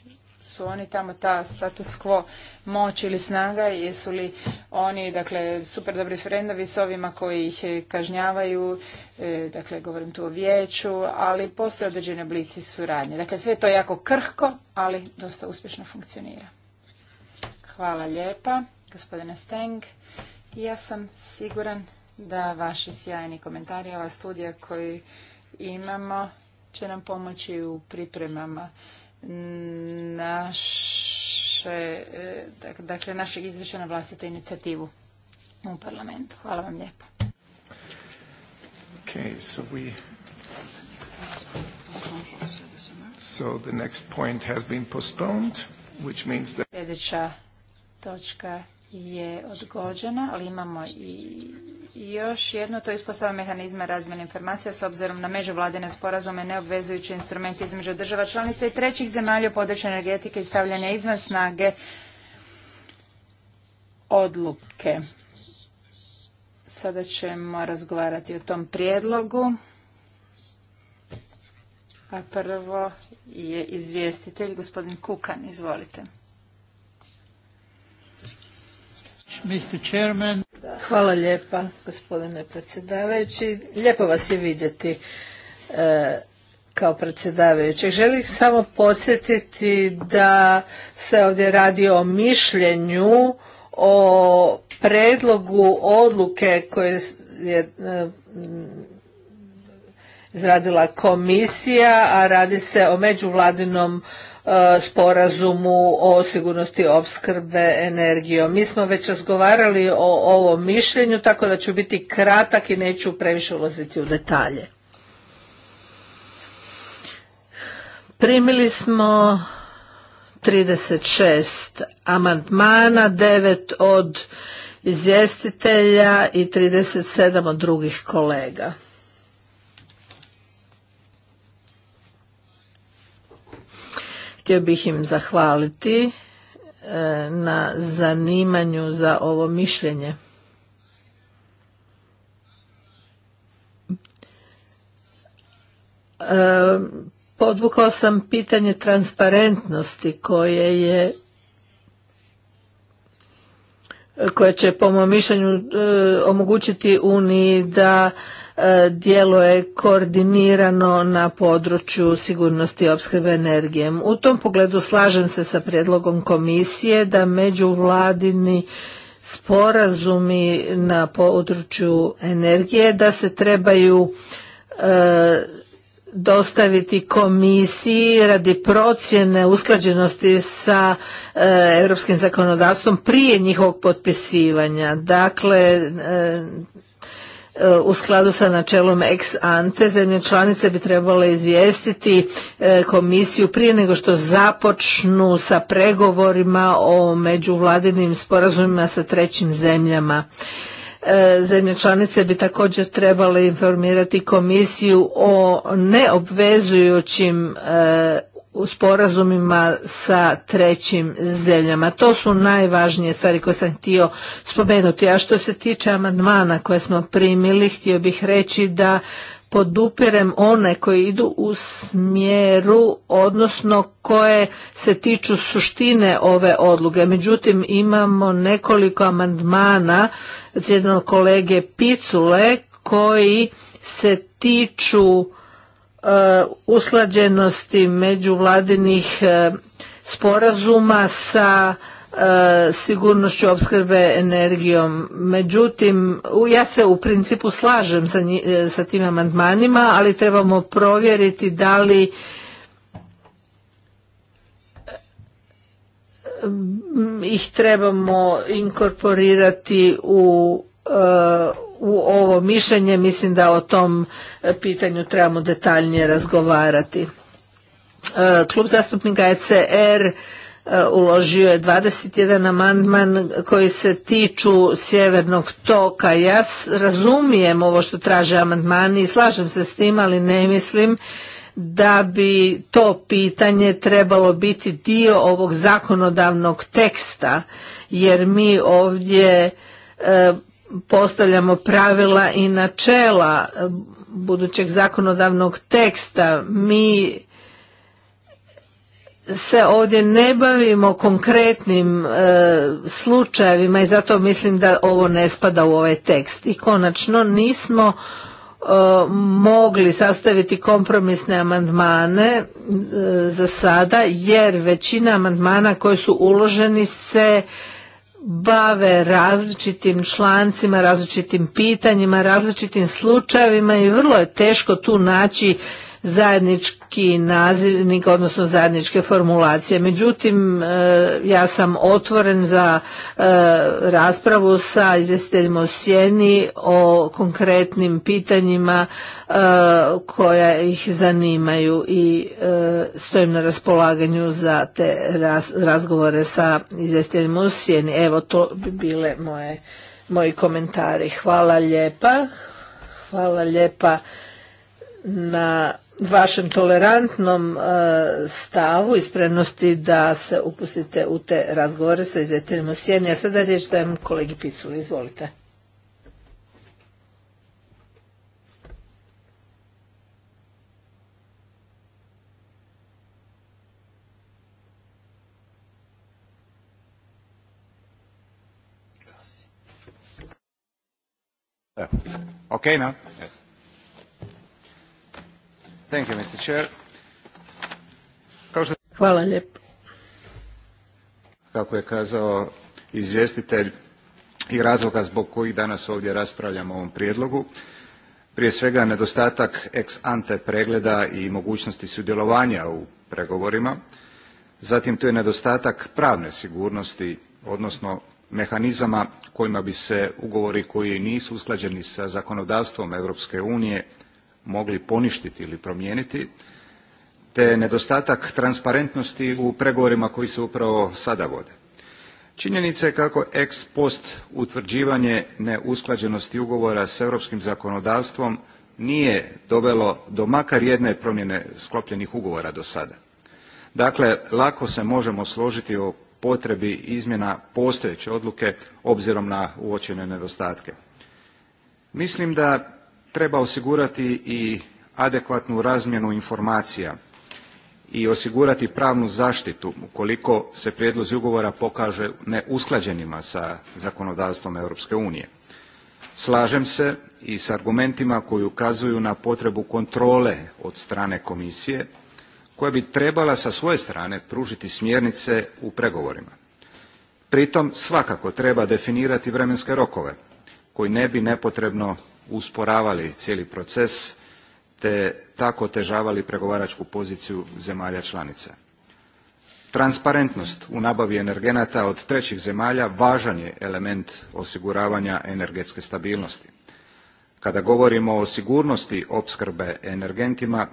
su oni tamo ta status quo moć ili snaga, jesu li oni dakle super dobri frendovi s ovima koji ih e, kažnjavaju, e, dakle govorim tu o vijeću, ali postoje određene oblici suradnje. Dakle sve to jako krhko, ali dosta uspješno funkcionira. Hvala lijepa, gospodine Steng. Ja sam siguran da vaši sjajni komentari, ova studija koju imamo će nam pomoći u pripremama naše, e, dakle, naše izvješća na vlastitu inicijativu u parlamentu. Hvala vam lijepa. Okay, so we... So the next point has been postponed, which means that... Sljedeća točka je odgođena, ali imamo i još jedno, to je ispostava mehanizma razmjene informacija s obzirom na međuvladine sporazume, neobvezujući instrumenti između država članica i trećih zemalja u području energetike i stavljanja izvan snage odluke. Sada ćemo razgovarati o tom prijedlogu. A prvo je izvjestitelj, gospodin Kukan, izvolite. Hvala lijepa, gospodine predsjedavajući. Lijepo vas je vidjeti e, kao predsjedavajući. Želim samo podsjetiti da se ovdje radi o mišljenju o predlogu odluke koje je e, izradila komisija, a radi se o međuvladinom E, sporazumu o sigurnosti opskrbe energijom. Mi smo već razgovarali o ovom mišljenju, tako da ću biti kratak i neću previše ulaziti u detalje. Primili smo 36 amandmana, 9 od izvjestitelja i 37 od drugih kolega. Htio bih im zahvaliti e, na zanimanju za ovo mišljenje. E, podvukao sam pitanje transparentnosti koje je koje će po mom mišljenju e, omogućiti Uniji da E, djeluje koordinirano na području sigurnosti opskrbe energijem. U tom pogledu slažem se sa prijedlogom komisije da međuvladini sporazumi na području energije da se trebaju e, dostaviti komisiji radi procjene usklađenosti sa e, europskim zakonodavstvom prije njihovog potpisivanja. Dakle, E, u skladu sa načelom ex ante zemlje članice bi trebale izvijestiti e, komisiju prije nego što započnu sa pregovorima o međuvladinim sporazumima sa trećim zemljama. E, zemlje članice bi također trebale informirati komisiju o neobvezujućim u sporazumima sa trećim zemljama. To su najvažnije stvari koje sam htio spomenuti. A što se tiče amandmana koje smo primili, htio bih reći da podupirem one koji idu u smjeru, odnosno koje se tiču suštine ove odluge. Međutim, imamo nekoliko amandmana jednog kolege Picule koji se tiču E, usklađenosti međuvladinih e, sporazuma sa e, sigurnošću opskrbe energijom. Međutim, ja se u principu slažem sa, sa tim amandmanima, ali trebamo provjeriti da li ih trebamo inkorporirati u u ovo mišljenje mislim da o tom e, pitanju trebamo detaljnije razgovarati. E, Klub zastupnika ECR e, uložio je 21 amandman koji se tiču sjevernog toka. Ja razumijem ovo što traže amandmani i slažem se s tim, ali ne mislim da bi to pitanje trebalo biti dio ovog zakonodavnog teksta, jer mi ovdje postavljamo pravila i načela budućeg zakonodavnog teksta. Mi se ovdje ne bavimo konkretnim e, slučajevima i zato mislim da ovo ne spada u ovaj tekst. I konačno nismo e, mogli sastaviti kompromisne amandmane e, za sada jer većina amandmana koji su uloženi se bave različitim člancima, različitim pitanjima, različitim slučajevima i vrlo je teško tu naći zajednički nazivnik, odnosno zajedničke formulacije. Međutim, e, ja sam otvoren za e, raspravu sa izvjestiteljima o sjeni o konkretnim pitanjima e, koja ih zanimaju i stojim na raspolaganju za te razgovore sa izvjestiteljima o sjeni. Evo, to bi bile moje moji komentari. Hvala lijepa. Hvala lijepa na vašem tolerantnom e, stavu i spremnosti da se upustite u te razgovore sa izvjeteljem u Sjeni. A sada riječ dajem kolegi Piculi, izvolite. Okay, Hvala lijepo. Kako je kazao izvjestitelj i razloga zbog kojih danas ovdje raspravljamo o ovom prijedlogu, prije svega nedostatak ex ante pregleda i mogućnosti sudjelovanja u pregovorima, zatim tu je nedostatak pravne sigurnosti, odnosno mehanizama kojima bi se ugovori koji nisu usklađeni sa zakonodavstvom Europske unije mogli poništiti ili promijeniti te nedostatak transparentnosti u pregovorima koji se upravo sada vode. Činjenica je kako ex post utvrđivanje neusklađenosti ugovora s europskim zakonodavstvom nije dovelo do makar jedne promjene sklopljenih ugovora do sada. Dakle, lako se možemo složiti o potrebi izmjena postojeće odluke obzirom na uočene nedostatke. Mislim da treba osigurati i adekvatnu razmjenu informacija i osigurati pravnu zaštitu ukoliko se prijedlozi ugovora pokaže neusklađenima sa zakonodavstvom Europske unije. Slažem se i s argumentima koji ukazuju na potrebu kontrole od strane komisije koja bi trebala sa svoje strane pružiti smjernice u pregovorima. Pritom svakako treba definirati vremenske rokove koji ne bi nepotrebno usporavali cijeli proces te tako otežavali pregovaračku poziciju zemalja članica. Transparentnost u nabavi energenata od trećih zemalja važan je element osiguravanja energetske stabilnosti. Kada govorimo o sigurnosti opskrbe energentima,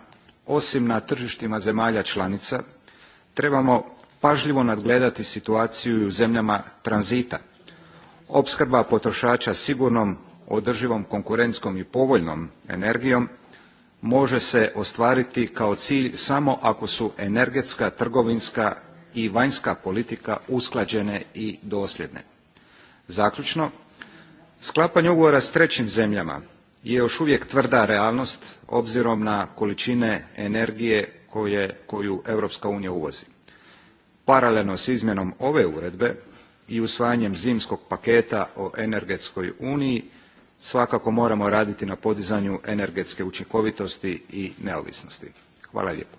osim na tržištima zemalja članica, trebamo pažljivo nadgledati situaciju i u zemljama tranzita. Opskrba potrošača sigurnom održivom konkurentskom i povoljnom energijom može se ostvariti kao cilj samo ako su energetska, trgovinska i vanjska politika usklađene i dosljedne. Zaključno, sklapanje ugovora s trećim zemljama je još uvijek tvrda realnost obzirom na količine energije koje, koju Europska unija uvozi. Paralelno s izmjenom ove uredbe i usvajanjem zimskog paketa o energetskoj uniji svakako moramo raditi na podizanju energetske učinkovitosti i neovisnosti. Hvala lijepo.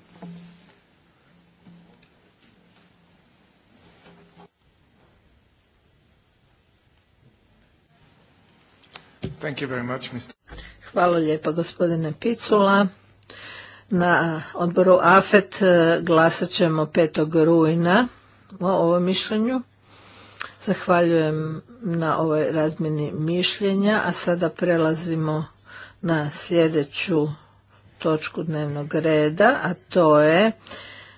Hvala lijepa gospodine Picula. Na odboru AFET e, glasat ćemo 5. rujna o ovom mišljenju. Zahvaljujem na ovoj razmjeni mišljenja, a sada prelazimo na sljedeću točku dnevnog reda, a to je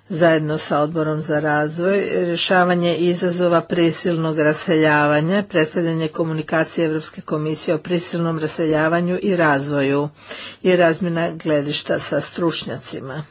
zajedno sa odborom za razvoj, rješavanje izazova prisilnog raseljavanja, predstavljanje komunikacije Europske komisije o prisilnom raseljavanju i razvoju i razmjena gledišta sa stručnjacima.